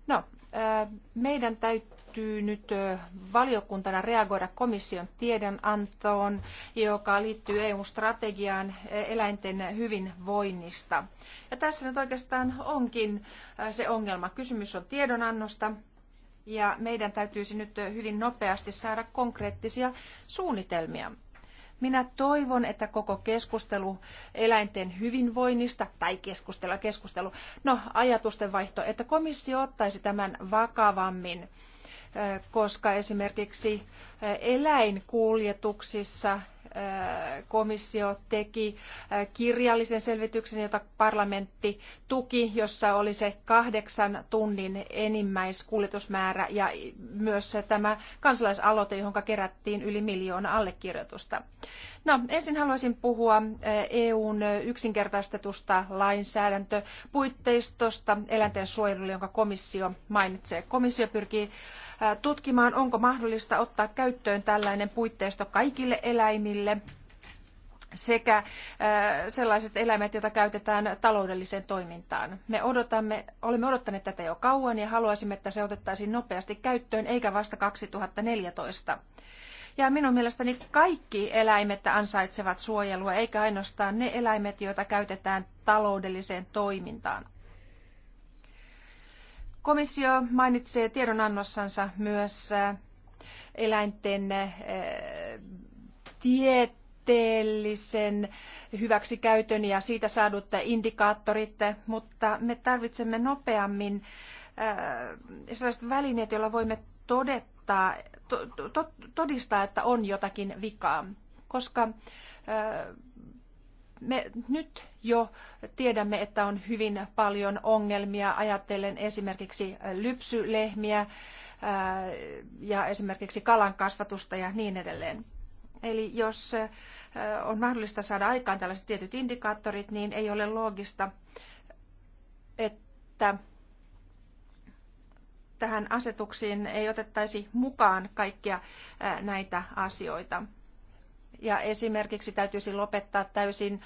No, äh, meidän täytyy nyt äh, valiokuntana reagoida komission tiedonantoon, joka liittyy EU-strategiaan äh, eläinten hyvinvoinnista. Ja tässä nyt oikeastaan onkin se ongelma. Kysymys on tiedonannosta. Ja meidän täytyisi nyt hyvin nopeasti saada konkreettisia suunnitelmia. Minä toivon, että koko keskustelu eläinten hyvinvoinnista tai keskustella keskustelu, no ajatusten vaihto, että komissio ottaisi tämän vakavammin koska esimerkiksi eläinkuljetuksissa komissio teki äh, kirjallisen selvityksen, jota parlamentti tuki, jossa oli se kahdeksan tunnin enimmäiskuljetusmäärä ja myös tämä kansalaisaloite, johon kerättiin yli miljoona allekirjoitusta. No, ensin haluaisin puhua eh, EUn eh, yksinkertaistetusta lainsäädäntöpuitteistosta eläinten suojelulle, jonka komissio mainitsee. Komissio pyrkii eh, tutkimaan, onko mahdollista ottaa käyttöön tällainen puitteisto kaikille eläimille sekä sellaiset eläimet, joita käytetään taloudelliseen toimintaan. Me odotamme, olemme odottaneet tätä jo kauan ja haluaisimme, että se otettaisiin nopeasti käyttöön, eikä vasta 2014. Ja minun mielestäni kaikki eläimet ansaitsevat suojelua, eikä ainoastaan ne eläimet, joita käytetään taloudelliseen toimintaan. Komissio mainitsee tiedonannossansa myös äh, eläinten äh, tieteellisen hyväksikäytön ja siitä saadut indikaattorit, mutta me tarvitsemme nopeammin äh, sellaiset välineet, joilla voimme todeta, osoittaa, to, to, todistaa, että on jotakin vikaa, koska me nyt jo tiedämme, että on hyvin paljon ongelmia ajatellen esimerkiksi lypsylehmiä ja esimerkiksi kalan kasvatusta ja niin edelleen. Eli jos on mahdollista saada aikaan tällaiset tietyt indikaattorit, niin ei ole loogista, että tähän asetuksiin ei otettaisi mukaan kaikkia näitä asioita. Ja esimerkiksi täytyisi lopettaa täysin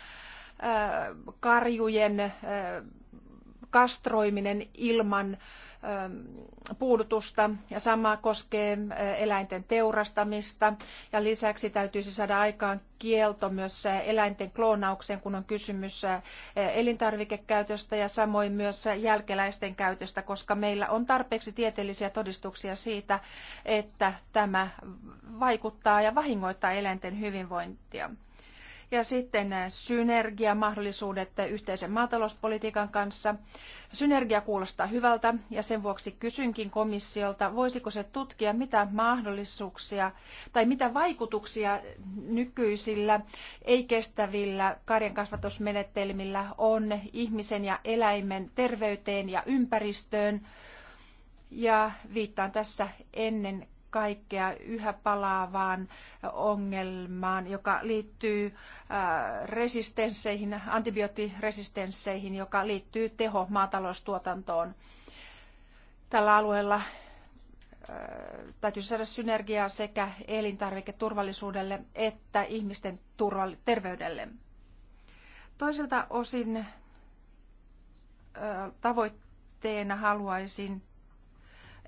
karjujen kastroiminen ilman Ähm, puudutusta ja sama koskee äh, eläinten teurastamista ja lisäksi täytyisi saada aikaan kielto myös äh, eläinten kloonaukseen, kun on kysymys äh, elintarvikekäytöstä ja samoin myös jälkeläisten käytöstä, koska meillä on tarpeeksi tieteellisiä todistuksia siitä, että tämä vaikuttaa ja vahingoittaa eläinten hyvinvointia ja sitten synergiamahdollisuudet yhteisen maatalouspolitiikan kanssa. Synergia kuulostaa hyvältä ja sen vuoksi kysynkin komissiolta, voisiko se tutkia mitä mahdollisuuksia tai mitä vaikutuksia nykyisillä ei-kestävillä karjankasvatusmenetelmillä on ihmisen ja eläimen terveyteen ja ympäristöön. Ja viittaan tässä ennen kaikkea yhä palaavaan ongelmaan, joka liittyy äh, resistensseihin, antibioottiresistensseihin, joka liittyy teho maataloustuotantoon. Tällä alueella äh, täytyy saada synergiaa sekä elintarviketurvallisuudelle että ihmisten terveydelle. Toiselta osin äh, tavoitteena haluaisin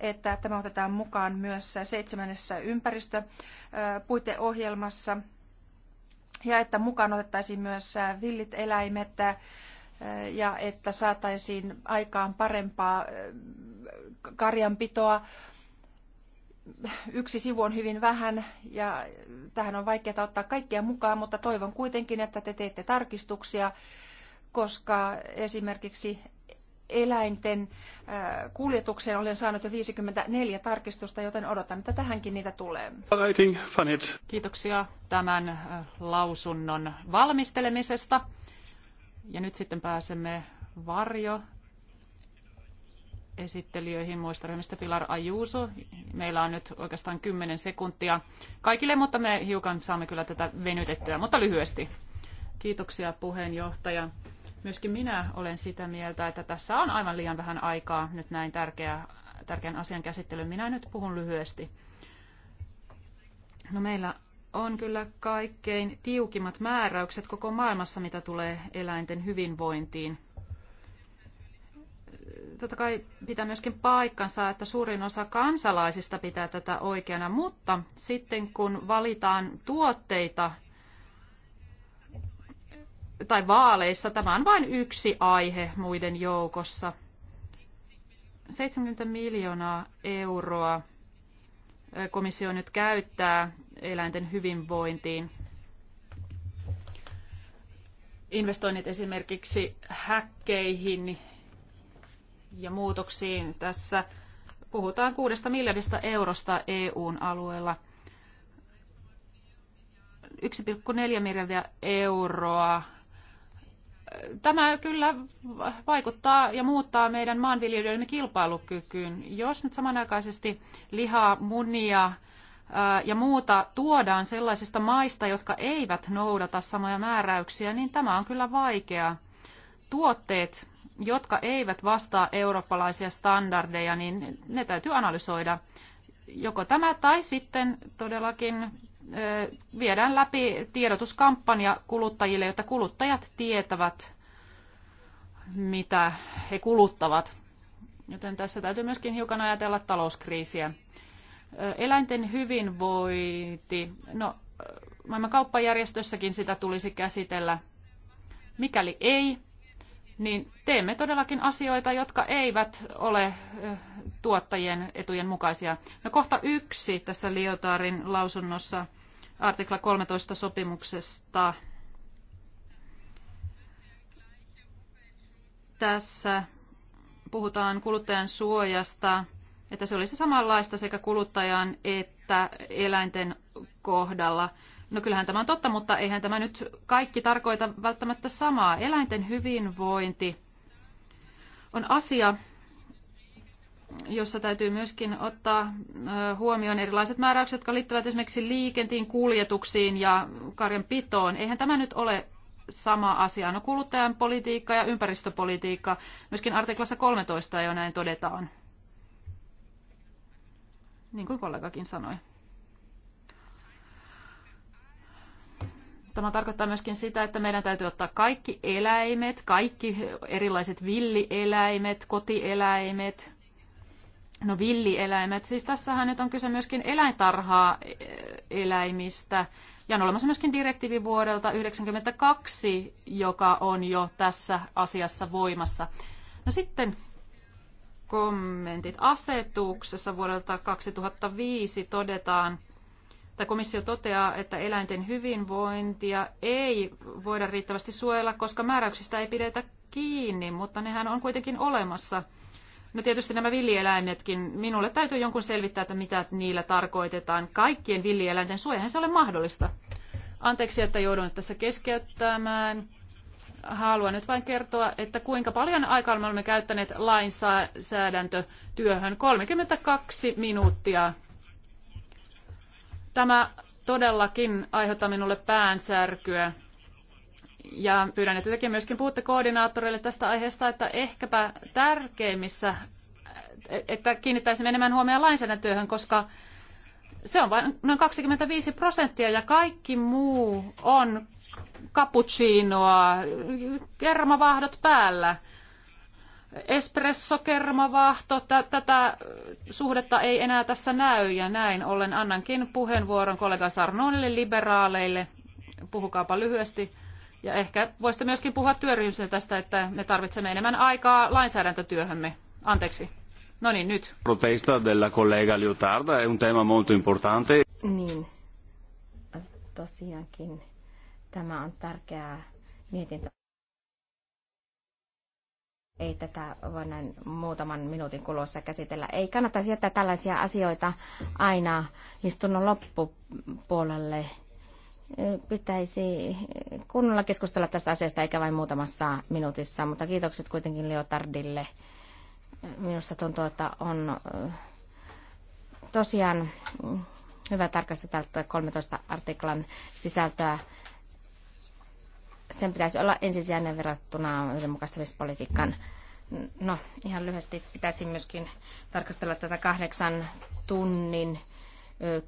että tämä otetaan mukaan myös seitsemännessä ympäristöpuiteohjelmassa ja että mukaan otettaisiin myös villit eläimet ja että saataisiin aikaan parempaa karjanpitoa. Yksi sivu on hyvin vähän ja tähän on vaikeaa ottaa kaikkia mukaan, mutta toivon kuitenkin, että te teette tarkistuksia, koska esimerkiksi eläinten kuljetukseen olen saanut jo 54 tarkistusta, joten odotan, että tähänkin niitä tulee. Kiitoksia tämän lausunnon valmistelemisesta. Ja nyt sitten pääsemme varjo esittelijöihin muista ryhmistä Pilar Ajuso. Meillä on nyt oikeastaan 10 sekuntia kaikille, mutta me hiukan saamme kyllä tätä venytettyä, mutta lyhyesti. Kiitoksia puheenjohtaja. Myöskin minä olen sitä mieltä, että tässä on aivan liian vähän aikaa nyt näin tärkeä, tärkeän asian käsittelyyn. Minä nyt puhun lyhyesti. No meillä on kyllä kaikkein tiukimmat määräykset koko maailmassa, mitä tulee eläinten hyvinvointiin. Totta kai pitää myöskin paikkansa, että suurin osa kansalaisista pitää tätä oikeana, mutta sitten kun valitaan tuotteita, tai vaaleissa. Tämä on vain yksi aihe muiden joukossa. 70 miljoonaa euroa komissio nyt käyttää eläinten hyvinvointiin. Investoinnit esimerkiksi häkkeihin ja muutoksiin. Tässä puhutaan kuudesta miljardista eurosta EUn alueella. 1,4 miljardia euroa tämä kyllä vaikuttaa ja muuttaa meidän maanviljelijöidemme kilpailukykyyn. Jos nyt samanaikaisesti lihaa, munia äh, ja muuta tuodaan sellaisista maista, jotka eivät noudata samoja määräyksiä, niin tämä on kyllä vaikeaa. Tuotteet, jotka eivät vastaa eurooppalaisia standardeja, niin ne täytyy analysoida. Joko tämä tai sitten todellakin viedään läpi tiedotuskampanja kuluttajille, jotta kuluttajat tietävät, mitä he kuluttavat. Joten tässä täytyy myöskin hiukan ajatella talouskriisiä. Eläinten hyvinvointi. No, maailman kauppajärjestössäkin sitä tulisi käsitellä. Mikäli ei, niin teemme todellakin asioita, jotka eivät ole tuottajien etujen mukaisia. No kohta yksi tässä Liotaarin lausunnossa – artikla 13 sopimuksesta. Tässä puhutaan kuluttajan suojasta, että se olisi samanlaista sekä kuluttajan että eläinten kohdalla. No kyllähän tämä on totta, mutta eihän tämä nyt kaikki tarkoita välttämättä samaa. Eläinten hyvinvointi on asia, jossa täytyy myöskin ottaa huomioon erilaiset määräykset, jotka liittyvät esimerkiksi liikentiin, kuljetuksiin ja karjan pitoon. Eihän tämä nyt ole sama asia. No kuluttajan politiikka ja ympäristöpolitiikka, myöskin artiklassa 13 jo näin todetaan. Niin kuin kollegakin sanoi. Tämä tarkoittaa myöskin sitä, että meidän täytyy ottaa kaikki eläimet, kaikki erilaiset villieläimet, kotieläimet, No villieläimet, siis tässähän nyt on kyse myöskin eläintarhaa e, eläimistä. Ja on olemassa myöskin direktiivi vuodelta 1992, joka on jo tässä asiassa voimassa. No sitten kommentit. Asetuksessa vuodelta 2005 todetaan, tai komissio toteaa, että eläinten hyvinvointia ei voida riittävästi suojella, koska määräyksistä ei pidetä kiinni, mutta nehän on kuitenkin olemassa – No tietysti nämä villieläimetkin, minulle täytyy jonkun selvittää, että mitä niillä tarkoitetaan. Kaikkien villieläinten suojahan se ole mahdollista. Anteeksi, että joudun tässä keskeyttämään. Haluan nyt vain kertoa, että kuinka paljon aikaa me olemme käyttäneet lainsäädäntötyöhön. 32 minuuttia. Tämä todellakin aiheuttaa minulle päänsärkyä. Ja pyydän, että tekin myöskin puhutte koordinaattoreille tästä aiheesta, että ehkäpä tärkeimmissä, että kiinnittäisin enemmän huomioon lainsäädäntöön, koska se on vain noin 25 prosenttia ja kaikki muu on cappuccinoa, kermavahdot päällä. kermavahto. tätä suhdetta ei enää tässä näy ja näin ollen annankin puheenvuoron kollega Sarnonille liberaaleille. Puhukaapa lyhyesti. Ja ehkä voisitte myöskin puhua työryhmästä tästä, että me tarvitsemme enemmän aikaa lainsäädäntötyöhömme. Anteeksi. No niin, nyt. Protesta della collega Liotarda è un tema molto importante. Niin, tosiaankin tämä on tärkeää mietintö. Ei tätä voi näin muutaman minuutin kuluessa käsitellä. Ei kannata jättää tällaisia asioita aina istunnon loppupuolelle pitäisi kunnolla keskustella tästä asiasta, eikä vain muutamassa minuutissa, mutta kiitokset kuitenkin Leotardille. Minusta tuntuu, että on tosiaan hyvä tarkastella tätä 13 artiklan sisältöä. Sen pitäisi olla ensisijainen verrattuna yhdenmukaistamispolitiikkaan. No, ihan lyhyesti pitäisi myöskin tarkastella tätä kahdeksan tunnin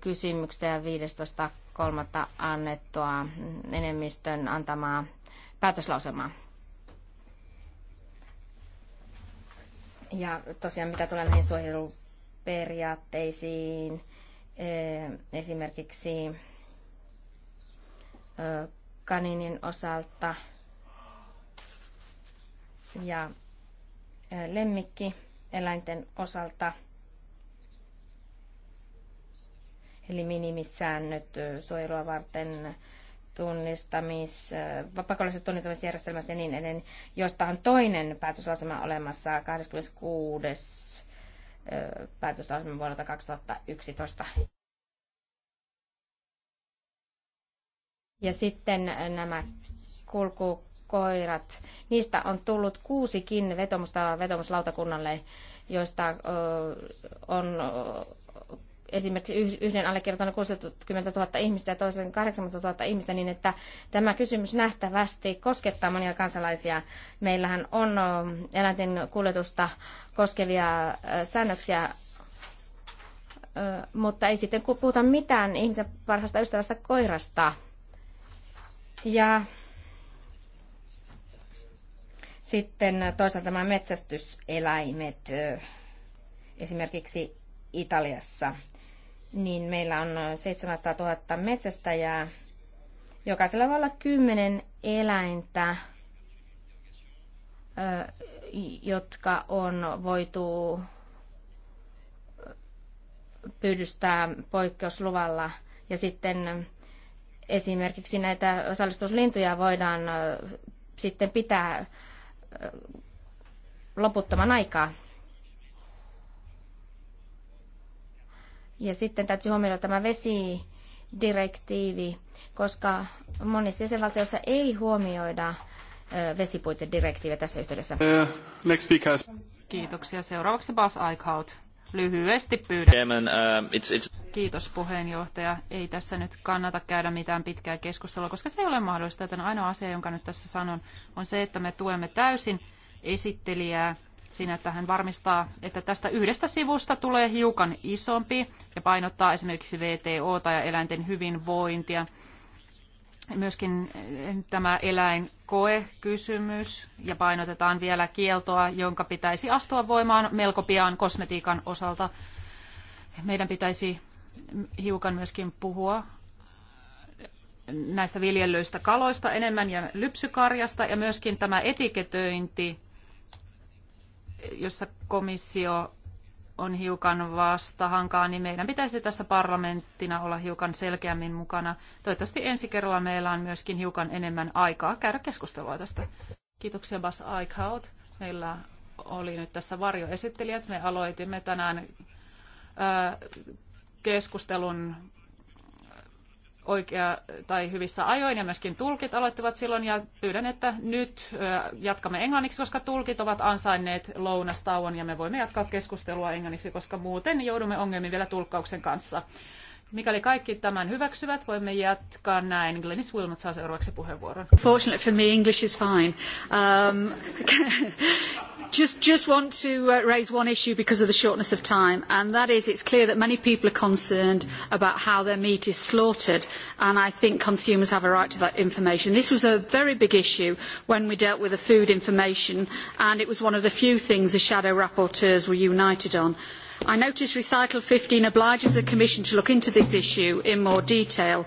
kysymyksestä ja 15.3. annettua enemmistön antamaa päätöslauselmaa. Ja tosiaan mitä tulee näihin suojeluperiaatteisiin, esimerkiksi kaninin osalta ja lemmikki eläinten osalta – eli minimisäännöt suojelua varten, tunnistamis, pakolliset tunnistamisjärjestelmät ja niin edelleen, josta on toinen päätösasema olemassa 26. päätösasema vuodelta 2011. Ja sitten nämä kulkukoirat, niistä on tullut kuusikin vetomusta vetomuslautakunnalle, joista on esimerkiksi yhden allekirjoittanut 60 000 ihmistä ja toisen 80 000 ihmistä, niin että tämä kysymys nähtävästi koskettaa monia kansalaisia. Meillähän on eläinten kuljetusta koskevia säännöksiä, mutta ei sitten puhuta mitään ihmisen parhaasta ystävästä koirasta. Ja sitten toisaalta nämä metsästyseläimet, esimerkiksi Italiassa niin meillä on 700 000 metsästäjää. Jokaisella voi olla kymmenen eläintä, jotka on voitu pyydystää poikkeusluvalla. Ja sitten esimerkiksi näitä osallistuslintuja voidaan sitten pitää loputtoman aikaa. Ja sitten täytyy huomioida tämä vesidirektiivi, koska monissa jäsenvaltioissa ei huomioida vesipuitedirektiiviä tässä yhteydessä. Uh, next speaker. Kiitoksia. Seuraavaksi Bas Eichhout. Lyhyesti pyydän. Uh, Kiitos puheenjohtaja. Ei tässä nyt kannata käydä mitään pitkää keskustelua, koska se ei ole mahdollista. Joten ainoa asia, jonka nyt tässä sanon, on se, että me tuemme täysin esittelijää siinä, että hän varmistaa, että tästä yhdestä sivusta tulee hiukan isompi ja painottaa esimerkiksi VTO ja eläinten hyvinvointia. Myöskin eh, tämä eläinkoekysymys ja painotetaan vielä kieltoa, jonka pitäisi astua voimaan melko pian kosmetiikan osalta. Meidän pitäisi hiukan myöskin puhua näistä viljelyistä kaloista enemmän ja lypsykarjasta ja myöskin tämä etiketöinti jossa komissio on hiukan vastahankaa, niin meidän pitäisi tässä parlamenttina olla hiukan selkeämmin mukana. Toivottavasti ensi kerralla meillä on myöskin hiukan enemmän aikaa käydä keskustelua tästä. Kiitoksia Bas Eichhout. Meillä oli nyt tässä varjoesittelijät. Me aloitimme tänään keskustelun oikea tai hyvissä ajoin ja myöskin tulkit aloittivat silloin ja pyydän, että nyt jatkamme englanniksi, koska tulkit ovat ansainneet lounastauon ja me voimme jatkaa keskustelua englanniksi, koska muuten joudumme ongelmiin vielä tulkkauksen kanssa. Mikäli kaikki tämän hyväksyvät, voimme jatkaa näin. Glenis Wilmot saa seuraavaksi puheenvuoron. Fortunately for me, English is fine. Um, just, just want to uh, raise one issue because of the shortness of time, and that is it's clear that many people are concerned about how their meat is slaughtered, and I think consumers have a right to that information. This was a very big issue when we dealt with the food information, and it was one of the few things the shadow rapporteurs were united on I notice recital 15 obliges the Commission to look into this issue in more detail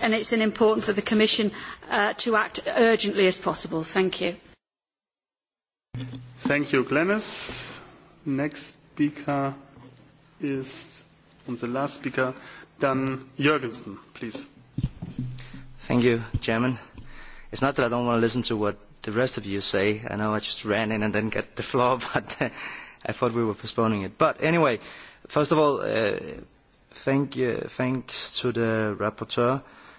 and it's an important for the Commission uh, to act urgently as possible. Thank you. Thank you, Glenis. Next speaker is, and the last speaker, Dan Jürgensen, please. Thank you, Chairman. It's not that I don't want to listen to what the rest of you say. I know I just ran in and then get the floor, but uh, I thought we were postponing it. But anyway, first of all, uh, thank you, thanks to the rapporteur.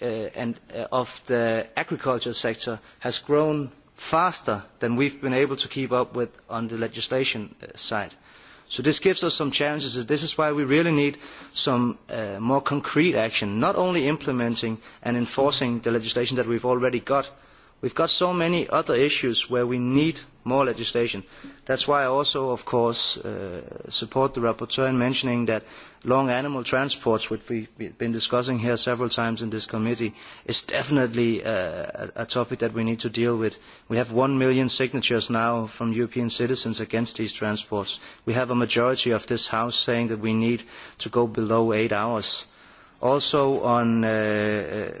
Uh, and, uh, of the agriculture sector has grown faster than we've been able to keep up with on the legislation uh, side. So this gives us some challenges. This is why we really need some uh, more concrete action, not only implementing and enforcing the legislation that we've already got, We've got so many other issues where we need more legislation. That's why I also, of course, uh, support the rapporteur in mentioning that long animal transports, which we've been discussing here several times in this committee, is definitely uh, a topic that we need to deal with. We have one million signatures now from European citizens against these transports. We have a majority of this House saying that we need to go below eight hours. Also on uh, uh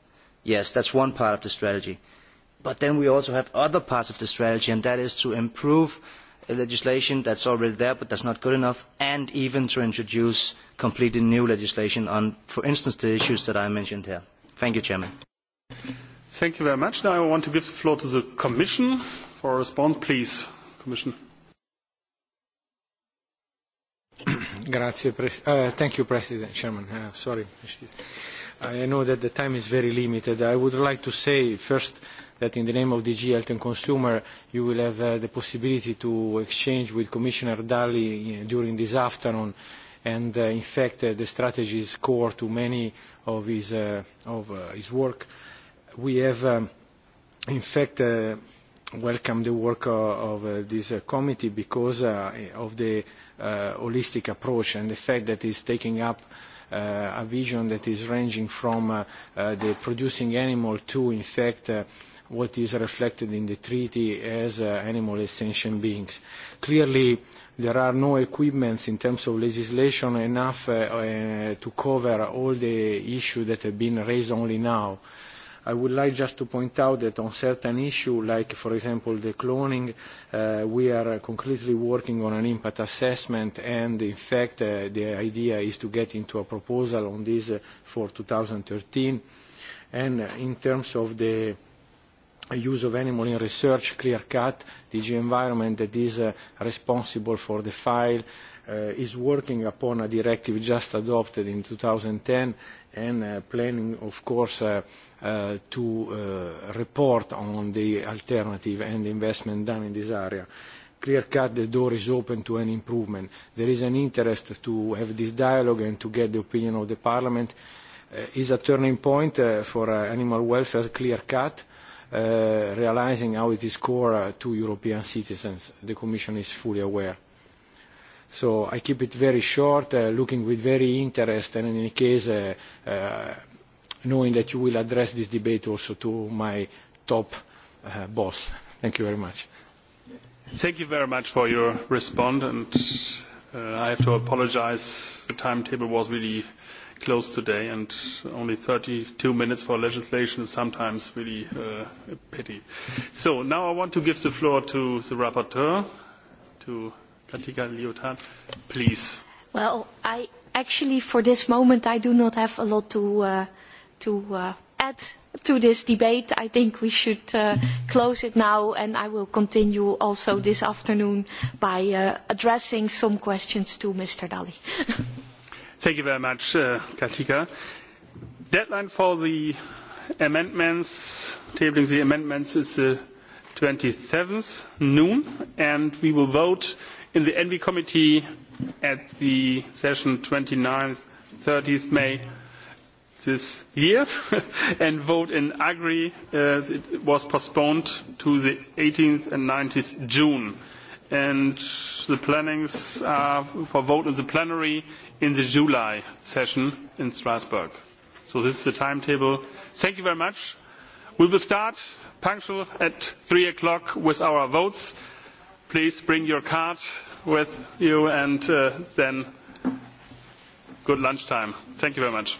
Yes, that's one part of the strategy. But then we also have other parts of the strategy, and that is to improve legislation that's already there but that's not good enough, and even to introduce completely new legislation on, for instance, the issues that I mentioned here. Thank you, Chairman. Thank you very much. Now I want to give the floor to the Commission for a response, please. Commission. Uh, thank you, President, Chairman. Uh, sorry. I know that the time is very limited. I would like to say first that in the name of DG Health and Consumer, you will have uh, the possibility to exchange with Commissioner Dalli uh, during this afternoon. And uh, in fact, the strategy is core to many of his, work. We have, um, in fact, welcomed the work of this committee because of the holistic approach and the fact that it's taking up Uh, a vision that is ranging from uh, uh, the producing animal to, in fact, uh, what is reflected in the treaty as uh, animal as sentient beings. Clearly, there are no equipments in terms of legislation enough uh, uh, to cover all the issues that have been raised only now. Uh, I would like just to point out that on certain issues, like for example the cloning, uh, we are concretely working on an impact assessment and in fact uh, the idea is to get into a proposal on this uh, for 2013. And uh, in terms of the use of animal in research, clear cut, DG Environment that is uh, responsible for the file uh, is working upon a directive just adopted in 2010 and uh, planning, of course, uh, Uh, to uh, report on the alternative and investment done in this area. Clear cut, the door is open to any improvement. There is an interest to have this dialogue and to get the opinion of the Parliament. Uh, is a turning point uh, for animal welfare clear cut. Uh, realizing how it is core to European citizens. The Commission is fully aware. So I keep it very short, looking with very interest, and in any case, knowing that you will address this debate also to my top uh, boss. Thank you very much. Thank you very much for your response, and uh, I have to apologize. The timetable was really close today, and only 32 minutes for legislation is sometimes really uh, a pity. So now I want to give the floor to the rapporteur, to Katika Liotard. Please. Well, I actually, for this moment, I do not have a lot to uh, to uh, add to this debate. I think we should uh, close it now, and I will continue also this afternoon by uh, addressing some questions to Mr. Dalli. Thank you very much, uh, Katika. Deadline for the amendments, tabling the amendments, is the 27th noon, and we will vote in the Envy Committee at the session 29th, 30th May this year and vote in Agri as it was postponed to the 18th and 19th June. And the plannings are for vote in the plenary in the July session in Strasbourg. So this is the timetable. Thank you very much. We will start punctual at 3 o'clock with our votes. Please bring your card with you and uh, then good lunchtime. Thank you very much.